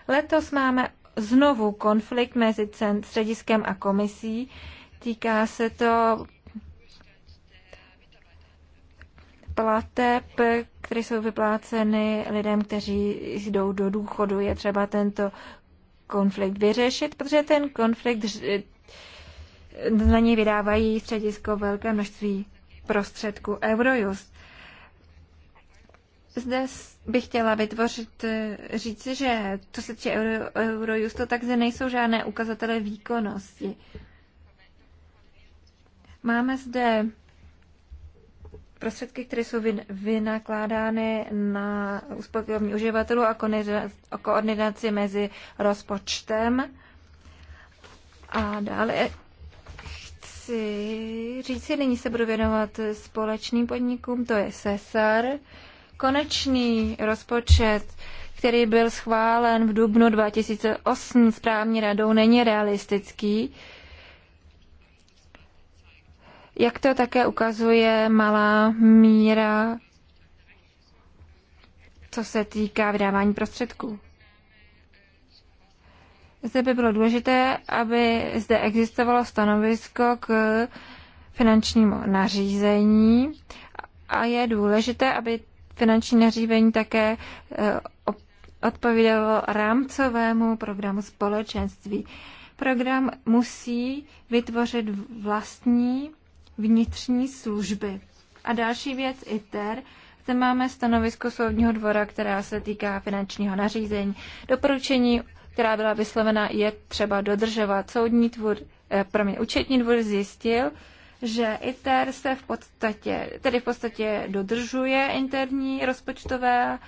Letos máme znovu konflikt mezi střediskem a komisí. Týká se to plateb, které jsou vypláceny lidem, kteří jdou do důchodu. Je třeba tento konflikt vyřešit, protože ten konflikt na něj vydávají středisko velké množství prostředků Eurojust. Zde bych chtěla vytvořit, eh, říci, že to se týče Euro, Eurojustu, tak zde nejsou žádné ukazatele výkonnosti. Máme zde prostředky, které jsou vynakládány na uspokojení uživatelů a koordinaci mezi rozpočtem. A dále chci říci, nyní se budu věnovat společným podnikům, to je SESAR. Konečný rozpočet který byl schválen v dubnu 2008 správní radou, není realistický jak to také ukazuje malá míra, co se týká vydávání prostředků. Zde by bylo důležité, aby zde existovalo stanovisko k finančnímu nařízení a je důležité, aby finanční nařízení také e, odpovídalo rámcovému programu společenství. Program musí vytvořit vlastní vnitřní služby. A další věc ITER, zde máme stanovisko soudního dvora, která se týká finančního nařízení. Doporučení, která byla vyslovena, je třeba dodržovat. Soudní dvůr, eh, mě účetní dvůr zjistil, že ITER se v podstatě, tedy v podstatě dodržuje interní rozpočtové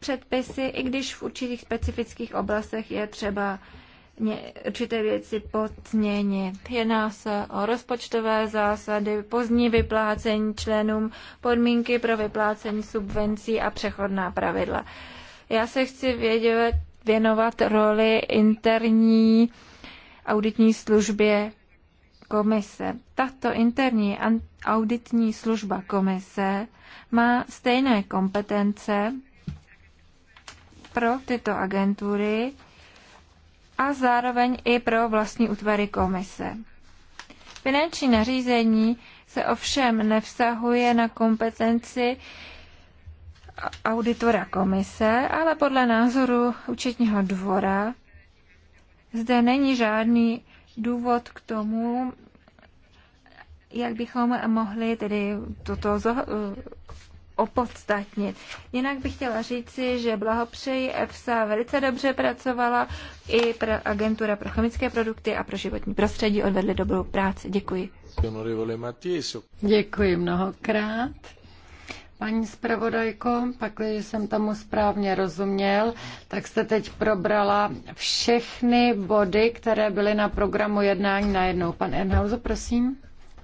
předpisy, i když v určitých specifických oblastech je třeba určité věci podměnit. Jedná se o rozpočtové zásady, pozdní vyplácení členům, podmínky pro vyplácení subvencí a přechodná pravidla. Já se chci vědět, věnovat roli interní auditní službě komise. Tato interní auditní služba komise má stejné kompetence pro tyto agentury a zároveň i pro vlastní útvary komise. Finanční nařízení se ovšem nevztahuje na kompetenci auditora komise, ale podle názoru účetního dvora zde není žádný důvod k tomu, jak bychom mohli tedy toto opodstatnit. Jinak bych chtěla říci, že blahopřeji EFSA velice dobře pracovala i pro agentura pro chemické produkty a pro životní prostředí odvedli dobrou práci. Děkuji. Děkuji mnohokrát. Paní zpravodajko, když jsem tomu správně rozuměl, tak jste teď probrala všechny body, které byly na programu jednání najednou. Pan Enhauser, prosím.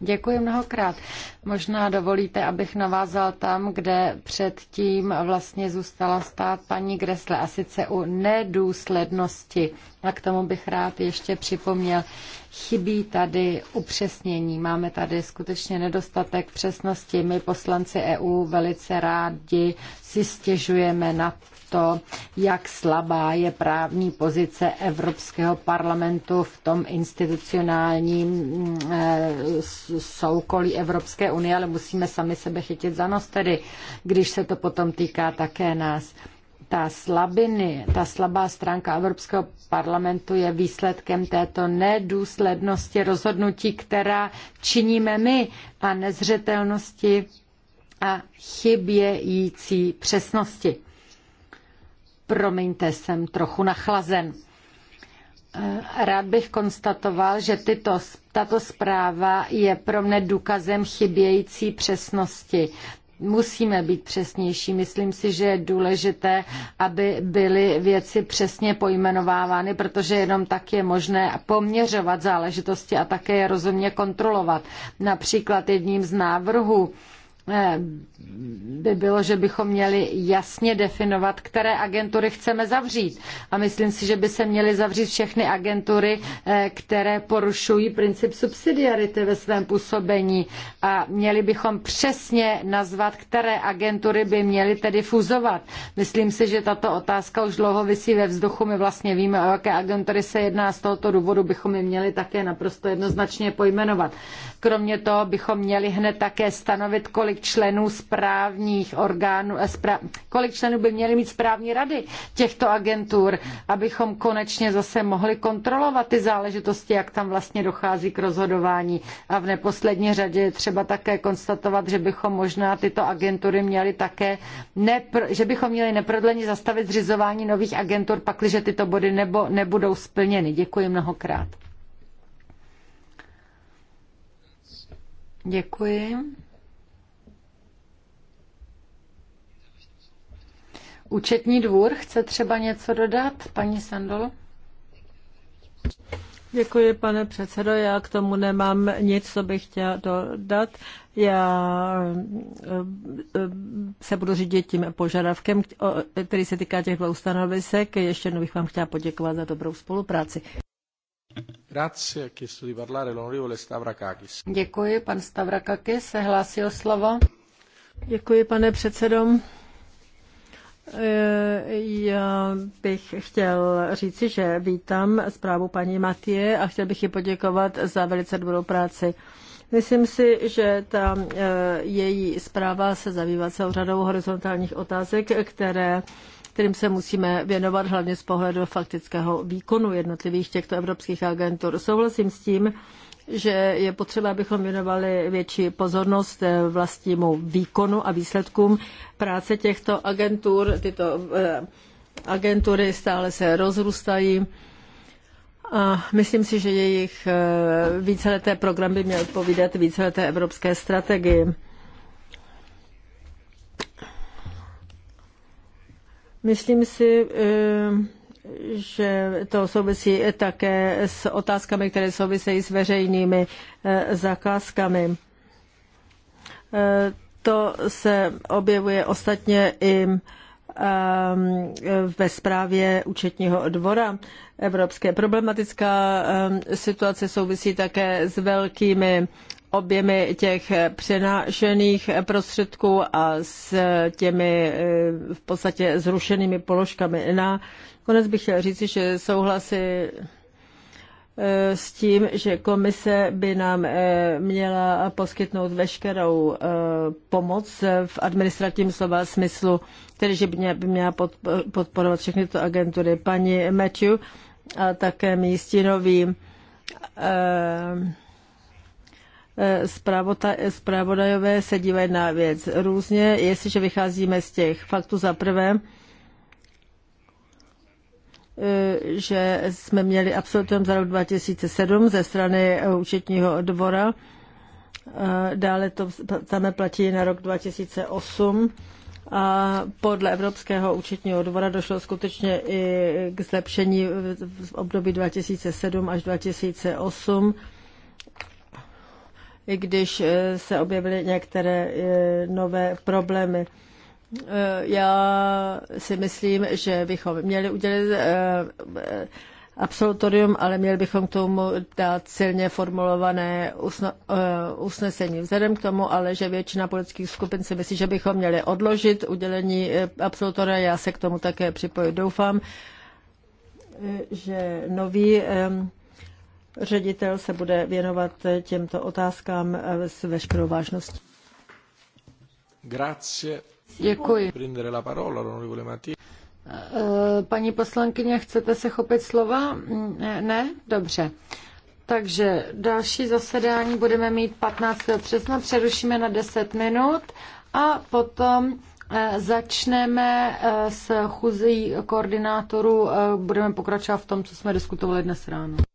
Děkuji mnohokrát. Možná dovolíte, abych navázal tam, kde předtím vlastně zůstala stát paní Gresle, a sice u nedůslednosti. A k tomu bych rád ještě připomněl, chybí tady upřesnění. Máme tady skutečně nedostatek přesnosti. My poslanci EU velice rádi si stěžujeme na to, jak slabá je právní pozice Evropského parlamentu v tom institucionálním mm, eh, soukolí Evropské unie, ale musíme sami sebe chytit za nos, tedy když se to potom týká také nás ta slabiny, ta slabá stránka Evropského parlamentu je výsledkem této nedůslednosti rozhodnutí, která činíme my a nezřetelnosti a chybějící přesnosti. Promiňte, jsem trochu nachlazen. Eh, rád bych konstatoval, že tyto, tato zpráva je pro mne důkazem chybějící přesnosti musíme být přesnější. Myslím si, že je důležité, aby byly věci přesně pojmenovávány, protože jenom tak je možné poměřovat záležitosti a také je rozumně kontrolovat. Například jedním z návrhů Eh, by bylo, že bychom měli jasně definovat, které agentury chceme zavřít. A myslím si, že by se měly zavřít všechny agentury, eh, které porušují princip subsidiarity ve svém působení. A měli bychom přesně nazvat, které agentury by měly tedy fuzovat. Myslím si, že tato otázka už dlouho visí ve vzduchu. My vlastně víme, o jaké agentury se jedná. Z tohoto důvodu bychom je měli také naprosto jednoznačně pojmenovat. Kromě toho bychom měli hned také stanovit, kolik kolik členů správních orgánů, eh, kolik členů by měly mít správní rady těchto agentur, abychom konečně zase mohli kontrolovat ty záležitosti, jak tam vlastně dochází k rozhodování. A v neposlední řadě je třeba také konstatovat, že bychom možná tyto agentury měli také, nepr, že bychom měli neprodleně zastavit zřizování nových agentur, pakliže tyto body nebo nebudou splněny. Děkuji mnohokrát. Děkuji. Účetní dvůr chce třeba něco dodat, paní Sandol? Děkuji, pane předsedo. Já k tomu nemám nic, co bych chtěla dodat. Já eh, se budu řídit tím požadavkem, který se týká těch dvou stanovisek. Ještě jednou bych vám chtěla poděkovat za dobrou spolupráci. Grazie, di parlare l'onorevole Děkuji, pan Stavrakakis se hlásil slovo. Děkuji, pane předsedo. Já bych chtěl říci, že vítám zprávu paní Matie a chtěl bych ji poděkovat za velice dobrou práci. Myslím si, že ta eh, její zpráva se zabývá celou řadou horizontálních otázek, které kterým se musíme věnovat hlavně z pohledu faktického výkonu jednotlivých těchto evropských agentur. Souhlasím s tím, že je potřeba, abychom věnovali větší pozornost eh, vlastnímu výkonu a výsledkům práce těchto agentur. Tyto eh, agentury stále se rozrůstají. A myslím si, že jejich eh, víceleté program by měl odpovídat víceleté evropské strategii. Myslím si, že to souvisí také s otázkami, které souvisejí s veřejnými eh, zakázkami. Eh, to se objevuje ostatně i eh, ve zprávě účetního dvora evropské. Problematická situace souvisí také s velkými objemy těch přenášených prostředků a s těmi v podstatě zrušenými položkami na Konec bych chtěl říct, že souhlasy eh, s tím, že komise by nám eh, měla poskytnout veškerou eh, pomoc v administrativním slova smyslu, tedy že by měla podporovat všechny to agentury. Paní Matthew a také mý nový zpravodajové se dívají na věc různě, jestliže vycházíme z těch faktů za prvé, Eh, že jsme měli absolutum za rok 2007 ze strany eh, účetního dvora. Eh, dále to tam platí na rok 2008 a podle Evropského účetního dvora došlo skutečně i k zlepšení v období 2007 až 2008 i když se objevily některé nové problémy. Eh, já si myslím, že bychom měli udělat eh, eh, absolutorium, ale měli bychom k tomu dát silně formulované usnesení. Vzhledem k tomu, ale že většina politických skupin si myslí, že bychom měli odložit udělení absolutoria, já se k tomu také připoju. Doufám, že nový ředitel se bude věnovat těmto otázkám s veškerou vážností. Grazie. Děkuji. Eh, paní poslankyně, chcete se chopit slova? Ne? Dobře. Takže další zasedání budeme mít 15. března, přerušíme na 10 minut a potom eh, začneme eh, s chůzí koordinátorů, budeme pokračovat v tom, co jsme diskutovali dnes ráno.